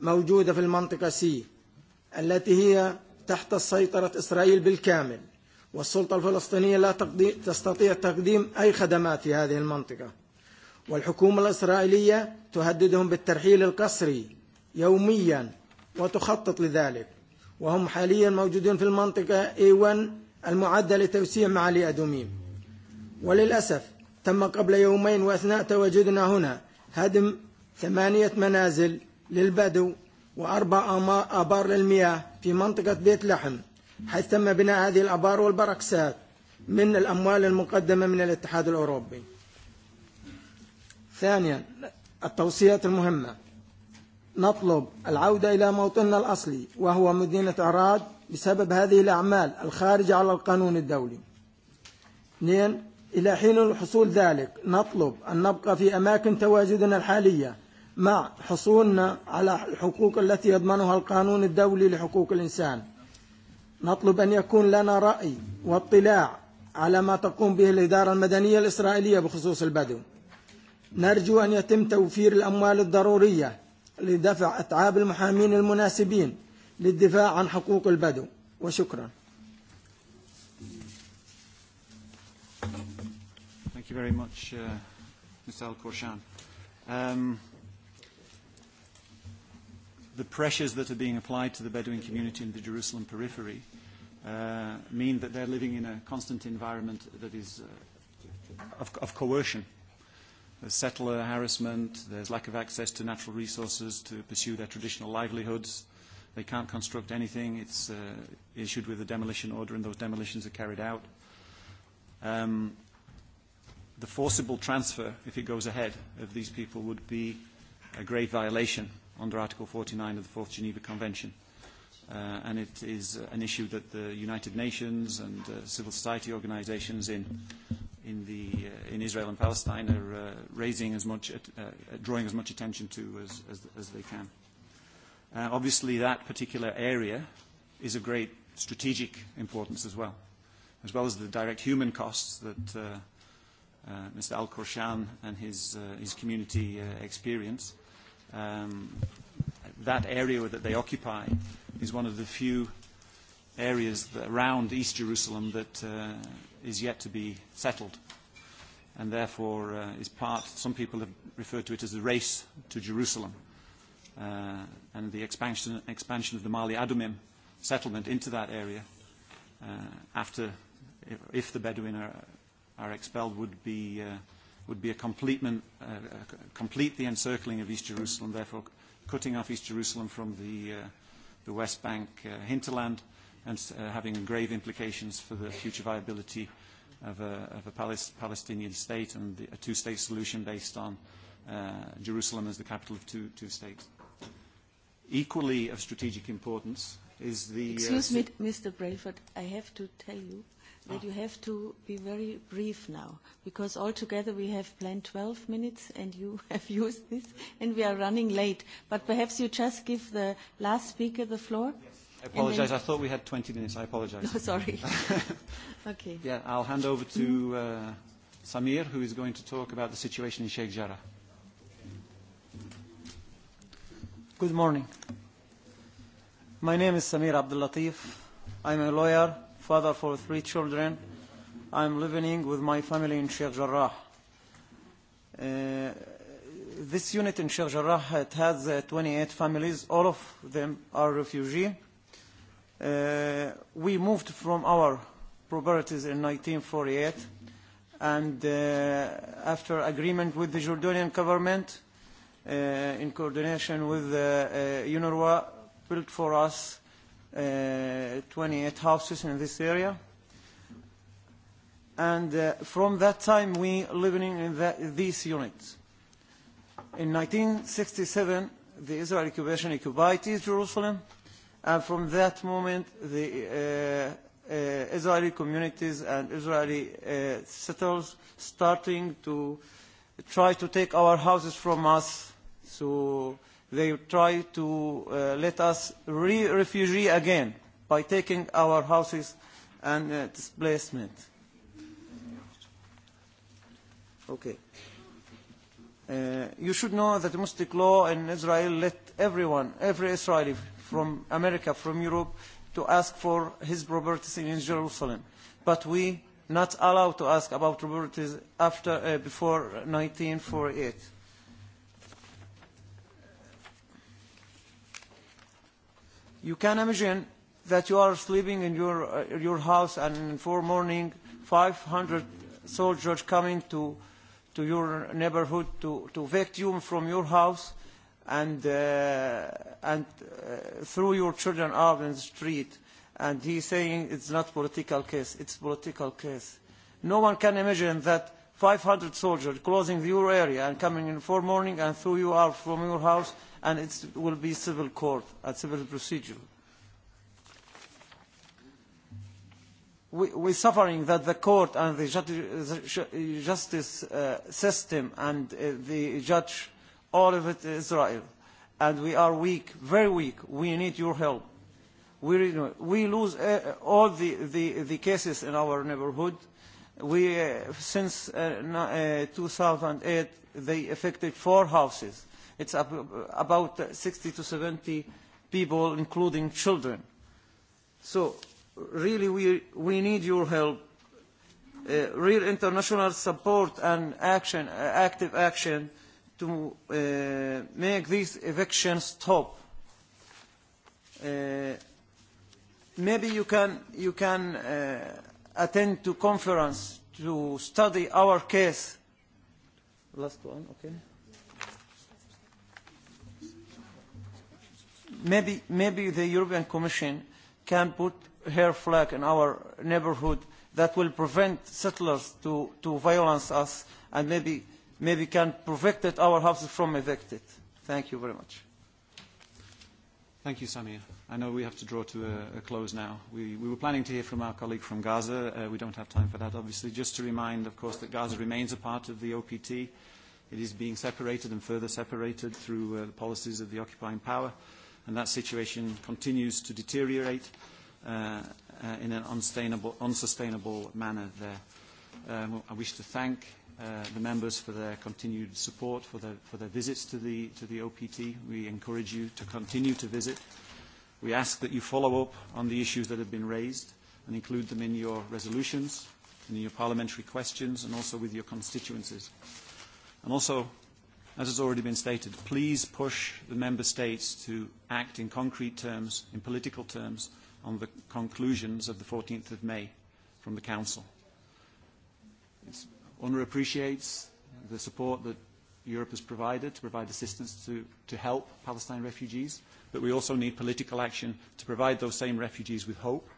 Speaker 12: موجودة في المنطقة سي التي هي تحت سيطرة إسرائيل بالكامل والسلطة الفلسطينية لا تستطيع تقديم أي خدمات في هذه المنطقة والحكومة الإسرائيلية تهددهم بالترحيل القسري يوميا وتخطط لذلك وهم حاليا موجودون في المنطقة A1 المعدة لتوسيع معالي أدوميم وللأسف تم قبل يومين وأثناء تواجدنا هنا هدم ثمانية منازل للبدو وأربع أبار للمياه في منطقة بيت لحم حيث تم بناء هذه الأبار والبركسات من الأموال المقدمة من الاتحاد الأوروبي ثانيا التوصيات المهمة نطلب العودة إلى موطننا الأصلي وهو مدينة عراد بسبب هذه الأعمال الخارجة على القانون الدولي اثنين إلى حين الحصول ذلك نطلب أن نبقى في أماكن تواجدنا الحالية مع حصولنا على الحقوق التي يضمنها القانون الدولي لحقوق الإنسان نطلب أن يكون لنا رأي واطلاع على ما تقوم به الإدارة المدنية الإسرائيلية بخصوص البدو نرجو أن يتم توفير الأموال الضرورية لدفع أتعاب المحامين المناسبين للدفاع عن حقوق البدو وشكرا
Speaker 19: Thank you very much, uh, Ms. Al-Korshan. Um, the pressures that are being applied to the Bedouin community in the Jerusalem periphery uh, mean that they're living in a constant environment that is uh, of, of coercion There's settler harassment, there's lack of access to natural resources to pursue their traditional livelihoods. They can't construct anything. It's uh, issued with a demolition order and those demolitions are carried out. Um, the forcible transfer, if it goes ahead, of these people would be a grave violation under Article 49 of the Fourth Geneva Convention. Uh, and it is an issue that the United Nations and uh, civil society organizations in, in, the, uh, in Israel and Palestine are uh, raising as much, at, uh, uh, drawing as much attention to as, as, as they can. Uh, obviously, that particular area is of great strategic importance as well, as well as the direct human costs that uh, uh, Mr. al khorshan and his, uh, his community uh, experience. Um, that area that they occupy is one of the few areas around East Jerusalem that uh, is yet to be settled and therefore uh, is part, some people have referred to it as the race to Jerusalem uh, and the expansion, expansion of the Mali Adumim settlement into that area uh, after, if, if the Bedouin are, are expelled, would be, uh, would be a complete, uh, complete the encircling of East Jerusalem, therefore cutting off East Jerusalem from the, uh, the West Bank uh, hinterland and uh, having grave implications for the future viability of a, of a Palestinian state and the, a two-state solution based on uh, Jerusalem as the capital of two, two states. Equally of strategic importance is the... Uh, Excuse uh, me,
Speaker 1: Mr. Brayford, I have to tell you that you have to be very brief now, because altogether we have planned 12 minutes and you (laughs) have used this, and we are running late. But perhaps you just give the last speaker the floor. Yes. I apologize. I
Speaker 19: thought we had 20 minutes. I apologize. (laughs) No, sorry.
Speaker 1: (laughs) okay.
Speaker 19: Yeah, I'll hand over to uh, Samir, who is going to talk about the situation in Sheikh Jarrah.
Speaker 21: Good morning. My name is Samir Abdul Latif. I'm a lawyer father for three children. I'm living with my family in Sheikh Jarrah. Uh, this unit in Sheikh Jarrah, it has uh, 28 families. All of them are refugees. Uh, we moved from our properties in 1948 and uh, after agreement with the Jordanian government uh, in coordination with uh, uh, UNRWA built for us 28 uh, houses in this area. And uh, from that time, we living in that, these units. In 1967, the Israeli occupation occupied Jerusalem, and from that moment, the uh, uh, Israeli communities and Israeli uh, settlers starting to try to take our houses from us. So. Uh, they try to uh, let us re-refugee again by taking our houses and uh, displacement. Okay. Uh, you should know that domestic law in Israel let everyone, every Israeli from America, from Europe, to ask for his properties in Jerusalem. But we not allowed to ask about properties after, uh, before 1948 you can imagine that you are sleeping in your, uh, your house and in four morning 500 soldiers coming to, to your neighborhood to, to vacuum from your house and, uh, and uh, throw your children out in the street. And he's saying it's not political case, it's political case. No one can imagine that 500 soldiers closing your area and coming in four morning and threw you out from your house and it will be civil court a civil procedure. We, we're suffering that the court and the justice uh, system and uh, the judge, all of it is Israel. And we are weak, very weak. We need your help. We, we lose uh, all the, the, the cases in our neighborhood. We, uh, since uh, uh, 2008, they affected four houses It's about 60 to 70 people, including children. So really we, we need your help, uh, real international support and action, uh, active action to uh, make these evictions stop. Uh, maybe you can, you can uh, attend to conference to study our case. Last one, okay. maybe, the European Commission can put her flag in our neighbourhood. that will prevent settlers to, violence us and maybe, can prevent
Speaker 19: our houses from evicted. Thank you very much. Thank you, Samir. I know we have to draw to a, a close now. We, we were planning to hear from our colleague from Gaza. Uh, we don't have time for that, obviously. Just to remind, of course, that Gaza remains a part of the OPT. It is being separated and further separated through uh, the policies of the occupying power and that situation continues to deteriorate uh, uh, in an unsustainable, unsustainable manner there. Um, I wish to thank uh, the members for their continued support, for their, for their visits to the, to the OPT. We encourage you to continue to visit. We ask that you follow up on the issues that have been raised and include them in your resolutions, in your parliamentary questions, and also with your constituencies. And also, As has already been stated, please push the member states to act in concrete terms, in political terms, on the conclusions of the 14th of May from the Council. It's, UNRWA appreciates the support that Europe has provided to provide assistance to, to help Palestine refugees, but we also need political action to provide those same refugees with hope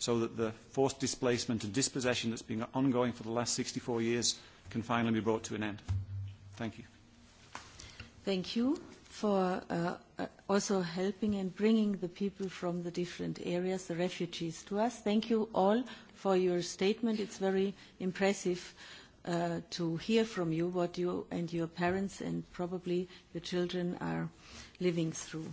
Speaker 19: so that the forced displacement and dispossession that's been ongoing for the last 64 years can finally be brought to an end. Thank you.
Speaker 1: Thank you for uh, uh, also helping and bringing the people from the different areas, the refugees, to us. Thank you all for your statement. It's very impressive uh, to hear from you what you and your parents and probably your children are living through.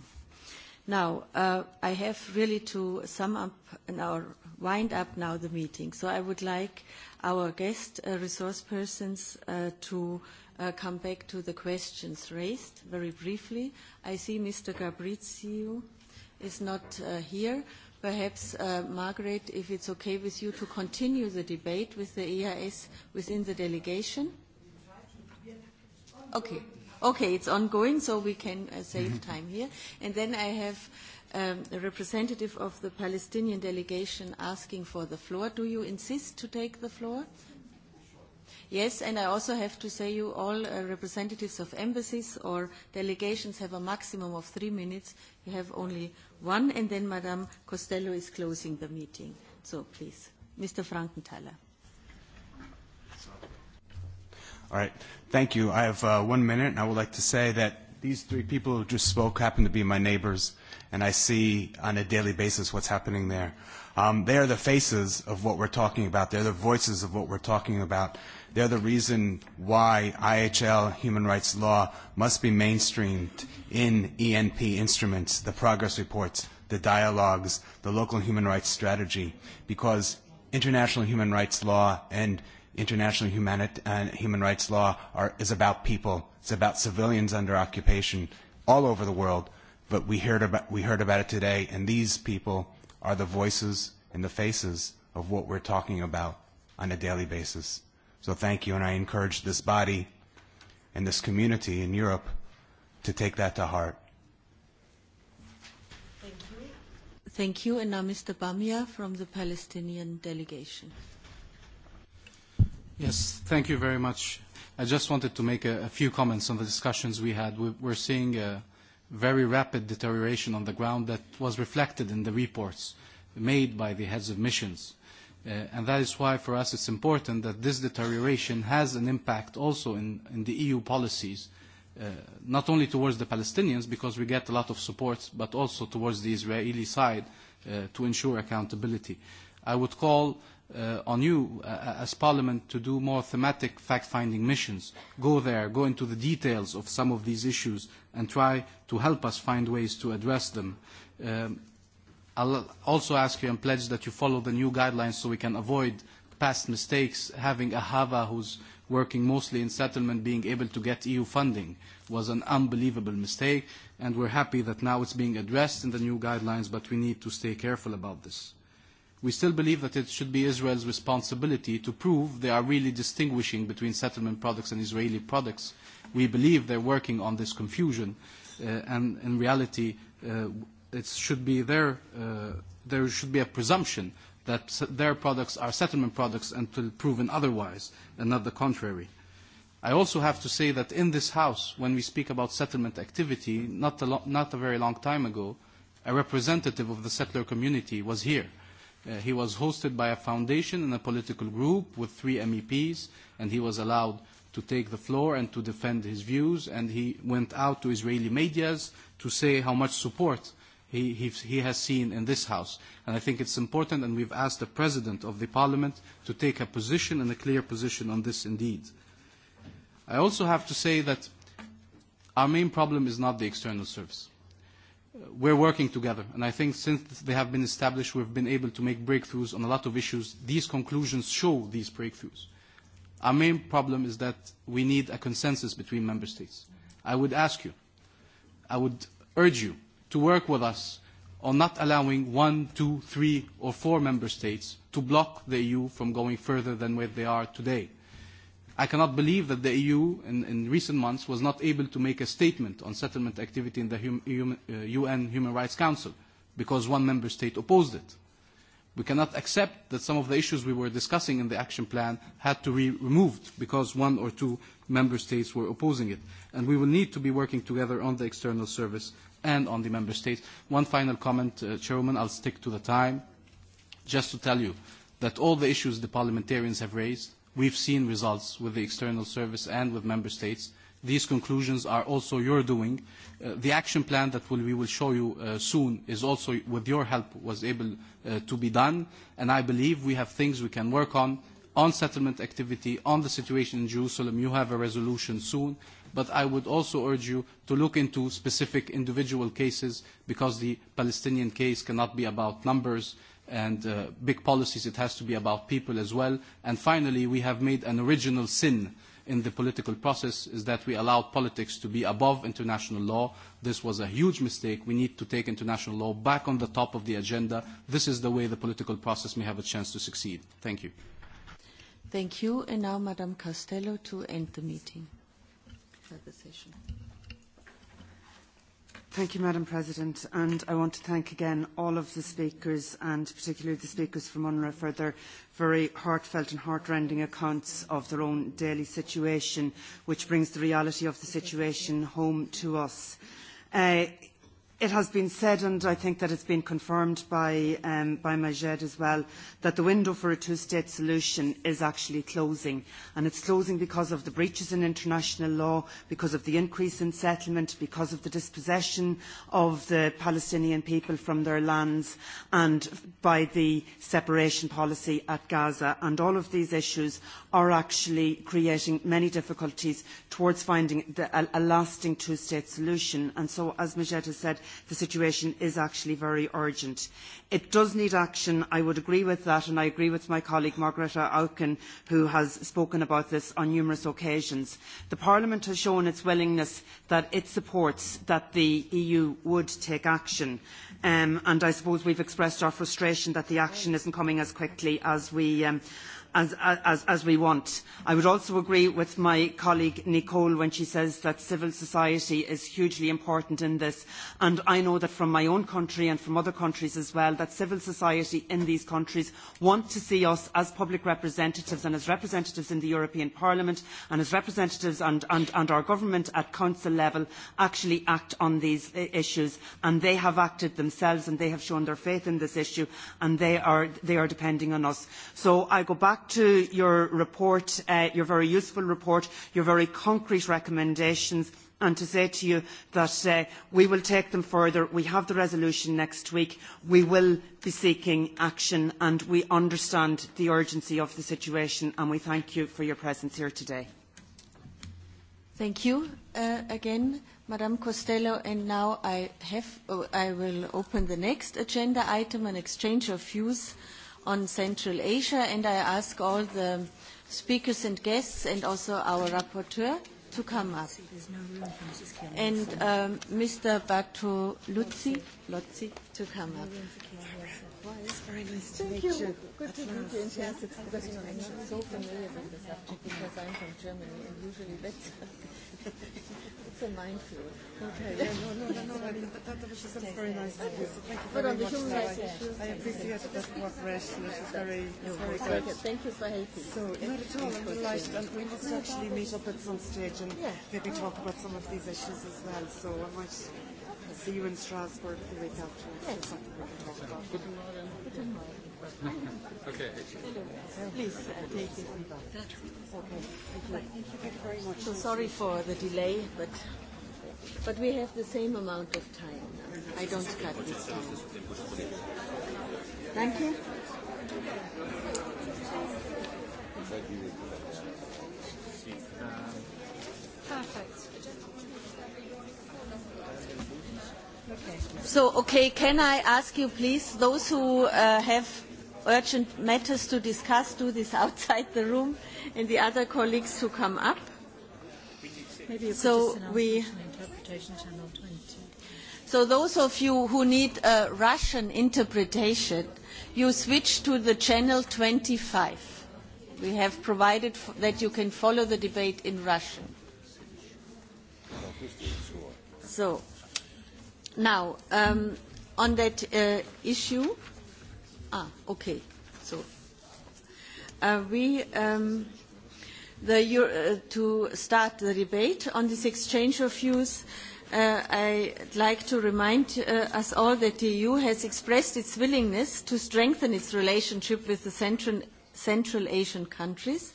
Speaker 1: Now, uh, I have really to sum up or wind up now the meeting. So I would like our guest uh, resource persons uh, to uh, come back to the questions raised very briefly. I see Mr. Gabrizio is not uh, here. Perhaps, uh, Margaret, if it's okay with you to continue the debate with the EIS within the delegation? Okay. Okay, it's ongoing, so we can uh, save mm-hmm. time here. And then I have um, a representative of the Palestinian delegation asking for the floor. Do you insist to take the floor? Yes. Yes, and I also have to say you all uh, representatives of embassies or delegations have a maximum of three minutes. You have only one, and then Madame Costello is closing the meeting. So please, Mr. Frankenthaler.
Speaker 3: All right. Thank you. I have uh, one minute, and I would like to say that these three people who just spoke happen to be my neighbors and I see on a daily basis what's happening there. Um, they are the faces of what we're talking about. They're the voices of what we're talking about. They're the reason why IHL human rights law must be mainstreamed in ENP instruments, the progress reports, the dialogues, the local human rights strategy, because international human rights law and international humanit- and human rights law are, is about people. It's about civilians under occupation all over the world but we heard about we heard about it today, and these people are the voices and the faces of what we're talking about on a daily basis. So thank you, and I encourage this body and this community in Europe to take that to heart.
Speaker 1: Thank you. Thank you. And now Mr. Bamia from the Palestinian delegation.
Speaker 22: Yes, thank you very much. I just wanted to make a, a few comments on the discussions we had. We, we're seeing a, very rapid deterioration on the ground that was reflected in the reports made by the heads of missions. Uh, and that is why for us it's important that this deterioration has an impact also in, in the EU policies, uh, not only towards the Palestinians, because we get a lot of support, but also towards the Israeli side uh, to ensure accountability. I would call uh, on you uh, as Parliament to do more thematic fact-finding missions. Go there, go into the details of some of these issues and try to help us find ways to address them. Um, I'll also ask you and pledge that you follow the new guidelines so we can avoid past mistakes, having a Hava who's working mostly in settlement being able to get EU funding was an unbelievable mistake, and we're happy that now it's being addressed in the new guidelines, but we need to stay careful about this. We still believe that it should be Israel's responsibility to prove they are really distinguishing between settlement products and Israeli products we believe they're working on this confusion, uh, and in reality, uh, it should be their, uh, there should be a presumption that their products are settlement products until proven otherwise, and not the contrary. I also have to say that in this House, when we speak about settlement activity, not a, not a very long time ago, a representative of the settler community was here. Uh, he was hosted by a foundation and a political group with three MEPs, and he was allowed to take the floor and to defend his views, and he went out to Israeli medias to say how much support he, he, he has seen in this House. And I think it's important, and we've asked the President of the Parliament to take a position and a clear position on this indeed. I also have to say that our main problem is not the external service. We're working together, and I think since they have been established, we've been able to make breakthroughs on a lot of issues. These conclusions show these breakthroughs. Our main problem is that we need a consensus between member states. I would ask you, I would urge you to work with us on not allowing one, two, three, or four member states to block the EU from going further than where they are today. I cannot believe that the EU in, in recent months was not able to make a statement on settlement activity in the hum, uh, UN Human Rights Council because one member state opposed it. We cannot accept that some of the issues we were discussing in the action plan had to be removed because one or two member states were opposing it. And we will need to be working together on the external service and on the member states. One final comment, uh, Chairman, I'll stick to the time, just to tell you that all the issues the parliamentarians have raised, we've seen results with the external service and with member states These conclusions are also your doing. Uh, the action plan that we will show you uh, soon is also, with your help, was able uh, to be done. And I believe we have things we can work on, on settlement activity, on the situation in Jerusalem. You have a resolution soon. But I would also urge you to look into specific individual cases because the Palestinian case cannot be about numbers and uh, big policies. It has to be about people as well. And finally, we have made an original sin in the political process is that we allowed politics to be above international law. This was a huge mistake. We need to take international law back on the top of the agenda. This is the way the political process may have a chance to succeed. Thank you.
Speaker 1: Thank you. And now Madam Costello to end the meeting.
Speaker 16: Have the session. Thank you, Madam President, and I want to thank again all of the speakers and particularly the speakers from UNRWA for their very heartfelt and heartrending accounts of their own daily situation, which brings the reality of the situation home to us. Uh, it has been said, and I think that it's been confirmed by, um, by Majed as well, that the window for a two-state solution is actually closing. And it's closing because of the breaches in international law, because of the increase in settlement, because of the dispossession of the Palestinian people from their lands, and by the separation policy at Gaza. And all of these issues are actually creating many difficulties towards finding the, a, a lasting two-state solution. And so, as Majed has said, the situation is actually very urgent. It does need action. I would agree with that, and I agree with my colleague Margareta Auken, who has spoken about this on numerous occasions. The Parliament has shown its willingness that it supports that the EU would take action, um, and I suppose we've expressed our frustration that the action isn't coming as quickly as we um, as, as, as we want. I would also agree with my colleague Nicole when she says that civil society is hugely important in this. And I know that from my own country and from other countries as well, that civil society in these countries want to see us as public representatives and as representatives in the European Parliament and as representatives and, and, and our government at council level actually act on these issues. And they have acted themselves and they have shown their faith in this issue and they are, they are depending on us. So I go back back to your report, uh, your very useful report, your very concrete recommendations and to say to you that uh, we will take them further. We have the resolution next week. We will be seeking action and we understand the urgency of the situation and we thank you for your presence here today. Thank you
Speaker 1: uh, again, Madam Costello. And now I, have, oh, I will open the next agenda item, an exchange of views on Central Asia, and I ask all the speakers and guests and also our rapporteur to come up. And um, Mr. Batu to come up. Well, it's very nice Thank to meet you. you. Good to meet you in person because you know I'm not so familiar with the subject because I'm from Germany and usually that's it's a minefield. Okay, yeah, no, no, no, no, I
Speaker 16: mean, that, that was just very nice of you. Thank you very
Speaker 1: much. I appreciate that
Speaker 16: work rest and it's very, it's very good. Thank you for helping. So, not at all, I'm delighted and we must actually meet up at some stage and maybe talk about some of these issues as well. So I might see you in Strasbourg the week after. Yeah. Good
Speaker 1: okay. Please uh, take it. Okay. Thank you very much. So sorry for the delay, but but we have the same amount of time. I don't cut
Speaker 23: this time.
Speaker 10: Thank
Speaker 1: you. Perfect. So, okay, can I ask you, please, those who uh, have urgent matters to discuss, do this (laughs) outside the room, and the other colleagues who come up.
Speaker 11: Maybe so
Speaker 1: we. So those of you who need a Russian interpretation, you switch to the channel 25. We have provided that you can follow the debate in Russian. So. Now, um, on that uh, issue, ah, okay, so uh, we, um, the, uh, to start the debate on this exchange of views, uh, I'd like to remind uh, us all that the EU has expressed its willingness to strengthen its relationship with the Central, Central Asian countries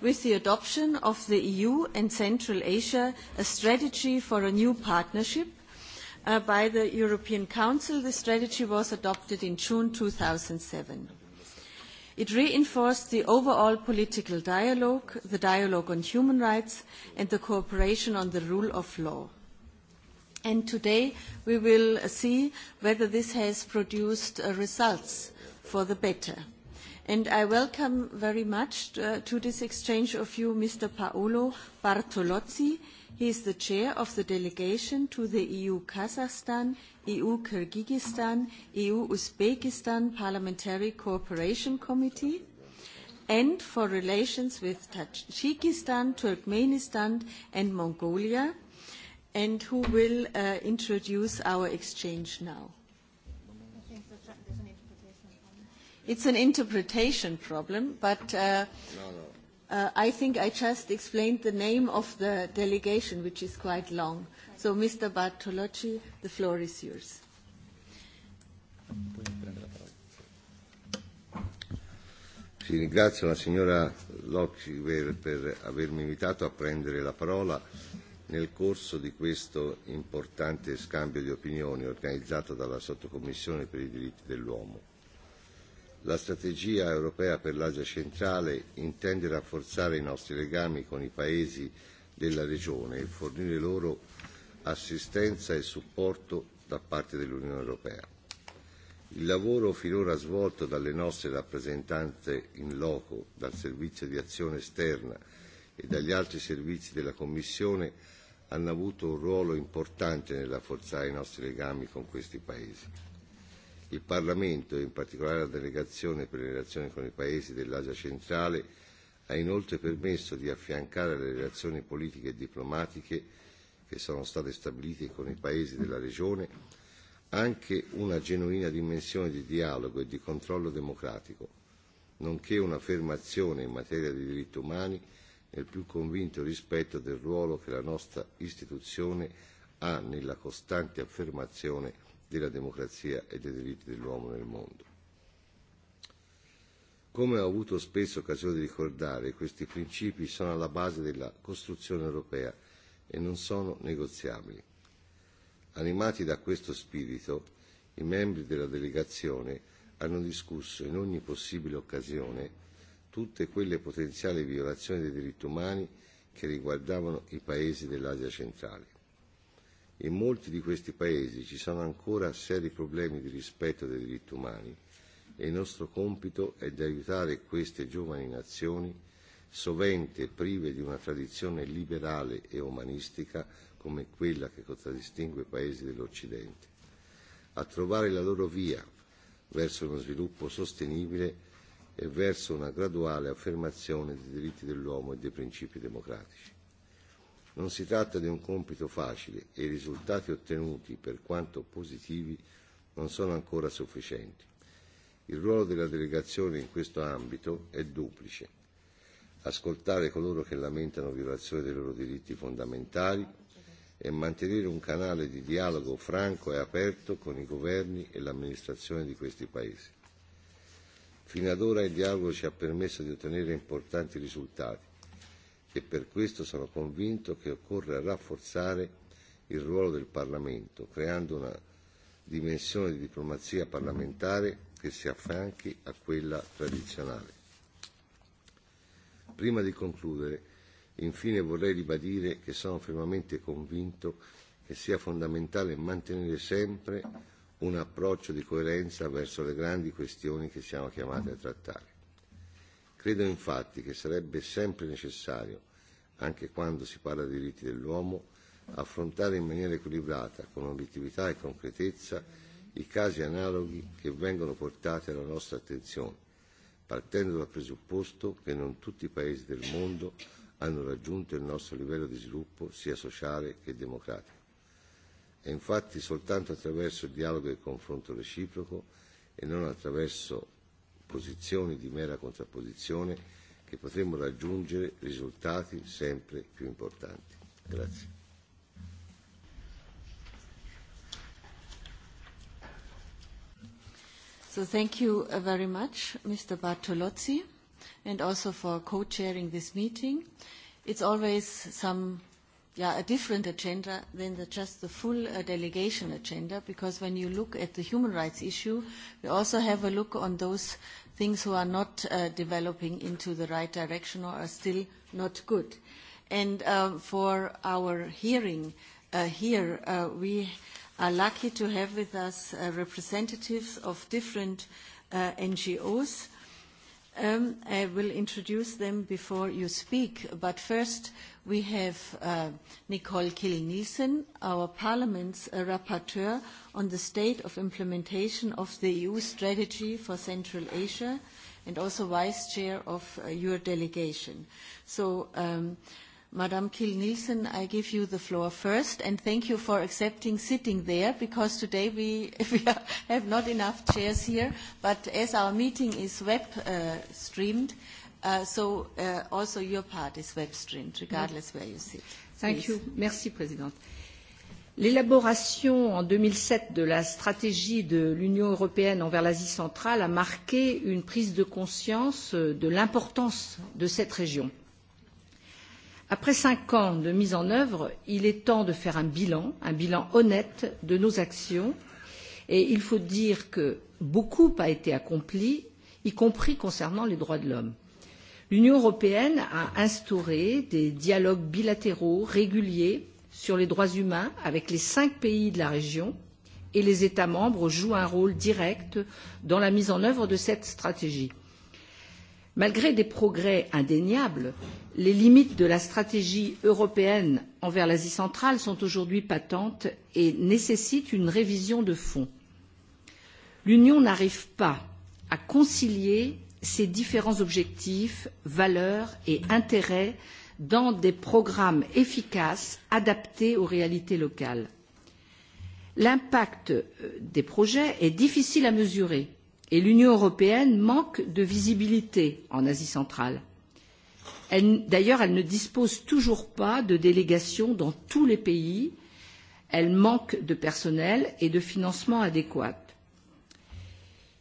Speaker 1: with the adoption of the EU and Central Asia, a strategy for a new partnership uh, by the European Council. The strategy was adopted in June 2007. It reinforced the overall political dialogue, the dialogue on human rights and the cooperation on the rule of law. And today we will see whether this has produced uh, results for the better. And I welcome very much to, uh, to this exchange of you Mr. Paolo Bartolozzi. He is the chair of the delegation to the EU-Kazakhstan, EU-Kyrgyzstan, EU-Uzbekistan Parliamentary Cooperation Committee and for relations with Tajikistan, Turkmenistan and Mongolia and who will uh, introduce our exchange now. It's an interpretation problem, but uh, no, no Uh, I think I just explained the name of the delegation, which is quite long. So, Mr. Bartolocci, the floor is yours.
Speaker 10: Sì, ringrazio la signora Lockyer per avermi invitato a prendere la parola nel corso di questo importante scambio di opinioni organizzato dalla Sottocommissione per i diritti dell'uomo la strategia europea per l'Asia centrale intende rafforzare i nostri legami con i paesi della regione e fornire loro assistenza e supporto da parte dell'Unione europea. Il lavoro finora svolto dalle nostre rappresentanze in loco, dal Servizio di azione esterna e dagli altri servizi della Commissione hanno avuto un ruolo importante nel rafforzare i nostri legami con questi paesi il Parlamento, in particolare la delegazione per le relazioni con i paesi dell'Asia centrale, ha inoltre permesso di affiancare alle relazioni politiche e diplomatiche che sono state stabilite con i paesi della regione anche una genuina dimensione di dialogo e di controllo democratico, nonché un'affermazione in materia di diritti umani nel più convinto rispetto del ruolo che la nostra istituzione ha nella costante affermazione della democrazia e dei diritti dell'uomo nel mondo. Come ho avuto spesso occasione di ricordare, questi principi sono alla base della costruzione europea e non sono negoziabili. Animati da questo spirito, i membri della delegazione hanno discusso in ogni possibile occasione tutte quelle potenziali violazioni dei diritti umani che riguardavano i paesi dell'Asia centrale in molti di questi paesi ci sono ancora seri problemi di rispetto dei diritti umani e il nostro compito è di aiutare queste giovani nazioni, sovente prive di una tradizione liberale e umanistica come quella che contraddistingue i paesi dell'Occidente, a trovare la loro via verso uno sviluppo sostenibile e verso una graduale affermazione dei diritti dell'uomo e dei principi democratici. Non si tratta di un compito facile e i risultati ottenuti, per quanto positivi, non sono ancora sufficienti. Il ruolo della delegazione in questo ambito è duplice. Ascoltare coloro che lamentano violazioni dei loro diritti fondamentali e mantenere un canale di dialogo franco e aperto con i governi e l'amministrazione di questi paesi. Fino ad ora il dialogo ci ha permesso di ottenere importanti risultati, e per questo sono convinto che occorre rafforzare il ruolo del Parlamento, creando una dimensione di diplomazia parlamentare che si affianchi a quella tradizionale. Prima di concludere, infine vorrei ribadire che sono fermamente convinto che sia fondamentale mantenere sempre un approccio di coerenza verso le grandi questioni che siamo chiamati a trattare Credo infatti che sarebbe sempre necessario, anche quando si parla dei diritti dell'uomo, affrontare in maniera equilibrata, con obiettività e concretezza, i casi analoghi che vengono portati alla nostra attenzione, partendo dal presupposto che non tutti i paesi del mondo hanno raggiunto il nostro livello di sviluppo sia sociale che democratico. E infatti soltanto attraverso il dialogo e il confronto reciproco e non attraverso opposizione di mera contrapposizione che potremo raggiungere risultati sempre più importanti. Grazie.
Speaker 1: So thank you uh, very much, Mr. Bartolozzi, and also for co-chairing this meeting. It's always some, yeah, a different agenda than the, just the full uh, delegation agenda, because when you look at the human rights issue, we also have a look on those things who are not uh, developing into the right direction or are still not good. And uh, for our hearing uh, here, uh, we are lucky to have with us uh, representatives of different uh, NGOs. Um, I will introduce them before you speak, but first We have uh, Nicole Kiel-Nielsen, our Parliament's uh, rapporteur on the state of implementation of the EU strategy for Central Asia and also vice chair of uh, your delegation. So, um, Madame Kiel-Nielsen, I give you the floor first, and thank you for accepting sitting there, because today we, (laughs) we have not enough chairs here, but as our meeting is web uh, streamed, uh, Uh, so uh, also your part is web streamed, regardless where you sit.
Speaker 18: Thank Please. you. Merci, Présidente. L'élaboration en 2007 de la stratégie de l'Union européenne envers l'Asie centrale a marqué une prise de conscience de l'importance de cette région. Après cinq ans de mise en œuvre, il est temps de faire un bilan, un bilan honnête de nos actions. Et il faut dire que beaucoup a été accompli, y compris concernant les droits de l'homme. L'Union européenne a instauré des dialogues bilatéraux réguliers sur les droits humains avec les cinq pays de la région et les États membres jouent un rôle direct dans la mise en œuvre de cette stratégie. Malgré des progrès indéniables, les limites de la stratégie européenne envers l'Asie centrale sont aujourd'hui patentes et nécessitent une révision de fond. L'Union n'arrive pas à concilier ces différents objectifs, valeurs et intérêts dans des programmes efficaces adaptés aux réalités locales. L'impact euh, des projets est difficile à mesurer et l'Union européenne manque de visibilité en Asie centrale. D'ailleurs, elle ne dispose toujours pas de délégations dans tous les pays, elle manque de personnel et de financement adéquat.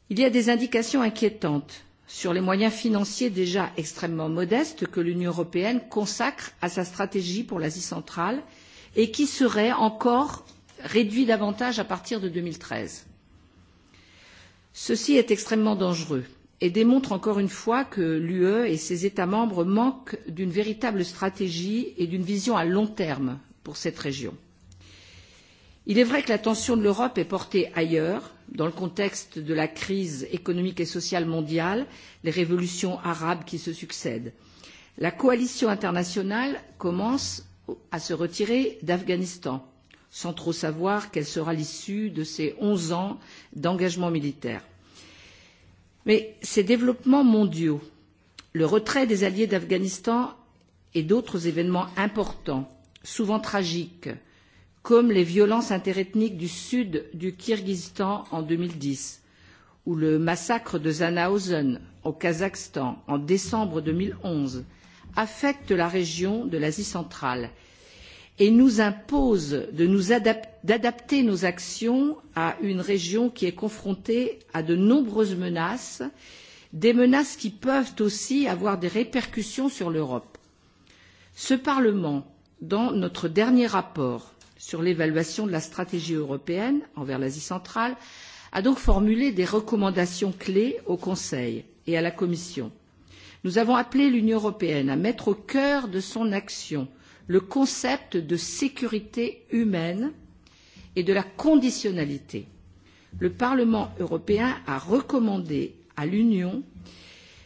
Speaker 18: Il y a des indications inquiétantes sur les moyens financiers déjà extrêmement modestes que l'Union européenne consacre à sa stratégie pour l'Asie centrale et qui seraient encore réduits davantage à partir de 2013. Ceci est extrêmement dangereux et démontre encore une fois que l'UE et ses États membres manquent d'une véritable stratégie et d'une vision à long terme pour cette région. Il est vrai que l'attention de l'Europe est portée ailleurs, dans le contexte de la crise économique et sociale mondiale, les révolutions arabes qui se succèdent. La coalition internationale commence à se retirer d'Afghanistan, sans trop savoir quelle sera l'issue de ces 11 ans d'engagement militaire. Mais ces développements mondiaux, le retrait des alliés d'Afghanistan et d'autres événements importants, souvent tragiques, comme les violences interethniques du sud du Kirghizstan en 2010 ou le massacre de Zanaozen au Kazakhstan en décembre 2011 affectent la région de l'Asie centrale et nous impose d'adapter nos actions à une région qui est confrontée à de nombreuses menaces, des menaces qui peuvent aussi avoir des répercussions sur l'Europe. Ce Parlement, dans notre dernier rapport, sur l'évaluation de la stratégie européenne envers l'Asie centrale a donc formulé des recommandations clés au Conseil et à la Commission. Nous avons appelé l'Union européenne à mettre au cœur de son action le concept de sécurité humaine et de la conditionnalité. Le Parlement européen a recommandé à l'Union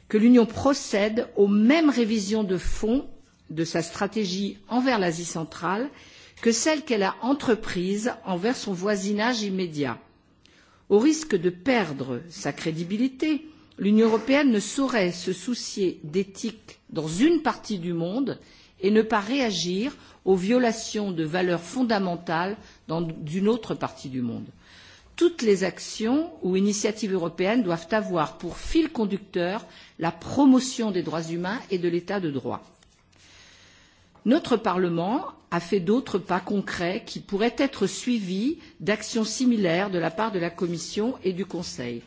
Speaker 18: que l'Union procède aux mêmes révisions de fond de sa stratégie envers l'Asie centrale que celles qu'elle a entreprises envers son voisinage immédiat. Au risque de perdre sa crédibilité, l'Union européenne ne saurait se soucier d'éthique dans une partie du monde et ne pas réagir aux violations de valeurs fondamentales dans une autre partie du monde. Toutes les actions ou initiatives européennes doivent avoir pour fil conducteur la promotion des droits humains et de l'état de droit. Notre Parlement a fait d'autres pas concrets qui pourraient être suivis d'actions similaires de la part de la Commission et du Conseil.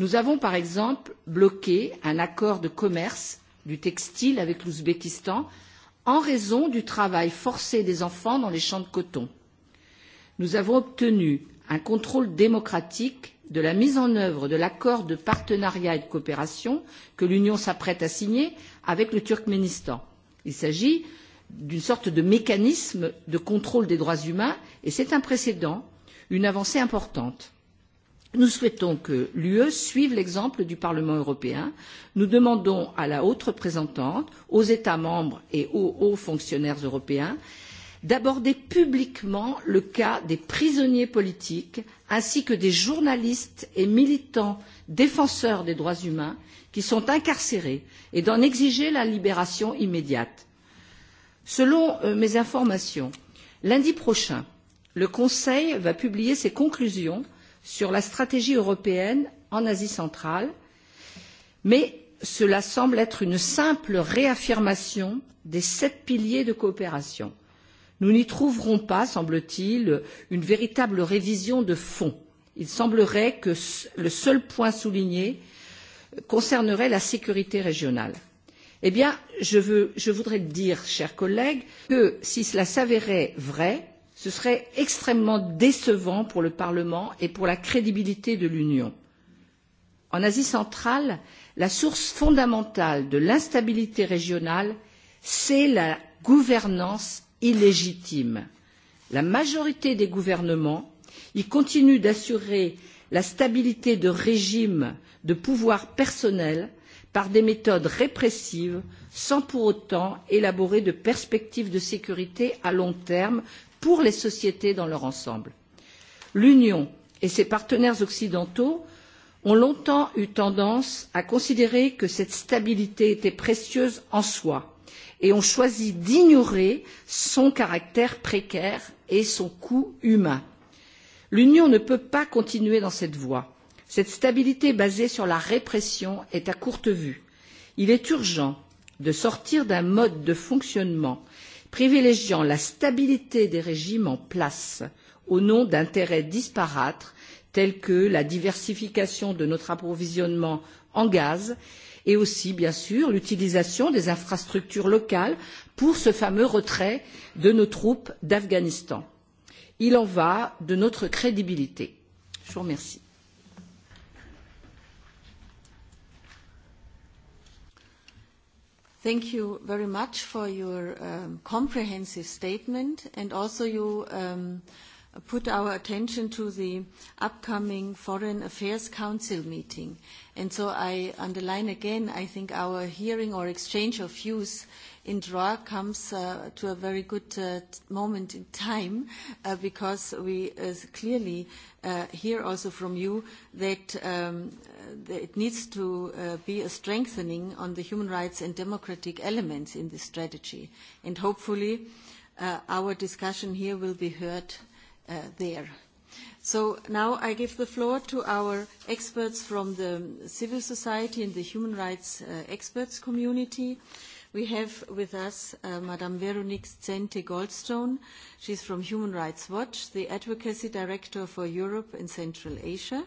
Speaker 18: Nous avons par exemple bloqué un accord de commerce du textile avec l'Ouzbékistan en raison du travail forcé des enfants dans les champs de coton. Nous avons obtenu un contrôle démocratique de la mise en œuvre de l'accord de partenariat et de coopération que l'Union s'apprête à signer avec le Turkménistan. Il s'agit d'une sorte de mécanisme de contrôle des droits humains et c'est un précédent, une avancée importante. Nous souhaitons que l'UE suive l'exemple du Parlement européen. Nous demandons à la haute représentante, aux États membres et aux hauts fonctionnaires européens d'aborder publiquement le cas des prisonniers politiques ainsi que des journalistes et militants défenseurs des droits humains qui sont incarcérés et d'en exiger la libération immédiate. Selon euh, mes informations, lundi prochain, le Conseil va publier ses conclusions sur la stratégie européenne en Asie centrale, mais cela semble être une simple réaffirmation des sept piliers de coopération. Nous n'y trouverons pas, semble-t-il, une véritable révision de fond. Il semblerait que le seul point souligné concernerait la sécurité régionale eh bien je, veux, je voudrais dire chers collègues que si cela s'avérait vrai ce serait extrêmement décevant pour le parlement et pour la crédibilité de l'union. en asie centrale la source fondamentale de l'instabilité régionale c'est la gouvernance illégitime. la majorité des gouvernements y continuent d'assurer la stabilité de régimes de pouvoir personnels par des méthodes répressives sans pour autant élaborer de perspectives de sécurité à long terme pour les sociétés dans leur ensemble. L'Union et ses partenaires occidentaux ont longtemps eu tendance à considérer que cette stabilité était précieuse en soi et ont choisi d'ignorer son caractère précaire et son coût humain. L'Union ne peut pas continuer dans cette voie Cette stabilité basée sur la répression est à courte vue. Il est urgent de sortir d'un mode de fonctionnement privilégiant la stabilité des régimes en place au nom d'intérêts disparates tels que la diversification de notre approvisionnement en gaz et aussi, bien sûr, l'utilisation des infrastructures locales pour ce fameux retrait de nos troupes d'Afghanistan. Il en va de notre crédibilité. Je vous remercie.
Speaker 1: Thank you very much for your um, comprehensive statement, and also you um, put our attention to the upcoming Foreign Affairs Council meeting. And so I underline again, I think our hearing or exchange of views in draw comes uh, to a very good uh, moment in time uh, because we uh, clearly uh, hear also from you that, um, that it needs to uh, be a strengthening on the human rights and democratic elements in this strategy. And hopefully uh, our discussion here will be heard uh, there. So now I give the floor to our experts from the civil society and the human rights uh, experts community. We have with us uh, Madame Veronique Zente-Goldstone. She's from Human Rights Watch, the Advocacy Director for Europe and Central Asia.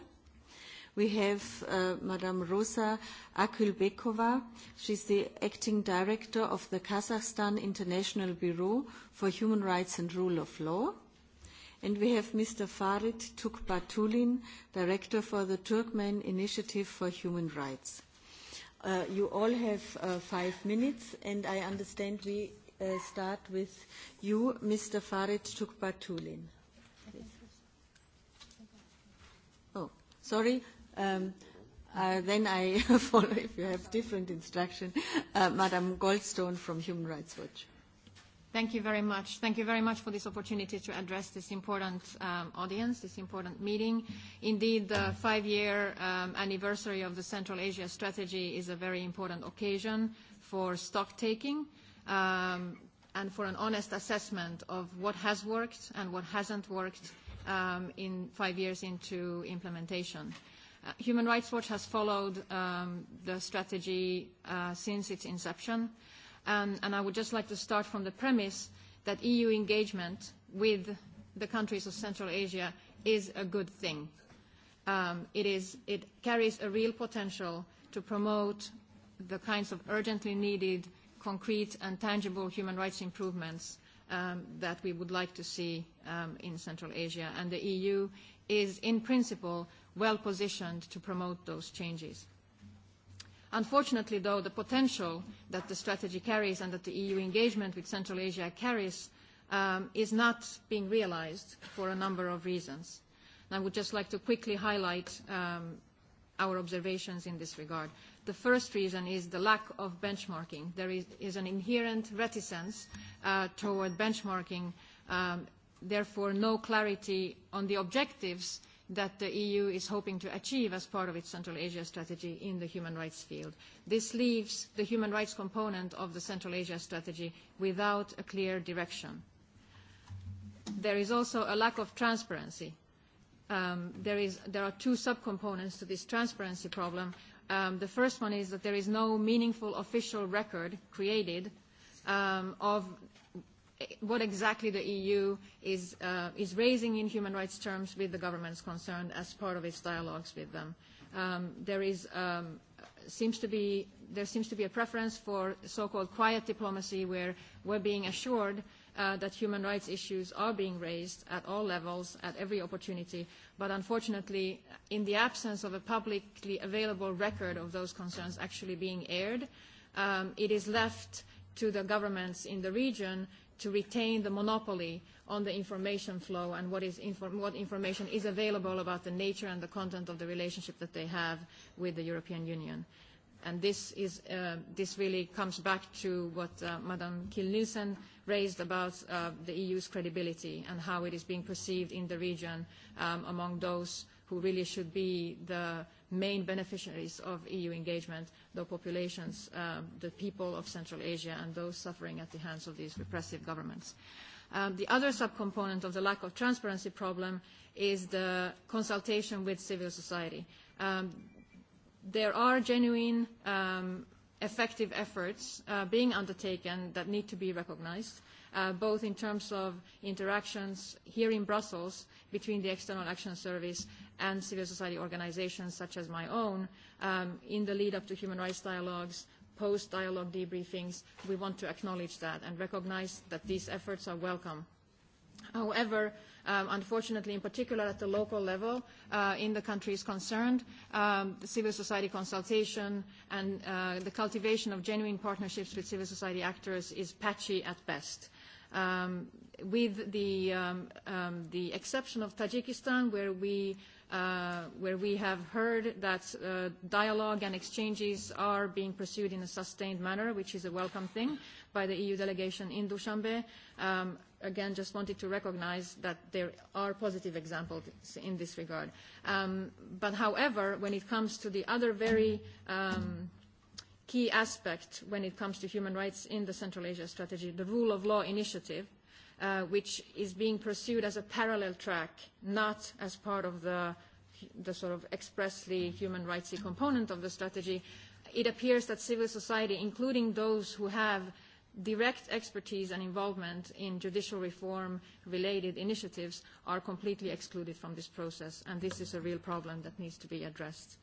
Speaker 1: We have uh, Madame Rosa Akulbekova. She's the Acting Director of the Kazakhstan International Bureau for Human Rights and Rule of Law. And we have Mr. Farid Tukbatulin, Director for the Turkmen Initiative for Human Rights. Uh, you all have uh, five minutes, and I understand we uh, start with you, Mr. Farid Tukbatulin. Oh, sorry. Um, uh, then I (laughs) follow if you have different instruction. Uh, Madam Goldstone from Human Rights Watch.
Speaker 4: Thank you very much. Thank you very much for this opportunity to address this important um, audience, this important meeting. Indeed, the five-year um, anniversary of the Central Asia strategy is a very important occasion for stock-taking um, and for an honest assessment of what has worked and what hasn't worked um, in five years into implementation. Uh, Human Rights Watch has followed um, the strategy uh, since its inception Um, and I would just like to start from the premise that EU engagement with the countries of Central Asia is a good thing. Um, it, is, it carries a real potential to promote the kinds of urgently needed, concrete and tangible human rights improvements um, that we would like to see um, in Central Asia. And the EU is, in principle, well positioned to promote those changes. Unfortunately, though, the potential that the strategy carries and that the EU engagement with Central Asia carries um, is not being realized for a number of reasons. And I would just like to quickly highlight um, our observations in this regard. The first reason is the lack of benchmarking. There is, is an inherent reticence uh, toward benchmarking, um, therefore no clarity on the objectives that the EU is hoping to achieve as part of its Central Asia strategy in the human rights field. This leaves the human rights component of the Central Asia strategy without a clear direction. There is also a lack of transparency. Um, there, is, there are two subcomponents to this transparency problem. Um, the first one is that there is no meaningful official record created um, of what exactly the EU is, uh, is raising in human rights terms with the governments concerned as part of its dialogues with them. Um, there is um, seems to be there seems to be a preference for so-called quiet diplomacy, where we're being assured uh, that human rights issues are being raised at all levels, at every opportunity. But unfortunately, in the absence of a publicly available record of those concerns actually being aired, um, it is left to the governments in the region to retain the monopoly on the information flow and what, is inform what information is available about the nature and the content of the relationship that they have with the European Union. And this, is, uh, this really comes back to what uh, Madame Kiel-Nielsen raised about uh, the EU's credibility and how it is being perceived in the region um, among those who really should be the main beneficiaries of EU engagement, the populations, um, the people of Central Asia, and those suffering at the hands of these repressive governments. Um, the other subcomponent of the lack of transparency problem is the consultation with civil society. Um, there are genuine um, effective efforts uh, being undertaken that need to be recognized, uh, both in terms of interactions here in Brussels between the External Action Service and civil society organizations such as my own um, in the lead up to human rights dialogues, post-dialogue debriefings. We want to acknowledge that and recognize that these efforts are welcome. However, um, unfortunately, in particular at the local level uh, in the countries concerned, um, the civil society consultation and uh, the cultivation of genuine partnerships with civil society actors is patchy at best. Um, with the, um, um, the exception of Tajikistan, where we Uh, where we have heard that uh, dialogue and exchanges are being pursued in a sustained manner, which is a welcome thing, by the EU delegation in Dushanbe. Um, again, just wanted to recognize that there are positive examples in this regard. Um, but however, when it comes to the other very um, key aspect when it comes to human rights in the Central Asia Strategy, the rule of law initiative, Uh, which is being pursued as a parallel track, not as part of the, the sort of expressly human rightsy component of the strategy, it appears that civil society, including those who have direct expertise and involvement in judicial reform related initiatives are completely excluded from this process and this is a real problem that needs to be addressed.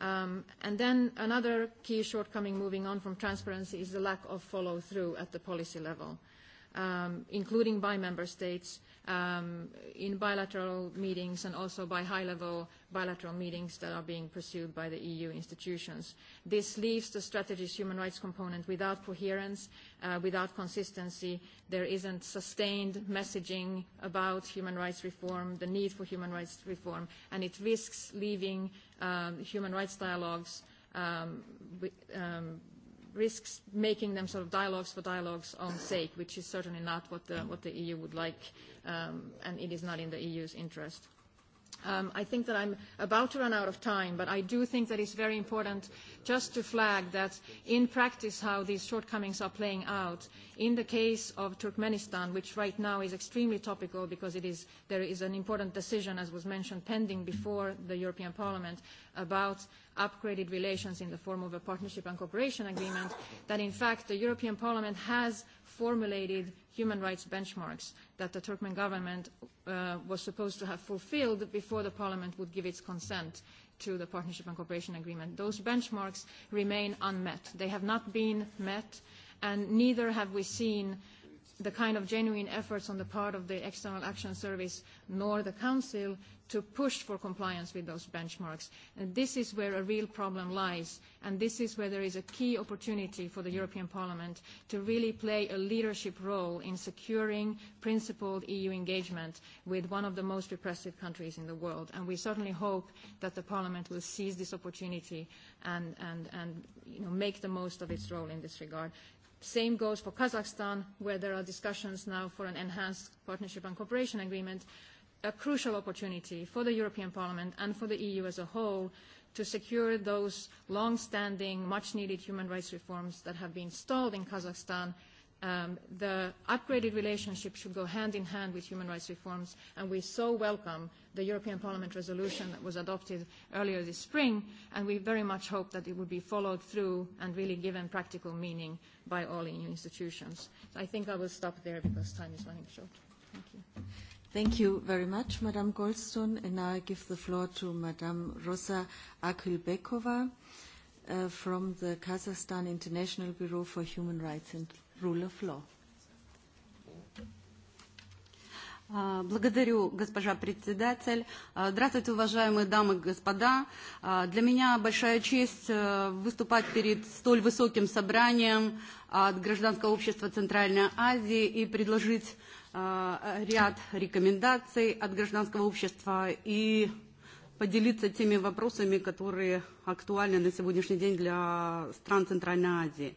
Speaker 4: Um, and then another key shortcoming moving on from transparency is the lack of follow through at the policy level um, including by member states um, in bilateral meetings and also by high-level bilateral meetings that are being pursued by the EU institutions. This leaves the strategy's human rights component without coherence, uh, without consistency. There isn't sustained messaging about human rights reform, the need for human rights reform, and it risks leaving um, human rights dialogues um, with, um, risks making them sort of dialogues for dialogues' own sake, which is certainly not what the, what the EU would like, um, and it is not in the EU's interest. Um, I think that I'm about to run out of time, but I do think that it's very important just to flag that in practice how these shortcomings are playing out. In the case of Turkmenistan, which right now is extremely topical because it is, there is an important decision, as was mentioned, pending before the European Parliament about upgraded relations in the form of a partnership and cooperation agreement, that in fact the European Parliament has formulated human rights benchmarks that the Turkmen government uh, was supposed to have fulfilled before the parliament would give its consent to the partnership and cooperation agreement. Those benchmarks remain unmet. They have not been met, and neither have we seen uh, the kind of genuine efforts on the part of the External Action Service nor the Council to push for compliance with those benchmarks. And this is where a real problem lies, and this is where there is a key opportunity for the European Parliament to really play a leadership role in securing principled EU engagement with one of the most repressive countries in the world. And we certainly hope that the Parliament will seize this opportunity and, and, and you know, make the most of its role in this regard. Same goes for Kazakhstan, where there are discussions now for an enhanced partnership and cooperation agreement, a crucial opportunity for the European Parliament and for the EU as a whole to secure those long-standing, much-needed human rights reforms that have been stalled in Kazakhstan um, the upgraded relationship should go hand in hand with human rights reforms, and we so welcome the European Parliament resolution that was adopted earlier this spring, and we very much hope that it will be followed through and really given practical meaning by all EU institutions. So I think I will stop there because time is running short. Thank you.
Speaker 1: Thank you very much, Madame Goldstone. And now I give the floor to Madame Rosa Akilbekova uh, from the Kazakhstan International Bureau for Human Rights and rule of law. Благодарю,
Speaker 13: госпожа председатель. Здравствуйте, уважаемые дамы и господа. Для меня большая честь выступать перед столь высоким собранием от Гражданского общества Центральной Азии и предложить ряд рекомендаций от Гражданского общества и поделиться теми вопросами, которые актуальны на сегодняшний день для стран Центральной Азии.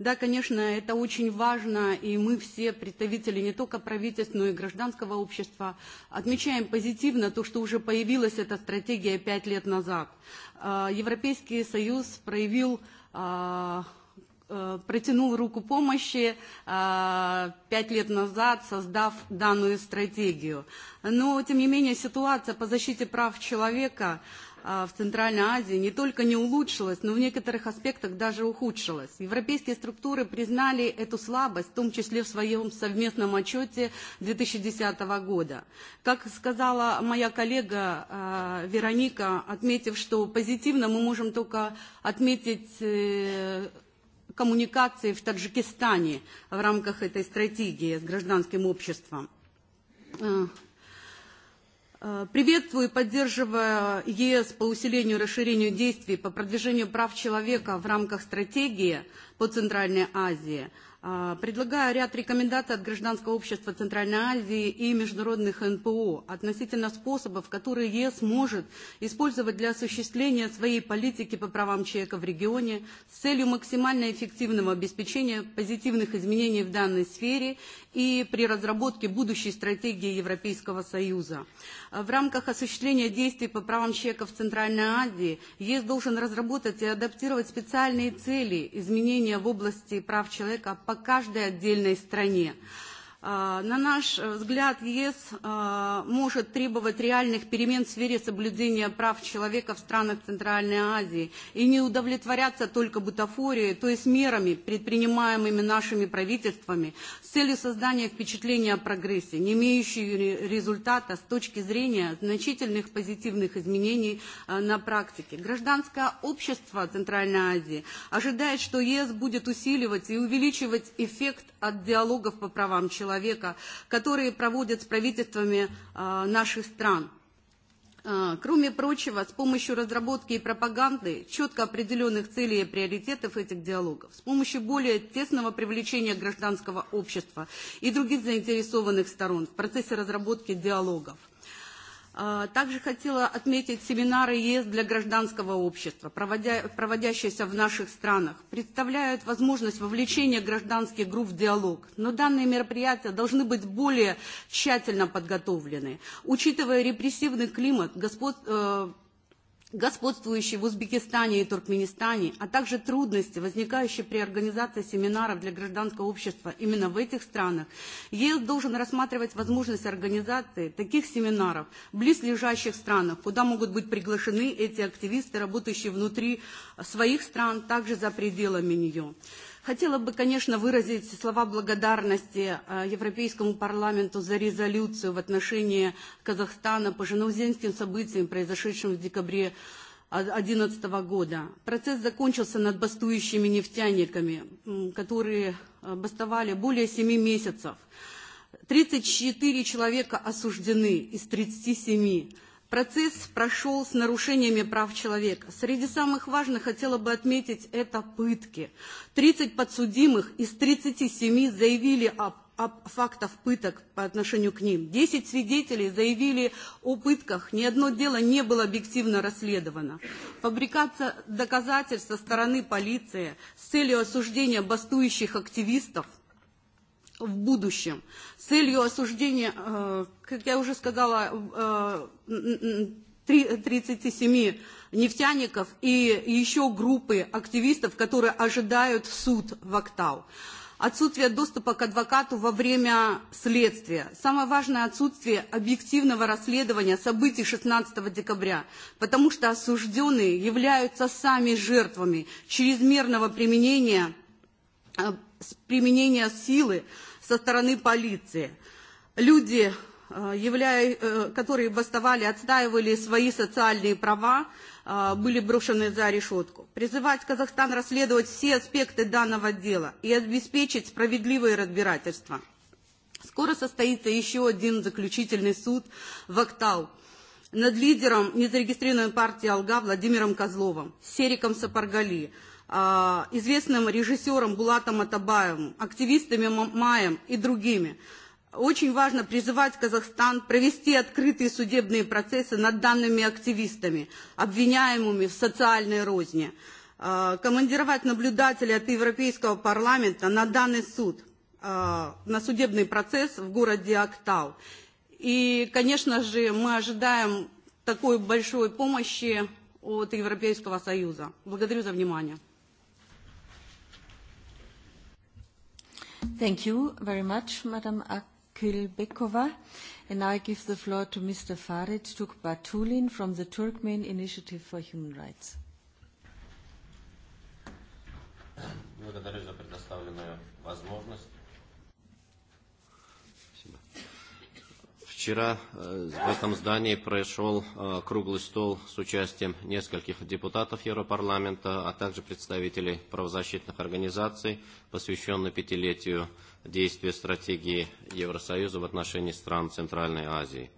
Speaker 13: Да, конечно, это очень важно, и мы все представители не только правительств, но и гражданского общества отмечаем позитивно то, что уже появилась эта стратегия пять лет назад. Европейский Союз проявил протянул руку помощи пять лет назад, создав данную стратегию. Но, тем не менее, ситуация по защите прав человека в Центральной Азии не только не улучшилась, но в некоторых аспектах даже ухудшилась. Европейские структуры признали эту слабость, в том числе в своем совместном отчете 2010 года. Как сказала моя коллега Вероника, отметив, что позитивно мы можем только отметить коммуникации в Таджикистане в рамках этой стратегии с гражданским обществом. Приветствую и поддерживаю ЕС по усилению и расширению действий по продвижению прав человека в рамках стратегии по Центральной Азии – Предлагаю ряд рекомендаций от гражданского общества Центральной Азии и международных НПО относительно способов, которые ЕС может использовать для осуществления своей политики по правам человека в регионе с целью максимально эффективного обеспечения позитивных изменений в данной сфере и при разработке будущей стратегии Европейского Союза. В рамках осуществления действий по правам человека в Центральной Азии ЕС должен разработать и адаптировать специальные цели изменения в области прав человека по каждой отдельной стране. На наш взгляд, ЕС может требовать реальных перемен в сфере соблюдения прав человека в странах Центральной Азии и не удовлетворяться только бутафорией, то есть мерами, предпринимаемыми нашими правительствами с целью создания впечатления о прогрессе, не имеющей результата с точки зрения значительных позитивных изменений на практике. Гражданское общество Центральной Азии ожидает, что ЕС будет усиливать и увеличивать эффект от диалогов по правам человека человека, которые проводят с правительствами наших стран. Кроме прочего, с помощью разработки и пропаганды четко определенных целей и приоритетов этих диалогов, с помощью более тесного привлечения гражданского общества и других заинтересованных сторон в процессе разработки диалогов, Также хотела отметить семинары ЕС для гражданского общества, проводя, проводящиеся в наших странах, представляют возможность вовлечения гражданских групп в диалог. Но данные мероприятия должны быть более тщательно подготовлены. Учитывая репрессивный климат, господ, э, господствующие в Узбекистане и Туркменистане, а также трудности, возникающие при организации семинаров для гражданского общества именно в этих странах, ЕС должен рассматривать возможность организации таких семинаров в близлежащих странах, куда могут быть приглашены эти активисты, работающие внутри своих стран, также за пределами нее. Хотела бы, конечно, выразить слова благодарности Европейскому парламенту за резолюцию в отношении Казахстана по женаузенским событиям, произошедшим в декабре 2011 года. Процесс закончился над бастующими нефтяниками, которые бастовали более 7 месяцев. 34 человека осуждены из 37 Процесс прошел с нарушениями прав человека. Среди самых важных хотела бы отметить это пытки. 30 подсудимых из 37 заявили об об фактов пыток по отношению к ним. Десять свидетелей заявили о пытках, ни одно дело не было объективно расследовано. Фабрикация доказательств со стороны полиции с целью осуждения бастующих активистов – в будущем. с Целью осуждения, как я уже сказала, 37 нефтяников и еще группы активистов, которые ожидают суд в Актау. Отсутствие доступа к адвокату во время следствия. Самое важное отсутствие объективного расследования событий 16 декабря, потому что осужденные являются сами жертвами чрезмерного применения, применения силы, со стороны полиции. Люди, являя, которые бастовали, отстаивали свои социальные права, были брошены за решетку. Призывать Казахстан расследовать все аспекты данного дела и обеспечить справедливое разбирательство. Скоро состоится еще один заключительный суд в Актау над лидером незарегистрированной партии «Алга» Владимиром Козловым, Сериком Сапаргали – известным режиссером Булатом Атабаевым, активистами Маем и другими. Очень важно призывать Казахстан провести открытые судебные процессы над данными активистами, обвиняемыми в социальной розни. Командировать наблюдателей от Европейского парламента на данный суд, на судебный процесс в городе Актау. И, конечно же, мы ожидаем такой большой помощи от Европейского Союза. Благодарю за внимание.
Speaker 1: Thank you very much, Madam Akilbekova. And now I give the floor to Mr. Farid Tugbatulin from the Turkmen Initiative for Human Rights.
Speaker 24: Благодарю за предоставленную возможность. Вчера в этом здании прошел круглый стол с участием нескольких депутатов Европарламента, а также представителей правозащитных организаций, посвященный пятилетию действия стратегии Евросоюза в отношении стран Центральной Азии.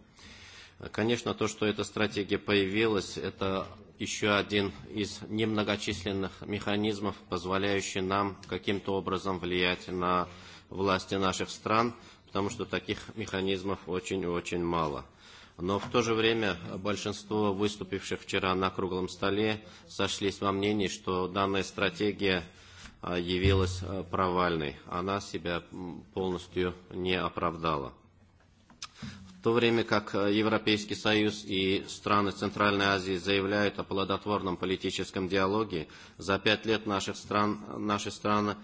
Speaker 24: Конечно, то, что эта стратегия появилась, это еще один из немногочисленных механизмов, позволяющий нам каким-то образом влиять на власти наших стран – потому что таких механизмов очень-очень и мало. Но в то же время большинство выступивших вчера на круглом столе сошлись во мнении, что данная стратегия явилась провальной. Она себя полностью не оправдала. В то время как Европейский Союз и страны Центральной Азии заявляют о плодотворном политическом диалоге, за пять лет наших стран, наши страны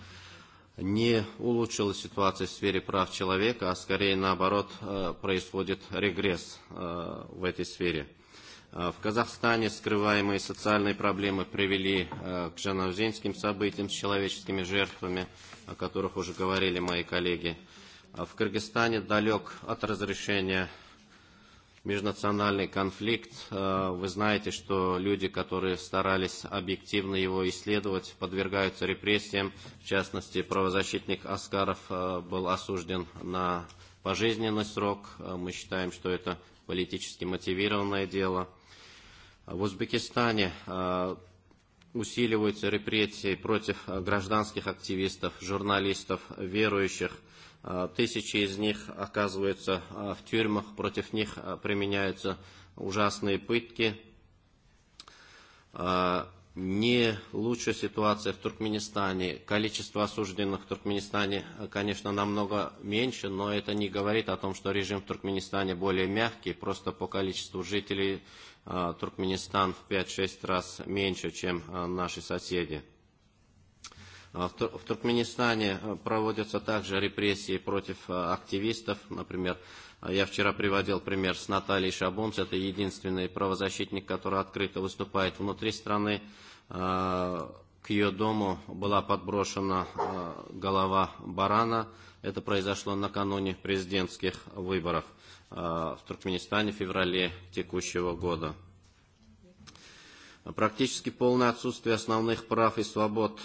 Speaker 24: не улучшила ситуацию в сфере прав человека, а скорее наоборот происходит регресс в этой сфере. В Казахстане скрываемые социальные проблемы привели к жанавзинским событиям с человеческими жертвами, о которых уже говорили мои коллеги. В Кыргызстане далек от разрешения межнациональный конфликт. Вы знаете, что люди, которые старались объективно его исследовать, подвергаются репрессиям. В частности, правозащитник Аскаров был осужден на пожизненный срок. Мы считаем, что это политически мотивированное дело. В Узбекистане усиливаются репрессии против гражданских активистов, журналистов, верующих – Тысячи из них оказываются в тюрьмах, против них применяются ужасные пытки. Не лучшая ситуация в Туркменистане. Количество осужденных в Туркменистане, конечно, намного меньше, но это не говорит о том, что режим в Туркменистане более мягкий. Просто по количеству жителей Туркменистан в 5-6 раз меньше, чем наши соседи. В Туркменистане проводятся также репрессии против активистов. Например, я вчера приводил пример с Натальей Шабунц. Это единственный правозащитник, который открыто выступает внутри страны. К ее дому была подброшена голова барана. Это произошло накануне президентских выборов в Туркменистане в феврале текущего года. Практически полное отсутствие основных прав и свобод,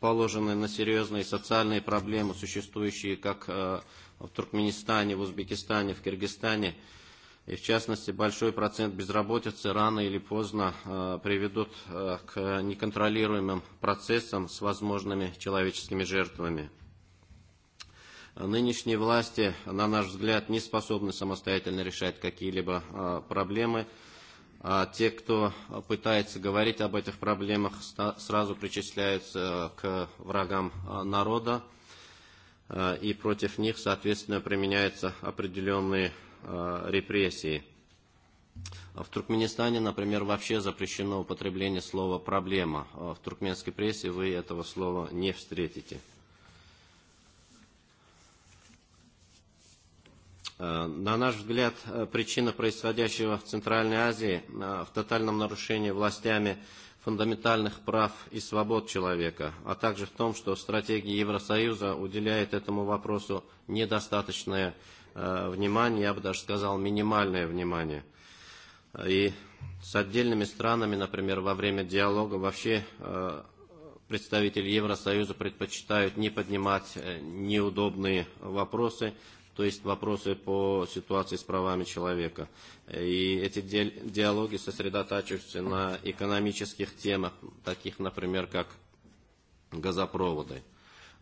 Speaker 24: положенные на серьезные социальные проблемы, существующие как в Туркменистане, в Узбекистане, в Киргизстане, и в частности большой процент безработицы рано или поздно приведут к неконтролируемым процессам с возможными человеческими жертвами. Нынешние власти, на наш взгляд, не способны самостоятельно решать какие-либо проблемы, проблемы Те, кто пытается говорить об этих проблемах, сразу причисляются к врагам народа, и против них, соответственно, применяются определенные репрессии. В Туркменистане, например, вообще запрещено употребление слова «проблема». В туркменской прессе вы этого слова не встретите. На наш взгляд, причина происходящего в Центральной Азии в тотальном нарушении властями фундаментальных прав и свобод человека, а также в том, что стратегия Евросоюза уделяет этому вопросу недостаточное внимание, я бы даже сказал, минимальное внимание. И с отдельными странами, например, во время диалога вообще представители Евросоюза предпочитают не поднимать неудобные вопросы, то есть вопросы по ситуации с правами человека. И эти диалоги сосредотачиваются на экономических темах, таких, например, как газопроводы.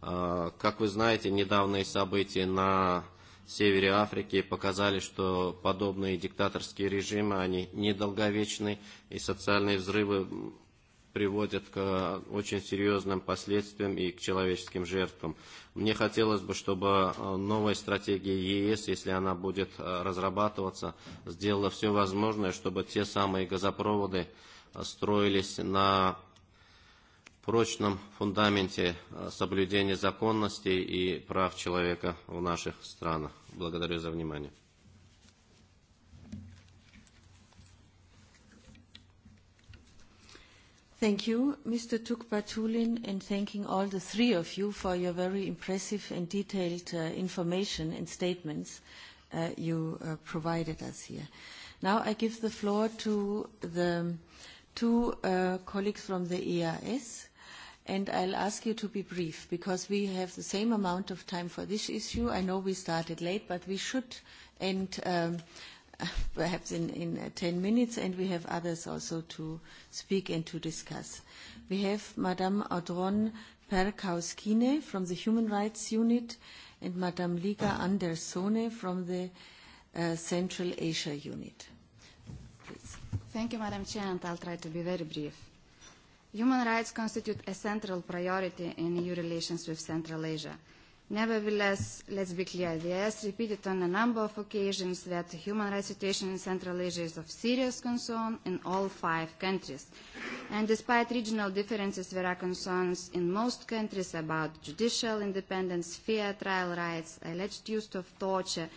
Speaker 24: Как вы знаете, недавние события на севере Африки показали, что подобные диктаторские режимы, они недолговечны, и социальные взрывы приводят к очень серьезным последствиям и к человеческим жертвам. Мне хотелось бы, чтобы новая стратегия ЕС, если она будет разрабатываться, сделала все возможное, чтобы те самые газопроводы строились на прочном фундаменте соблюдения законности и прав человека в наших странах. Благодарю за внимание.
Speaker 1: Thank you, Mr. Tukbatulin, and thanking all the three of you for your very impressive and detailed uh, information and statements uh, you uh, provided us here. Now I give the floor to the two uh, colleagues from the EIS, and I'll ask you to be brief because we have the same amount of time for this issue. I know we started late, but we should end um, (laughs) perhaps in, in 10 uh, minutes, and we have others also to speak and to discuss. We have Madame Audron Perkauskine from the Human Rights Unit and Madame Liga Andersone from the uh, Central Asia Unit.
Speaker 11: Please. Thank you, Madam Chair, and I'll try to be very brief. Human rights constitute a central priority in EU relations with Central Asia – Nevertheless, let's be clear, the IS repeated on a number of occasions that the human rights situation in Central Asia is of serious concern in all five countries. And despite regional differences, there are concerns in most countries about judicial independence, fair trial rights, alleged use of torture,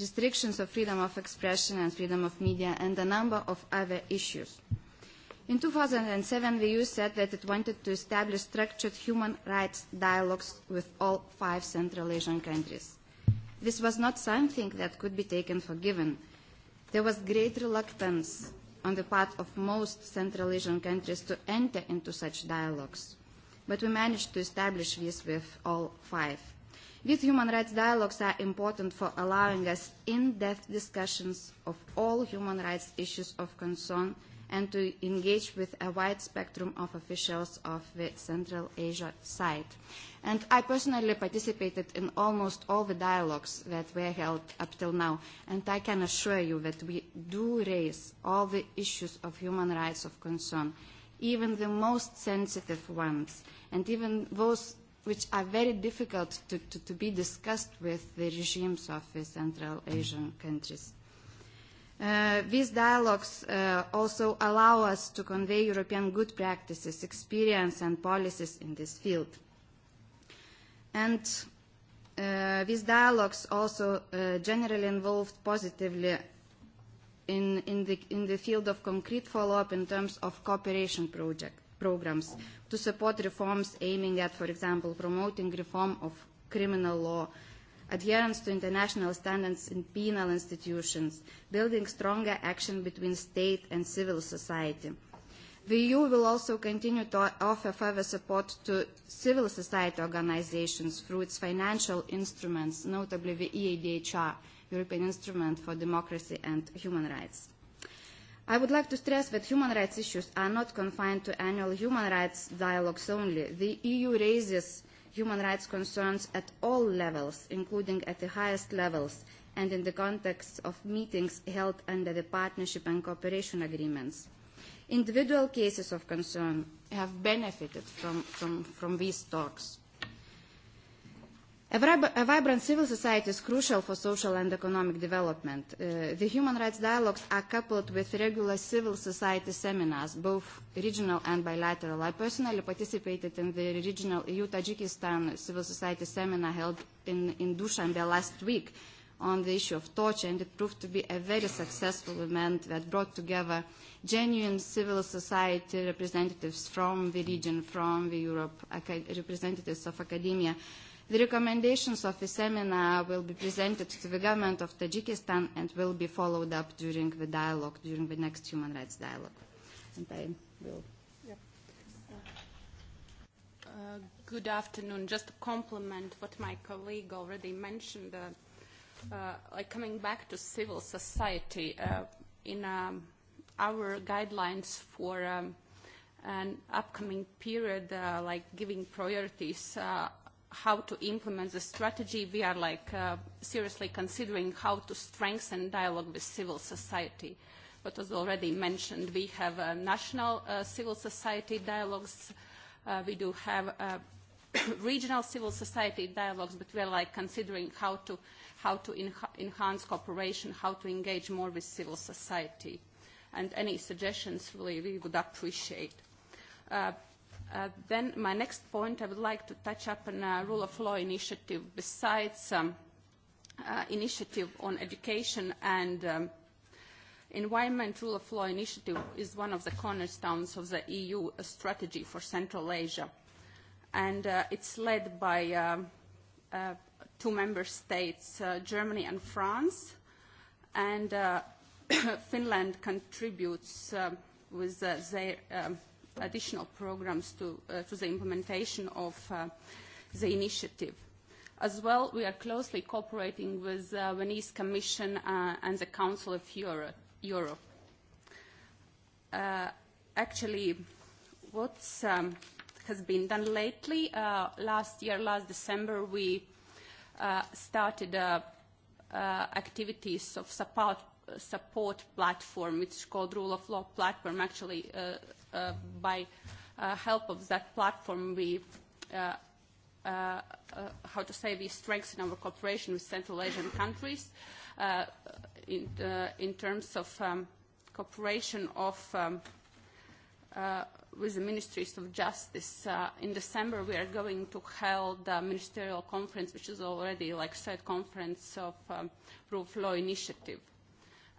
Speaker 11: restrictions of freedom of expression and freedom of media, and a number of other issues. In 2007, the EU said that it wanted to establish structured human rights dialogues with all five Central Asian countries. This was not something that could be taken for given. There was great reluctance on the part of most Central Asian countries to enter into such dialogues, but we managed to establish this with all five. These human rights dialogues are important for allowing us in-depth discussions of all human rights issues of concern and to engage with a wide spectrum of officials of the Central Asia side. And I personally participated in almost all the dialogues that were held up till now, and I can assure you that we do raise all the issues of human rights of concern, even the most sensitive ones, and even those which are very difficult to, to, to be discussed with the regimes of the Central Asian countries. Uh, these dialogues uh, also allow us to convey European good practices, experience and policies in this field. And uh, these dialogues also uh, generally involved positively in, in, the, in the field of concrete follow-up in terms of cooperation project, programs to support reforms aiming at, for example, promoting reform of criminal law, adherence to international standards in penal institutions, building stronger action between state and civil society. The EU will also continue to offer further support to civil society organizations through its financial instruments, notably the EADHR, European Instrument for Democracy and Human Rights. I would like to stress that human rights issues are not confined to annual human rights dialogues only. The EU raises human rights concerns at all levels, including at the highest levels and in the context of meetings held under the partnership and cooperation agreements. Individual cases of concern have benefited from, from, from these talks. A, vibrant civil society is crucial for social and economic development. Uh, the human rights dialogues are coupled with regular civil society seminars, both regional and bilateral. I personally participated in the regional EU-Tajikistan civil society seminar held in, in Dushanbe last week on the issue of torture, and it proved to be a very successful event that brought together genuine civil society representatives from the region, from the Europe, representatives of academia, The recommendations of the seminar will be presented to the government of Tajikistan and will be followed up during the dialogue, during the next human rights dialogue. And I will.
Speaker 25: Uh, good afternoon. Just to complement what my colleague already mentioned, uh, uh, like coming back to civil society, uh, in um, our guidelines for um, an upcoming period, uh, like giving priorities, uh, how to implement the strategy. We are like uh, seriously considering how to strengthen dialogue with civil society. What was already mentioned, we have a national uh, civil society dialogues. Uh, we do have uh, (coughs) regional civil society dialogues, but we are like considering how to, how to enhance cooperation, how to engage more with civil society. And any suggestions, really, we would appreciate. Uh, Uh, then my next point, I would like to touch on a rule of law initiative besides um, uh, initiative on education and um, environment rule of law initiative is one of the cornerstones of the EU strategy for Central Asia. And uh, it's led by uh, uh, two member states, uh, Germany and France. And uh, (coughs) Finland contributes uh, with uh, their uh, additional programs to, uh, to the implementation of uh, the initiative. As well, we are closely cooperating with the uh, Venice Commission uh, and the Council of Euro Europe. Uh, actually, what um, has been done lately, uh, last year, last December, we uh, started uh, uh, activities of support support platform, it's called Rule of Law platform. Actually, uh, uh, by uh, help of that platform, we uh, uh, uh, how to say we strengthen our cooperation with Central Asian countries uh, in uh, in terms of um, cooperation of um, uh, with the ministries of justice. Uh, in December, we are going to hold a ministerial conference, which is already like third conference of um, rule of law initiative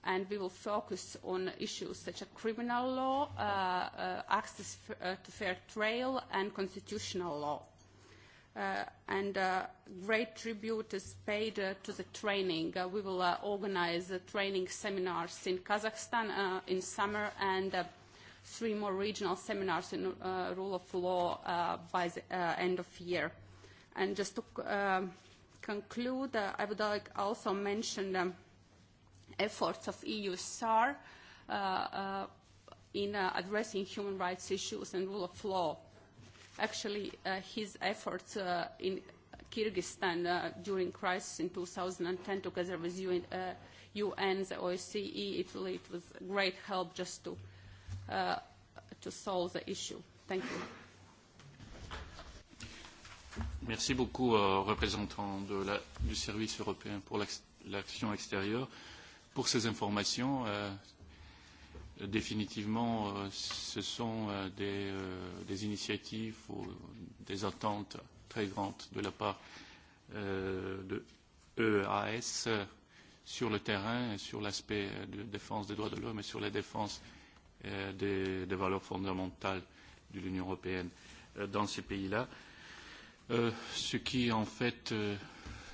Speaker 25: and we will focus on issues such as criminal law, uh, uh, access uh, to fair trial, and constitutional law. Uh, and uh, great tribute is paid uh, to the training. Uh, we will uh, organize uh, training seminars in Kazakhstan uh, in summer and uh, three more regional seminars in uh, rule of law uh, by the uh, end of year. And just to uh, conclude, uh, I would like also mention um, efforts of EU SAR uh, uh, in uh, addressing human rights issues and rule of law. Actually, uh, his efforts uh, in Kyrgyzstan uh, during crisis in 2010, together with UN, uh, UN, the OSCE, Italy, it was great help just to, uh, to solve the issue. Thank you.
Speaker 23: Merci beaucoup, euh, représentant de la, du Service européen pour l'action extérieure pour ces informations. Euh, définitivement, euh, ce sont euh, des, euh, des initiatives ou des attentes très grandes de la part euh, de EAS sur le terrain, sur l'aspect de défense des droits de l'homme et sur la défense euh, des, des valeurs fondamentales de l'Union européenne euh, dans ces pays-là. Euh, ce qui, en fait, euh,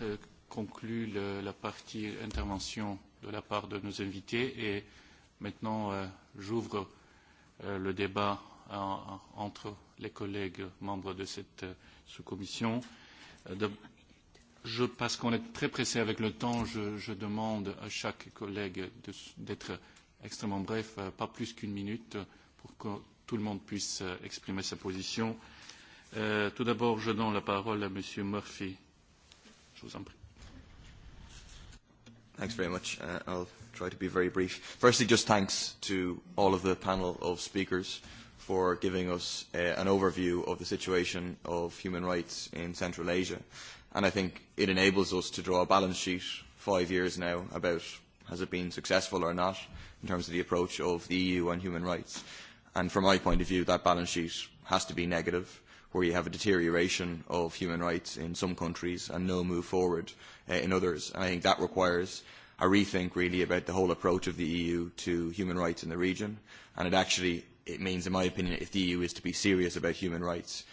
Speaker 23: euh conclut le, la partie intervention euh, de la part de nos invités. Et maintenant, euh, j'ouvre euh, le débat en, en, entre les collègues membres de cette euh, sous-commission. Euh, je, parce qu'on est très pressé avec le temps, je, je demande à chaque collègue d'être extrêmement bref, euh, pas plus qu'une minute, pour que tout le monde puisse euh, exprimer
Speaker 26: sa position.
Speaker 23: Euh, tout d'abord, je donne la parole à M. Murphy.
Speaker 26: Je vous en prie. Thanks very much. Uh, I'll try to be very brief. Firstly, just thanks to all of the panel of speakers for giving us uh, an overview of the situation of human rights in Central Asia. And I think it enables us to draw a balance sheet five years now about has it been successful or not in terms of the approach of the EU on human rights. And from my point of view, that balance sheet has to be negative, where you have a deterioration of human rights in some countries and no move forward uh, in others. And I think that requires a rethink really about the whole approach of the EU to human rights in the region. And it actually, it means in my opinion, if the EU is to be serious about human rights,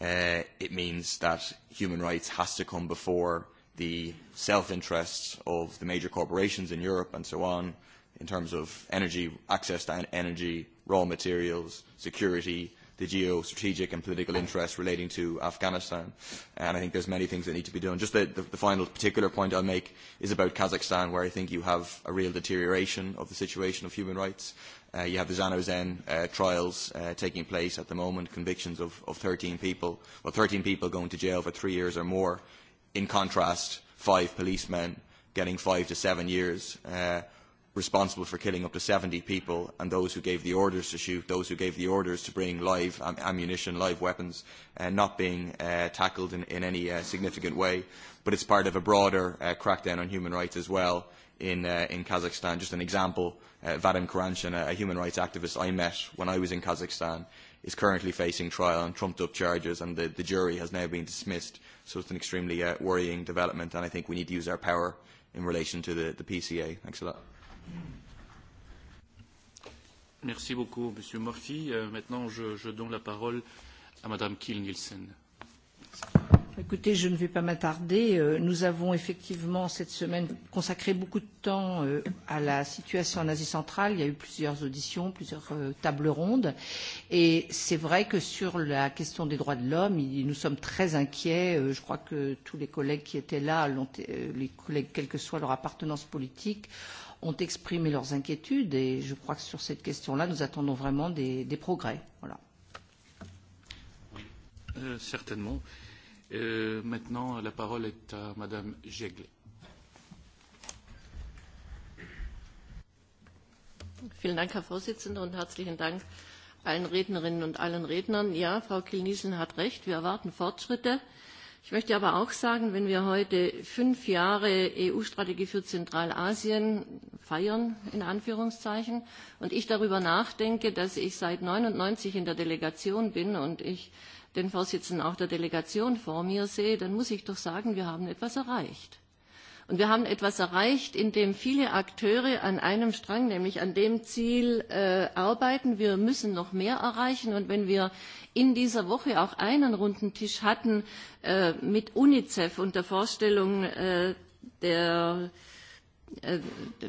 Speaker 26: uh, it means that human rights has to come before the self-interests of the major corporations in Europe and so on in terms of energy, access to energy, raw materials, security, the geostrategic and political interests relating to Afghanistan. And I think there's many things that need to be done. Just the, the, the final particular point I'll make is about Kazakhstan, where I think you have a real deterioration of the situation of human rights. Uh, you have the Zanozen uh, trials uh, taking place at the moment, convictions of, of 13 people, well, 13 people going to jail for three years or more. In contrast, five policemen getting five to seven years uh, responsible for killing up to 70 people and those who gave the orders to shoot, those who gave the orders to bring live am ammunition, live weapons, uh, not being uh, tackled in, in any uh, significant way. But it's part of a broader uh, crackdown on human rights as well in, uh, in Kazakhstan. Just an example, uh, Vadim Karanshin, a, a human rights activist I met when I was in Kazakhstan, is currently facing trial on trumped-up charges and the, the jury has now been dismissed. So it's an extremely uh, worrying development and I think we need to use our power in relation to the, the PCA. Thanks a lot.
Speaker 23: Merci beaucoup, Monsieur Murphy. Euh, maintenant, je, je donne la parole à Madame Kiel-Nielsen.
Speaker 18: Écoutez, je ne vais pas m'attarder. Euh, nous avons effectivement cette semaine consacré beaucoup de temps euh, à la situation en Asie centrale. Il y a eu plusieurs auditions, plusieurs euh, tables rondes. Et c'est vrai que sur la question des droits de l'homme, nous sommes très inquiets. Je crois que tous les collègues qui étaient là, les collègues quelle que soit leur appartenance politique, ont exprimé leurs inquiétudes et je crois que sur cette question-là, nous attendons vraiment des, des progrès. Voilà.
Speaker 23: Oui, euh, certainement. Euh, maintenant, la parole est à Madame Jegle.
Speaker 27: Vielen Dank, Herr Vorsitzender, und herzlichen Dank allen Rednerinnen und allen Rednern. Ja, Frau Kilnissen hat recht. Wir erwarten Fortschritte. Ich möchte aber auch sagen, wenn wir heute fünf Jahre EU-Strategie für Zentralasien feiern, in Anführungszeichen, und ich darüber nachdenke, dass ich seit 99 in der Delegation bin und ich den Vorsitzenden auch der Delegation vor mir sehe, dann muss ich doch sagen, wir haben etwas erreicht. Und wir haben etwas erreicht, in dem viele Akteure an einem Strang, nämlich an dem Ziel, äh, arbeiten. Wir müssen noch mehr erreichen. Und wenn wir in dieser Woche auch einen runden Tisch hatten äh, mit UNICEF und der Vorstellung äh, der äh,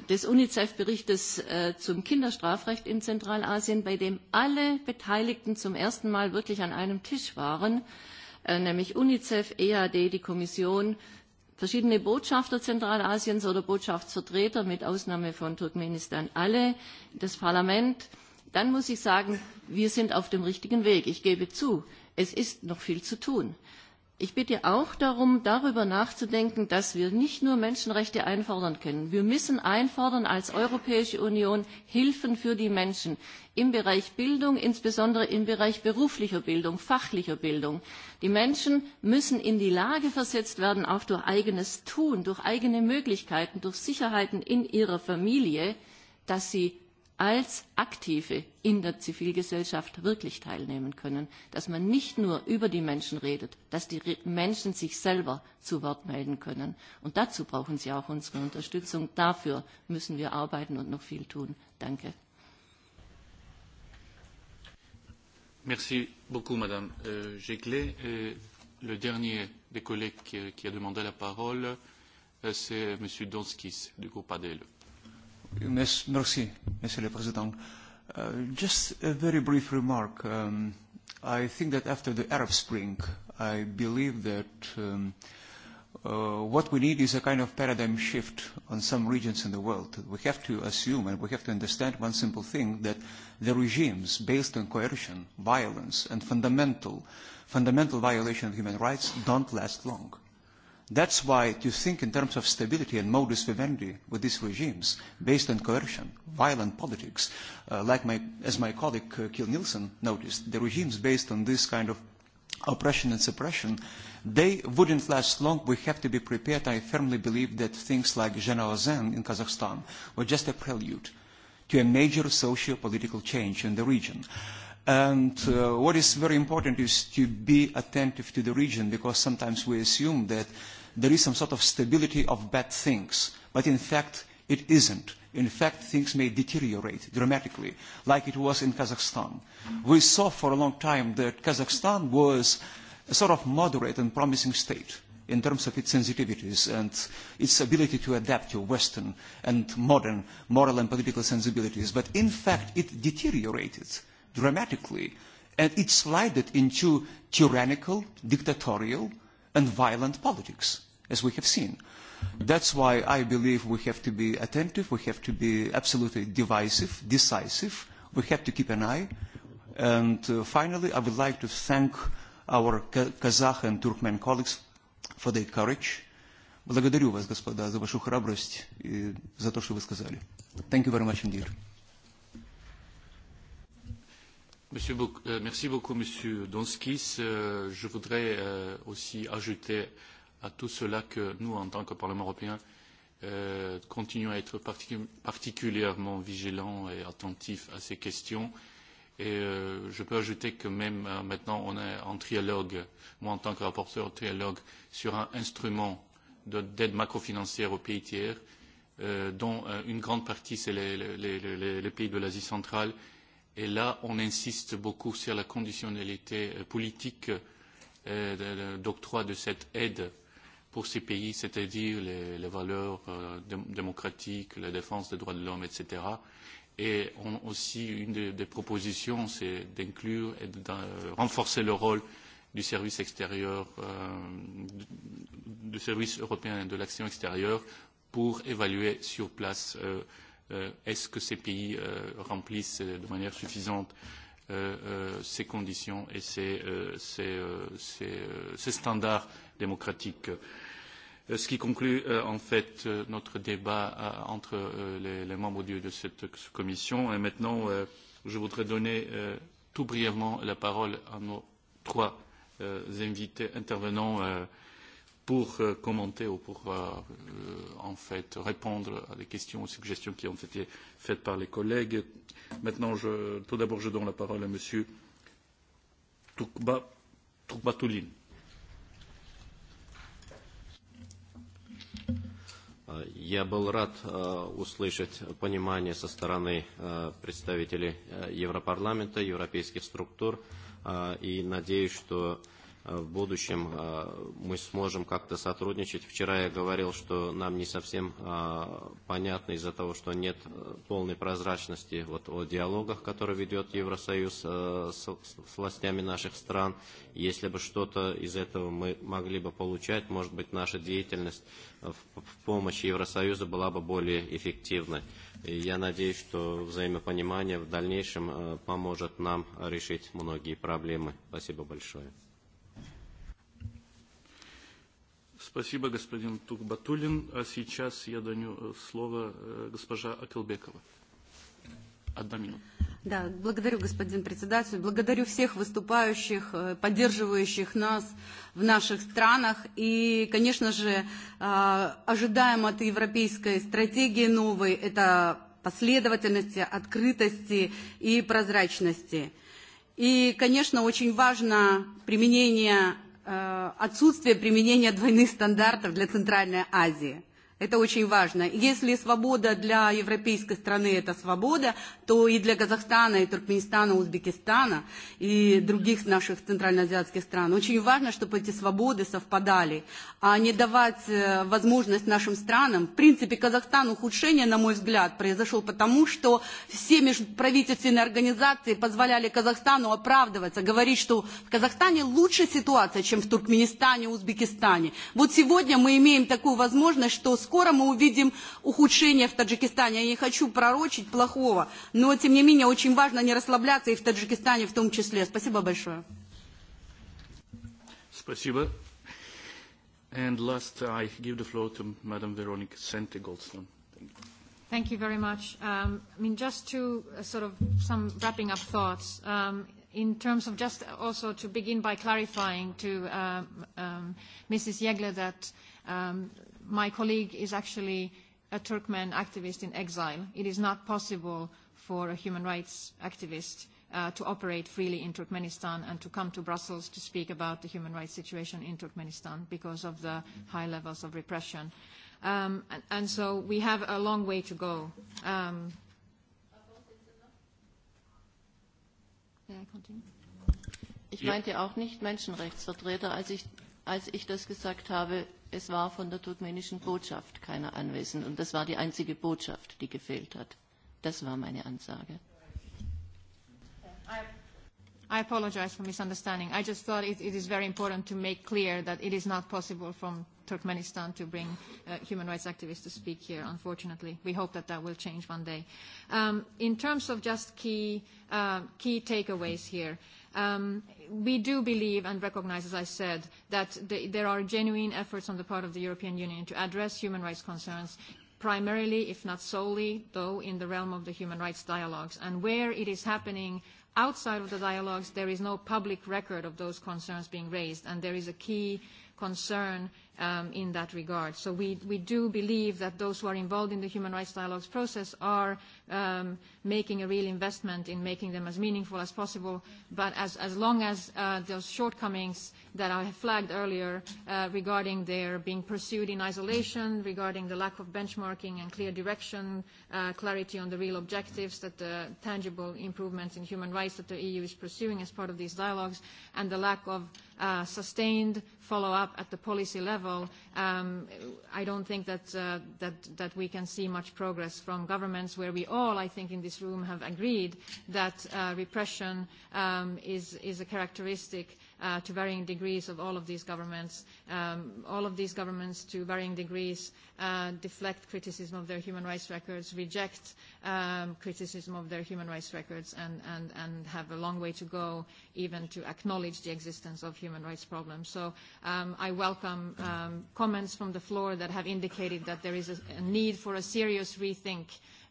Speaker 27: des UNICEF-Berichtes äh, zum Kinderstrafrecht in Zentralasien, bei dem alle Beteiligten zum ersten Mal wirklich an einem Tisch waren, äh, nämlich UNICEF, EAD, die Kommission, verschiedene Botschafter Zentralasiens oder Botschaftsvertreter mit Ausnahme von Turkmenistan alle, das Parlament, dann muss ich sagen, wir sind auf dem richtigen Weg. Ich gebe zu, es ist noch viel zu tun. Ich bitte auch darum, darüber nachzudenken, dass wir nicht nur Menschenrechte einfordern können. Wir müssen einfordern als Europäische Union Hilfen für die Menschen im Bereich Bildung, insbesondere im Bereich beruflicher Bildung, fachlicher Bildung. Die Menschen müssen in die Lage versetzt werden, auch durch eigenes Tun, durch eigene Möglichkeiten, durch Sicherheiten in ihrer Familie, dass sie als Aktive in der Zivilgesellschaft wirklich teilnehmen können, dass man nicht nur über die Menschen redet, dass die Menschen sich selber zu Wort melden können. Und dazu brauchen sie auch unsere Unterstützung. Dafür müssen wir arbeiten und noch viel tun. Danke.
Speaker 23: Merci beaucoup, Madame euh, Jéglet. Euh, le dernier des collègues qui, qui a demandé la parole, euh, c'est Monsieur Donskis du groupe ADLE.
Speaker 28: Merci, Monsieur le Président. Uh, just a very brief remark. Um, I think that after the Arab Spring, I believe that um, uh, what we need is a kind of paradigm shift on some regions in the world. We have to assume and we have to understand one simple thing, that the regimes based on coercion, violence, and fundamental, fundamental violation of human rights don't last long That's why to think in terms of stability and modus vivendi with these regimes based on coercion, violent politics, uh, like my, as my colleague uh, Kiel Nielsen noticed, the regimes based on this kind of oppression and suppression, they wouldn't last long. We have to be prepared. I firmly believe that things like Zhenao in Kazakhstan were just a prelude to a major socio-political change in the region. And uh, what is very important is to be attentive to the region because sometimes we assume that there is some sort of stability of bad things. But in fact, it isn't. In fact, things may deteriorate dramatically, like it was in Kazakhstan. We saw for a long time that Kazakhstan was a sort of moderate and promising state in terms of its sensitivities and its ability to adapt to Western and modern moral and political sensibilities. But in fact, it deteriorated dramatically, and it slided into tyrannical, dictatorial, and violent politics, as we have seen. That's why I believe we have to be attentive, we have to be absolutely divisive, decisive, we have to keep an eye. And uh, finally, I would like to thank our Kazakh and Turkmen colleagues for their courage. Благодарю вас, господа, за вашу храбрость и за то, что вы сказали. Thank you very much indeed.
Speaker 23: Monsieur, euh, merci beaucoup, Monsieur Donskis. Euh, je voudrais euh, aussi ajouter à tout cela que nous, en tant que Parlement européen, continuons à être particulièrement vigilants et attentifs à ces questions. Et je peux ajouter que même maintenant, on est en trialogue, moi en tant que rapporteur en trialogue, sur un instrument d'aide macrofinancière aux pays tiers, dont une grande partie, c'est les, les, les, les pays de l'Asie centrale Et là, on insiste beaucoup sur la conditionnalité euh, politique euh, d'octroi de cette aide pour ces pays, c'est-à-dire les, les valeurs euh, démocratiques, la défense des droits de l'homme, etc. Et on, aussi, une des, des propositions, c'est d'inclure et de, de, de renforcer le rôle du service extérieur, euh, du service européen de l'action extérieure pour évaluer sur place euh, Euh, est-ce que ces pays euh, remplissent euh, de manière suffisante ces conditions et ces, ces, ces, ces standards démocratiques ce qui conclut euh, en fait euh, notre débat euh, entre euh, les, les membres de, de cette commission. Et maintenant, euh, je voudrais donner euh, tout brièvement la parole à nos trois euh, invités intervenants euh, pour euh, commenter ou pour euh, en fait répondre à des questions ou suggestions qui ont été faites par les collègues. Maintenant, je, tout d'abord, je donne la parole à M.
Speaker 24: Toukba, Toukbatouline. Э, я был рад э, услышать понимание со стороны э, представителей Европарламента, европейских структур, и надеюсь, что в будущем мы сможем как-то сотрудничать. Вчера я говорил, что нам не совсем понятно из-за того, что нет полной прозрачности вот о диалогах, которые ведет Евросоюз с, с властями наших стран. Если бы что-то из этого мы могли бы получать, может быть, наша деятельность в, в помощь Евросоюза была бы более эффективной. И я надеюсь, что взаимопонимание в дальнейшем поможет нам решить многие проблемы. Спасибо большое.
Speaker 23: Спасибо, господин Тукбатулин. А сейчас я даю слово госпожа Акелбекова. Одна минута.
Speaker 13: Да, благодарю, господин председатель. Благодарю всех выступающих, поддерживающих нас в наших странах. И, конечно же, ожидаем от европейской стратегии новой это последовательности, открытости и прозрачности. И, конечно, очень важно применение отсутствие применения двойных стандартов для Центральной Азии – Это очень важно. Если свобода для европейской страны – это свобода, то и для Казахстана, и Туркменистана, Узбекистана, и других наших центральноазиатских стран очень важно, чтобы эти свободы совпадали, а не давать возможность нашим странам. В принципе, Казахстан ухудшение, на мой взгляд, произошло потому, что все межправительственные организации позволяли Казахстану оправдываться, говорить, что в Казахстане лучше ситуация, чем в Туркменистане, Узбекистане. Вот сегодня мы имеем такую возможность, что скоро скоро мы увидим ухудшение в Таджикистане. Я не хочу пророчить плохого, но, тем не менее, очень важно не расслабляться и в Таджикистане в том числе. Спасибо большое.
Speaker 23: Спасибо. And last, I give the floor to Madam Veronica Sente-Goldstone.
Speaker 4: Thank you very much. Um, I mean, just to uh, sort of some wrapping up thoughts, um, in terms of just also to begin by clarifying to um, um, Mrs. Yegler that um, my colleague is actually a Turkmen activist in exile. It is not possible for a human rights activist uh, to operate freely in Turkmenistan and to come to Brussels to speak about the human rights situation in Turkmenistan because of the high levels of repression. Um, and, and so we have a long way to go. Um,
Speaker 27: ich meinte auch nicht Menschenrechtsvertreter, als ich, als ich das gesagt habe es war von der turkmenischen Botschaft keiner anwesend. Und das war die einzige Botschaft, die gefehlt hat. Das war meine Ansage. I apologize for misunderstanding.
Speaker 4: I just thought it, it is very important to make clear that it is not possible from Turkmenistan to bring uh, human rights activists to speak here, unfortunately. We hope that that will change one day. Um, in terms of just key, uh, key takeaways here, um, we do believe and recognize, as I said, that the, there are genuine efforts on the part of the European Union to address human rights concerns, primarily, if not solely, though, in the realm of the human rights dialogues. And where it is happening outside of the dialogues, there is no public record of those concerns being raised, and there is a key concern uh, Um, in that regard. So we, we do believe that those who are involved in the human rights dialogues process are um, making a real investment in making them as meaningful as possible, but as, as long as uh, those shortcomings that I have flagged earlier uh, regarding their being pursued in isolation, regarding the lack of benchmarking and clear direction, uh, clarity on the real objectives, that the tangible improvements in human rights that the EU is pursuing as part of these dialogues, and the lack of uh, sustained follow-up at the policy level, level, um, I don't think that, uh, that, that we can see much progress from governments where we all, I think, in this room have agreed that uh, repression um, is, is a characteristic uh, to varying degrees of all of these governments. Um, all of these governments, to varying degrees, uh, deflect criticism of their human rights records, reject um, criticism of their human rights records, and, and, and have a long way to go even to acknowledge the existence of human rights problems. So um, I welcome um, comments from the floor that have indicated that there is a, a need for a serious rethink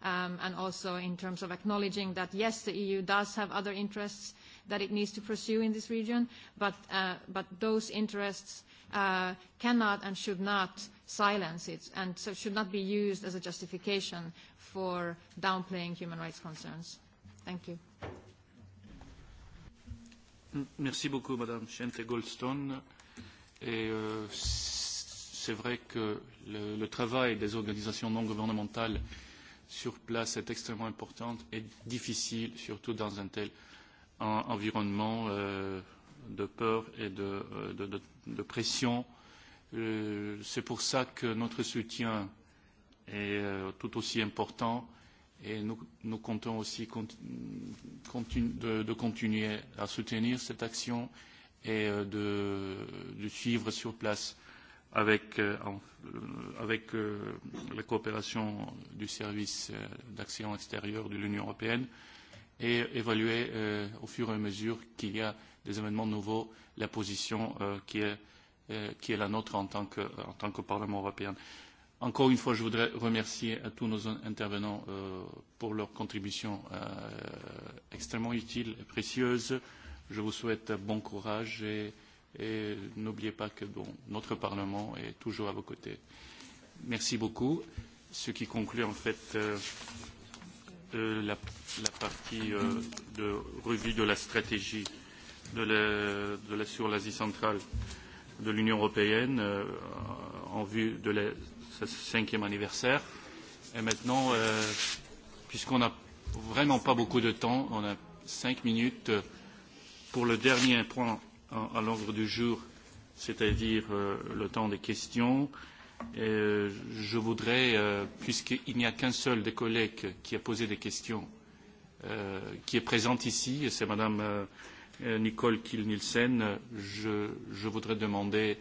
Speaker 4: um, and also in terms of acknowledging that, yes, the EU does have other interests, that it needs to pursue in this region, but, uh, but those interests uh, cannot and should not silence it, and so should not be used as a justification for downplaying human rights concerns. Thank you.
Speaker 23: Merci beaucoup, Madame Chente Goldstone. Et euh, c'est vrai que le, le travail des organisations non gouvernementales sur place est extrêmement important et difficile, surtout dans un tel un environnement euh, de peur et de, euh, de, de, de pression. Euh, c'est pour ça que notre soutien est tout aussi important et nous, nous comptons aussi continu, de, de continuer à soutenir cette action et de, de suivre sur place avec, avec la coopération du service d'action extérieure de l'Union européenne et évaluer euh, au fur et à mesure qu'il y a des événements nouveaux la position euh, qui, est, euh, qui est la nôtre en tant, que, en tant que Parlement européen. Encore une fois, je voudrais remercier à tous nos intervenants euh, pour leur contribution euh, extrêmement utile et précieuse. Je vous souhaite bon courage et, et n'oubliez pas que bon, notre Parlement est toujours à vos côtés. Merci beaucoup, ce qui conclut en fait. Euh, de euh, la, la partie euh, de revue de la stratégie de la, de la, sur l'Asie centrale de l'Union européenne euh, en vue de la, sa cinquième anniversaire. Et maintenant, euh, puisqu'on n'a vraiment pas beaucoup de temps, on a cinq minutes euh, pour le dernier point à, à l'ordre du jour, c'est-à-dire euh, le temps des questions. Euh, je voudrais, euh, puisqu'il n'y a qu'un seul des collègues qui a posé des questions, euh, qui est présente ici, c'est Madame euh, Nicole Kiel-Nielsen, je, je voudrais demander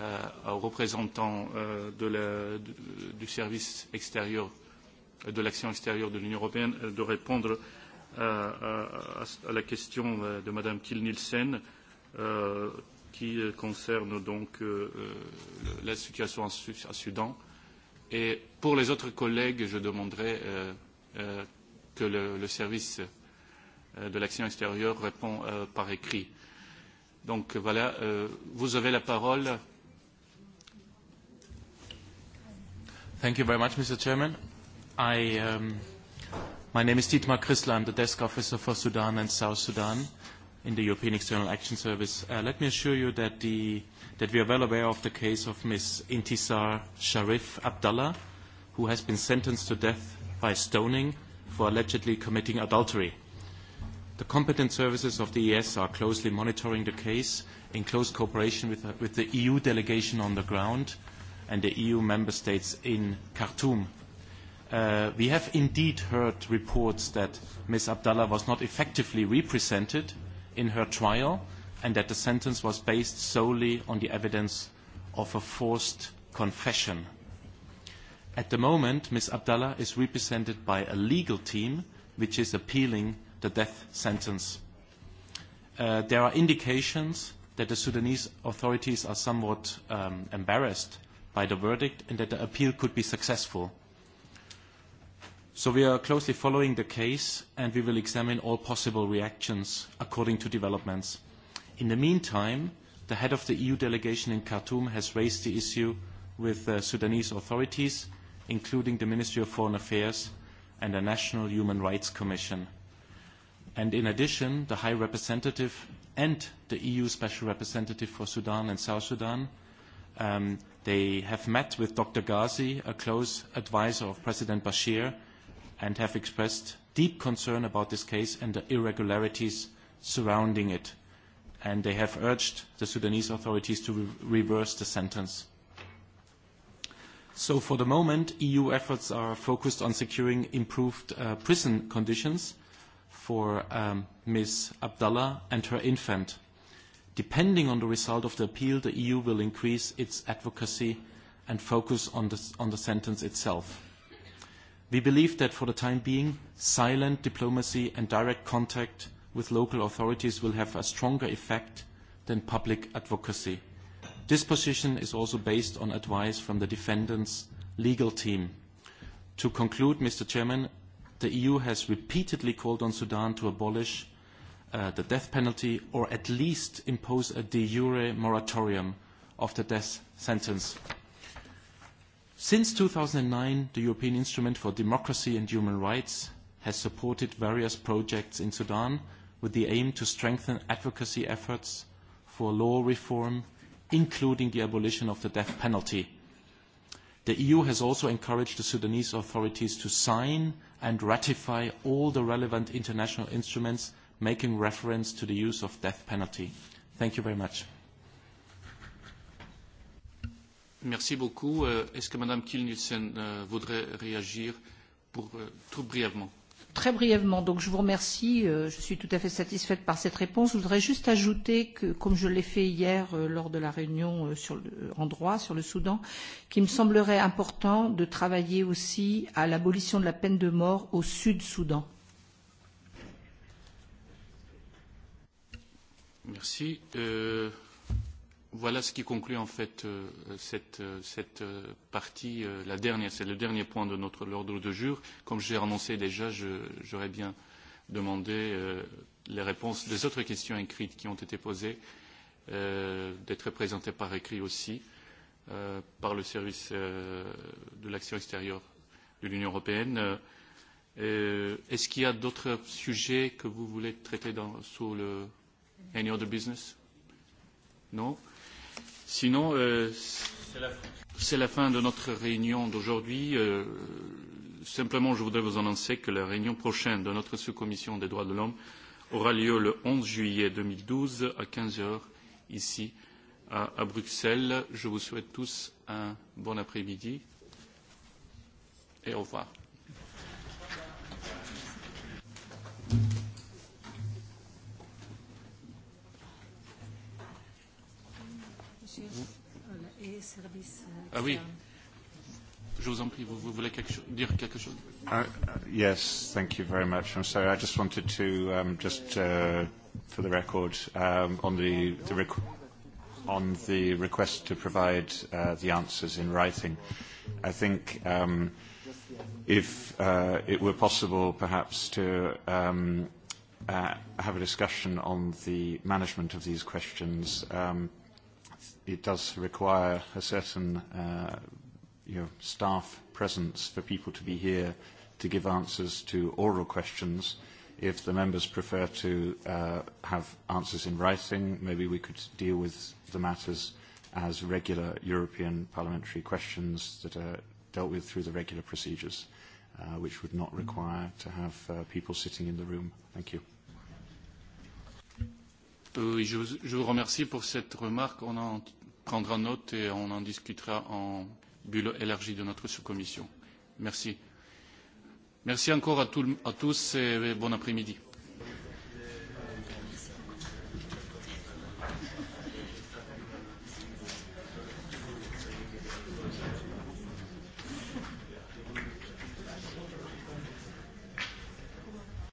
Speaker 23: euh, aux représentants euh, de la, de, du service extérieur, de l'action extérieure de l'Union européenne, euh, de répondre euh, à, à, à la question euh, de Madame Kiel-Nielsen. Euh, qui euh, concerne donc euh, euh, la situation à Soudan. Et pour les autres collègues, je demanderai que le, le service de l'action extérieure répond par écrit. Donc voilà, vous avez la parole.
Speaker 29: Thank you very much, Mr. Chairman. I, um, my name is Dietmar Chrysler. I'm the desk officer for Sudan and South Sudan in the European External Action Service. Uh, let me assure you that, the, that we are well aware of the case of Ms. Intisar Sharif Abdallah, who has been sentenced to death by stoning for allegedly committing adultery. The competent services of the ES are closely monitoring the case in close cooperation with, uh, with the EU delegation on the ground and the EU member states in Khartoum. Uh, we have indeed heard reports that Ms. Abdallah was not effectively represented uh, in her trial and that the sentence was based solely on the evidence of a forced confession. At the moment, Ms. Abdallah is represented by a legal team which is appealing the death sentence. Uh, there are indications that the Sudanese authorities are somewhat um, embarrassed by the verdict and that the appeal could be successful. So we are closely following the case and we will examine all possible reactions according to developments. In the meantime, the head of the EU delegation in Khartoum has raised the issue with the uh, Sudanese authorities, including the Ministry of Foreign Affairs and the National Human Rights Commission. And in addition, the High Representative and the EU Special Representative for Sudan and South Sudan, um, they have met with Dr. Ghazi, a close advisor of President Bashir, and have expressed deep concern about this case and the irregularities surrounding it. And they have urged the Sudanese authorities to re reverse the sentence. So for the moment, EU efforts are focused on securing improved uh, prison conditions for um, Ms. Abdallah and her infant. Depending on the result of the appeal, the EU will increase its advocacy and focus on the, on the sentence itself. We believe that for the time being, silent diplomacy and direct contact with local authorities will have a stronger effect than public advocacy. This position is also based on advice from the defendant's legal team. To conclude, Mr. Chairman, the EU has repeatedly called on Sudan to abolish uh, the death penalty or at least impose a de jure moratorium of the death sentence Since 2009, the European Instrument for Democracy and Human Rights has supported various projects in Sudan with the aim to strengthen advocacy efforts for law reform, including the abolition of the death penalty. The EU has also encouraged the Sudanese authorities to sign and ratify all the relevant international instruments making reference to the use of death penalty. Thank you very much.
Speaker 23: Merci beaucoup. Euh, est-ce que Madame Kiel-Nielsen euh, voudrait réagir pour, euh, tout brièvement
Speaker 29: Très
Speaker 18: brièvement, donc je vous remercie. Je suis tout à fait satisfaite par cette réponse. Je voudrais juste ajouter que, comme je l'ai fait hier lors de la réunion sur le, en droit sur le Soudan, qu'il me semblerait important de travailler aussi à l'abolition de la peine de mort au Sud-Soudan.
Speaker 23: Merci. Euh, voilà ce qui conclut en fait euh, cette, euh, cette euh, partie, euh, la dernière, c'est le dernier point de notre l'ordre de jour. Comme j'ai annoncé déjà, j'aurais bien demandé euh, les réponses des autres questions écrites qui ont été posées euh, d'être présentées par écrit aussi euh, par le service euh, de l'action extérieure de l'Union européenne. Euh, euh Est-ce qu'il y a d'autres sujets que vous voulez traiter dans, sous le Any Other Business Non Sinon, euh, c'est la fin de notre réunion d'aujourd'hui. Euh, simplement, je voudrais vous annoncer que la réunion prochaine de notre sous-commission des droits de l'homme aura lieu le 11 juillet 2012 à 15 heures ici à, à Bruxelles. Je vous souhaite tous un bon après-midi et au revoir.
Speaker 12: services. Euh, ah oui.
Speaker 23: Je vous en prie, vous, vous voulez quelque chose, dire quelque chose
Speaker 19: uh, uh, Yes, thank you very much. I'm sorry, I just wanted to um, just uh, for the record um, on the, the record on the request to provide uh, the answers in writing. I think um, if uh, it were possible perhaps to um, uh, have a discussion on the management of these questions um, it does require a certain uh, you know, staff presence for people to be here to give answers to oral questions. If the members prefer to uh, have answers in writing, maybe we could deal with the matters as regular European parliamentary questions that are dealt with through the regular procedures, uh, which would not require to have uh, people
Speaker 26: sitting in the room. Thank you.
Speaker 23: Euh, je, je vous remercie pour cette remarque. On en prendra note et on en discutera en bulle élargie de notre sous-commission. Merci. Merci encore à, tout, à tous et bon après-midi.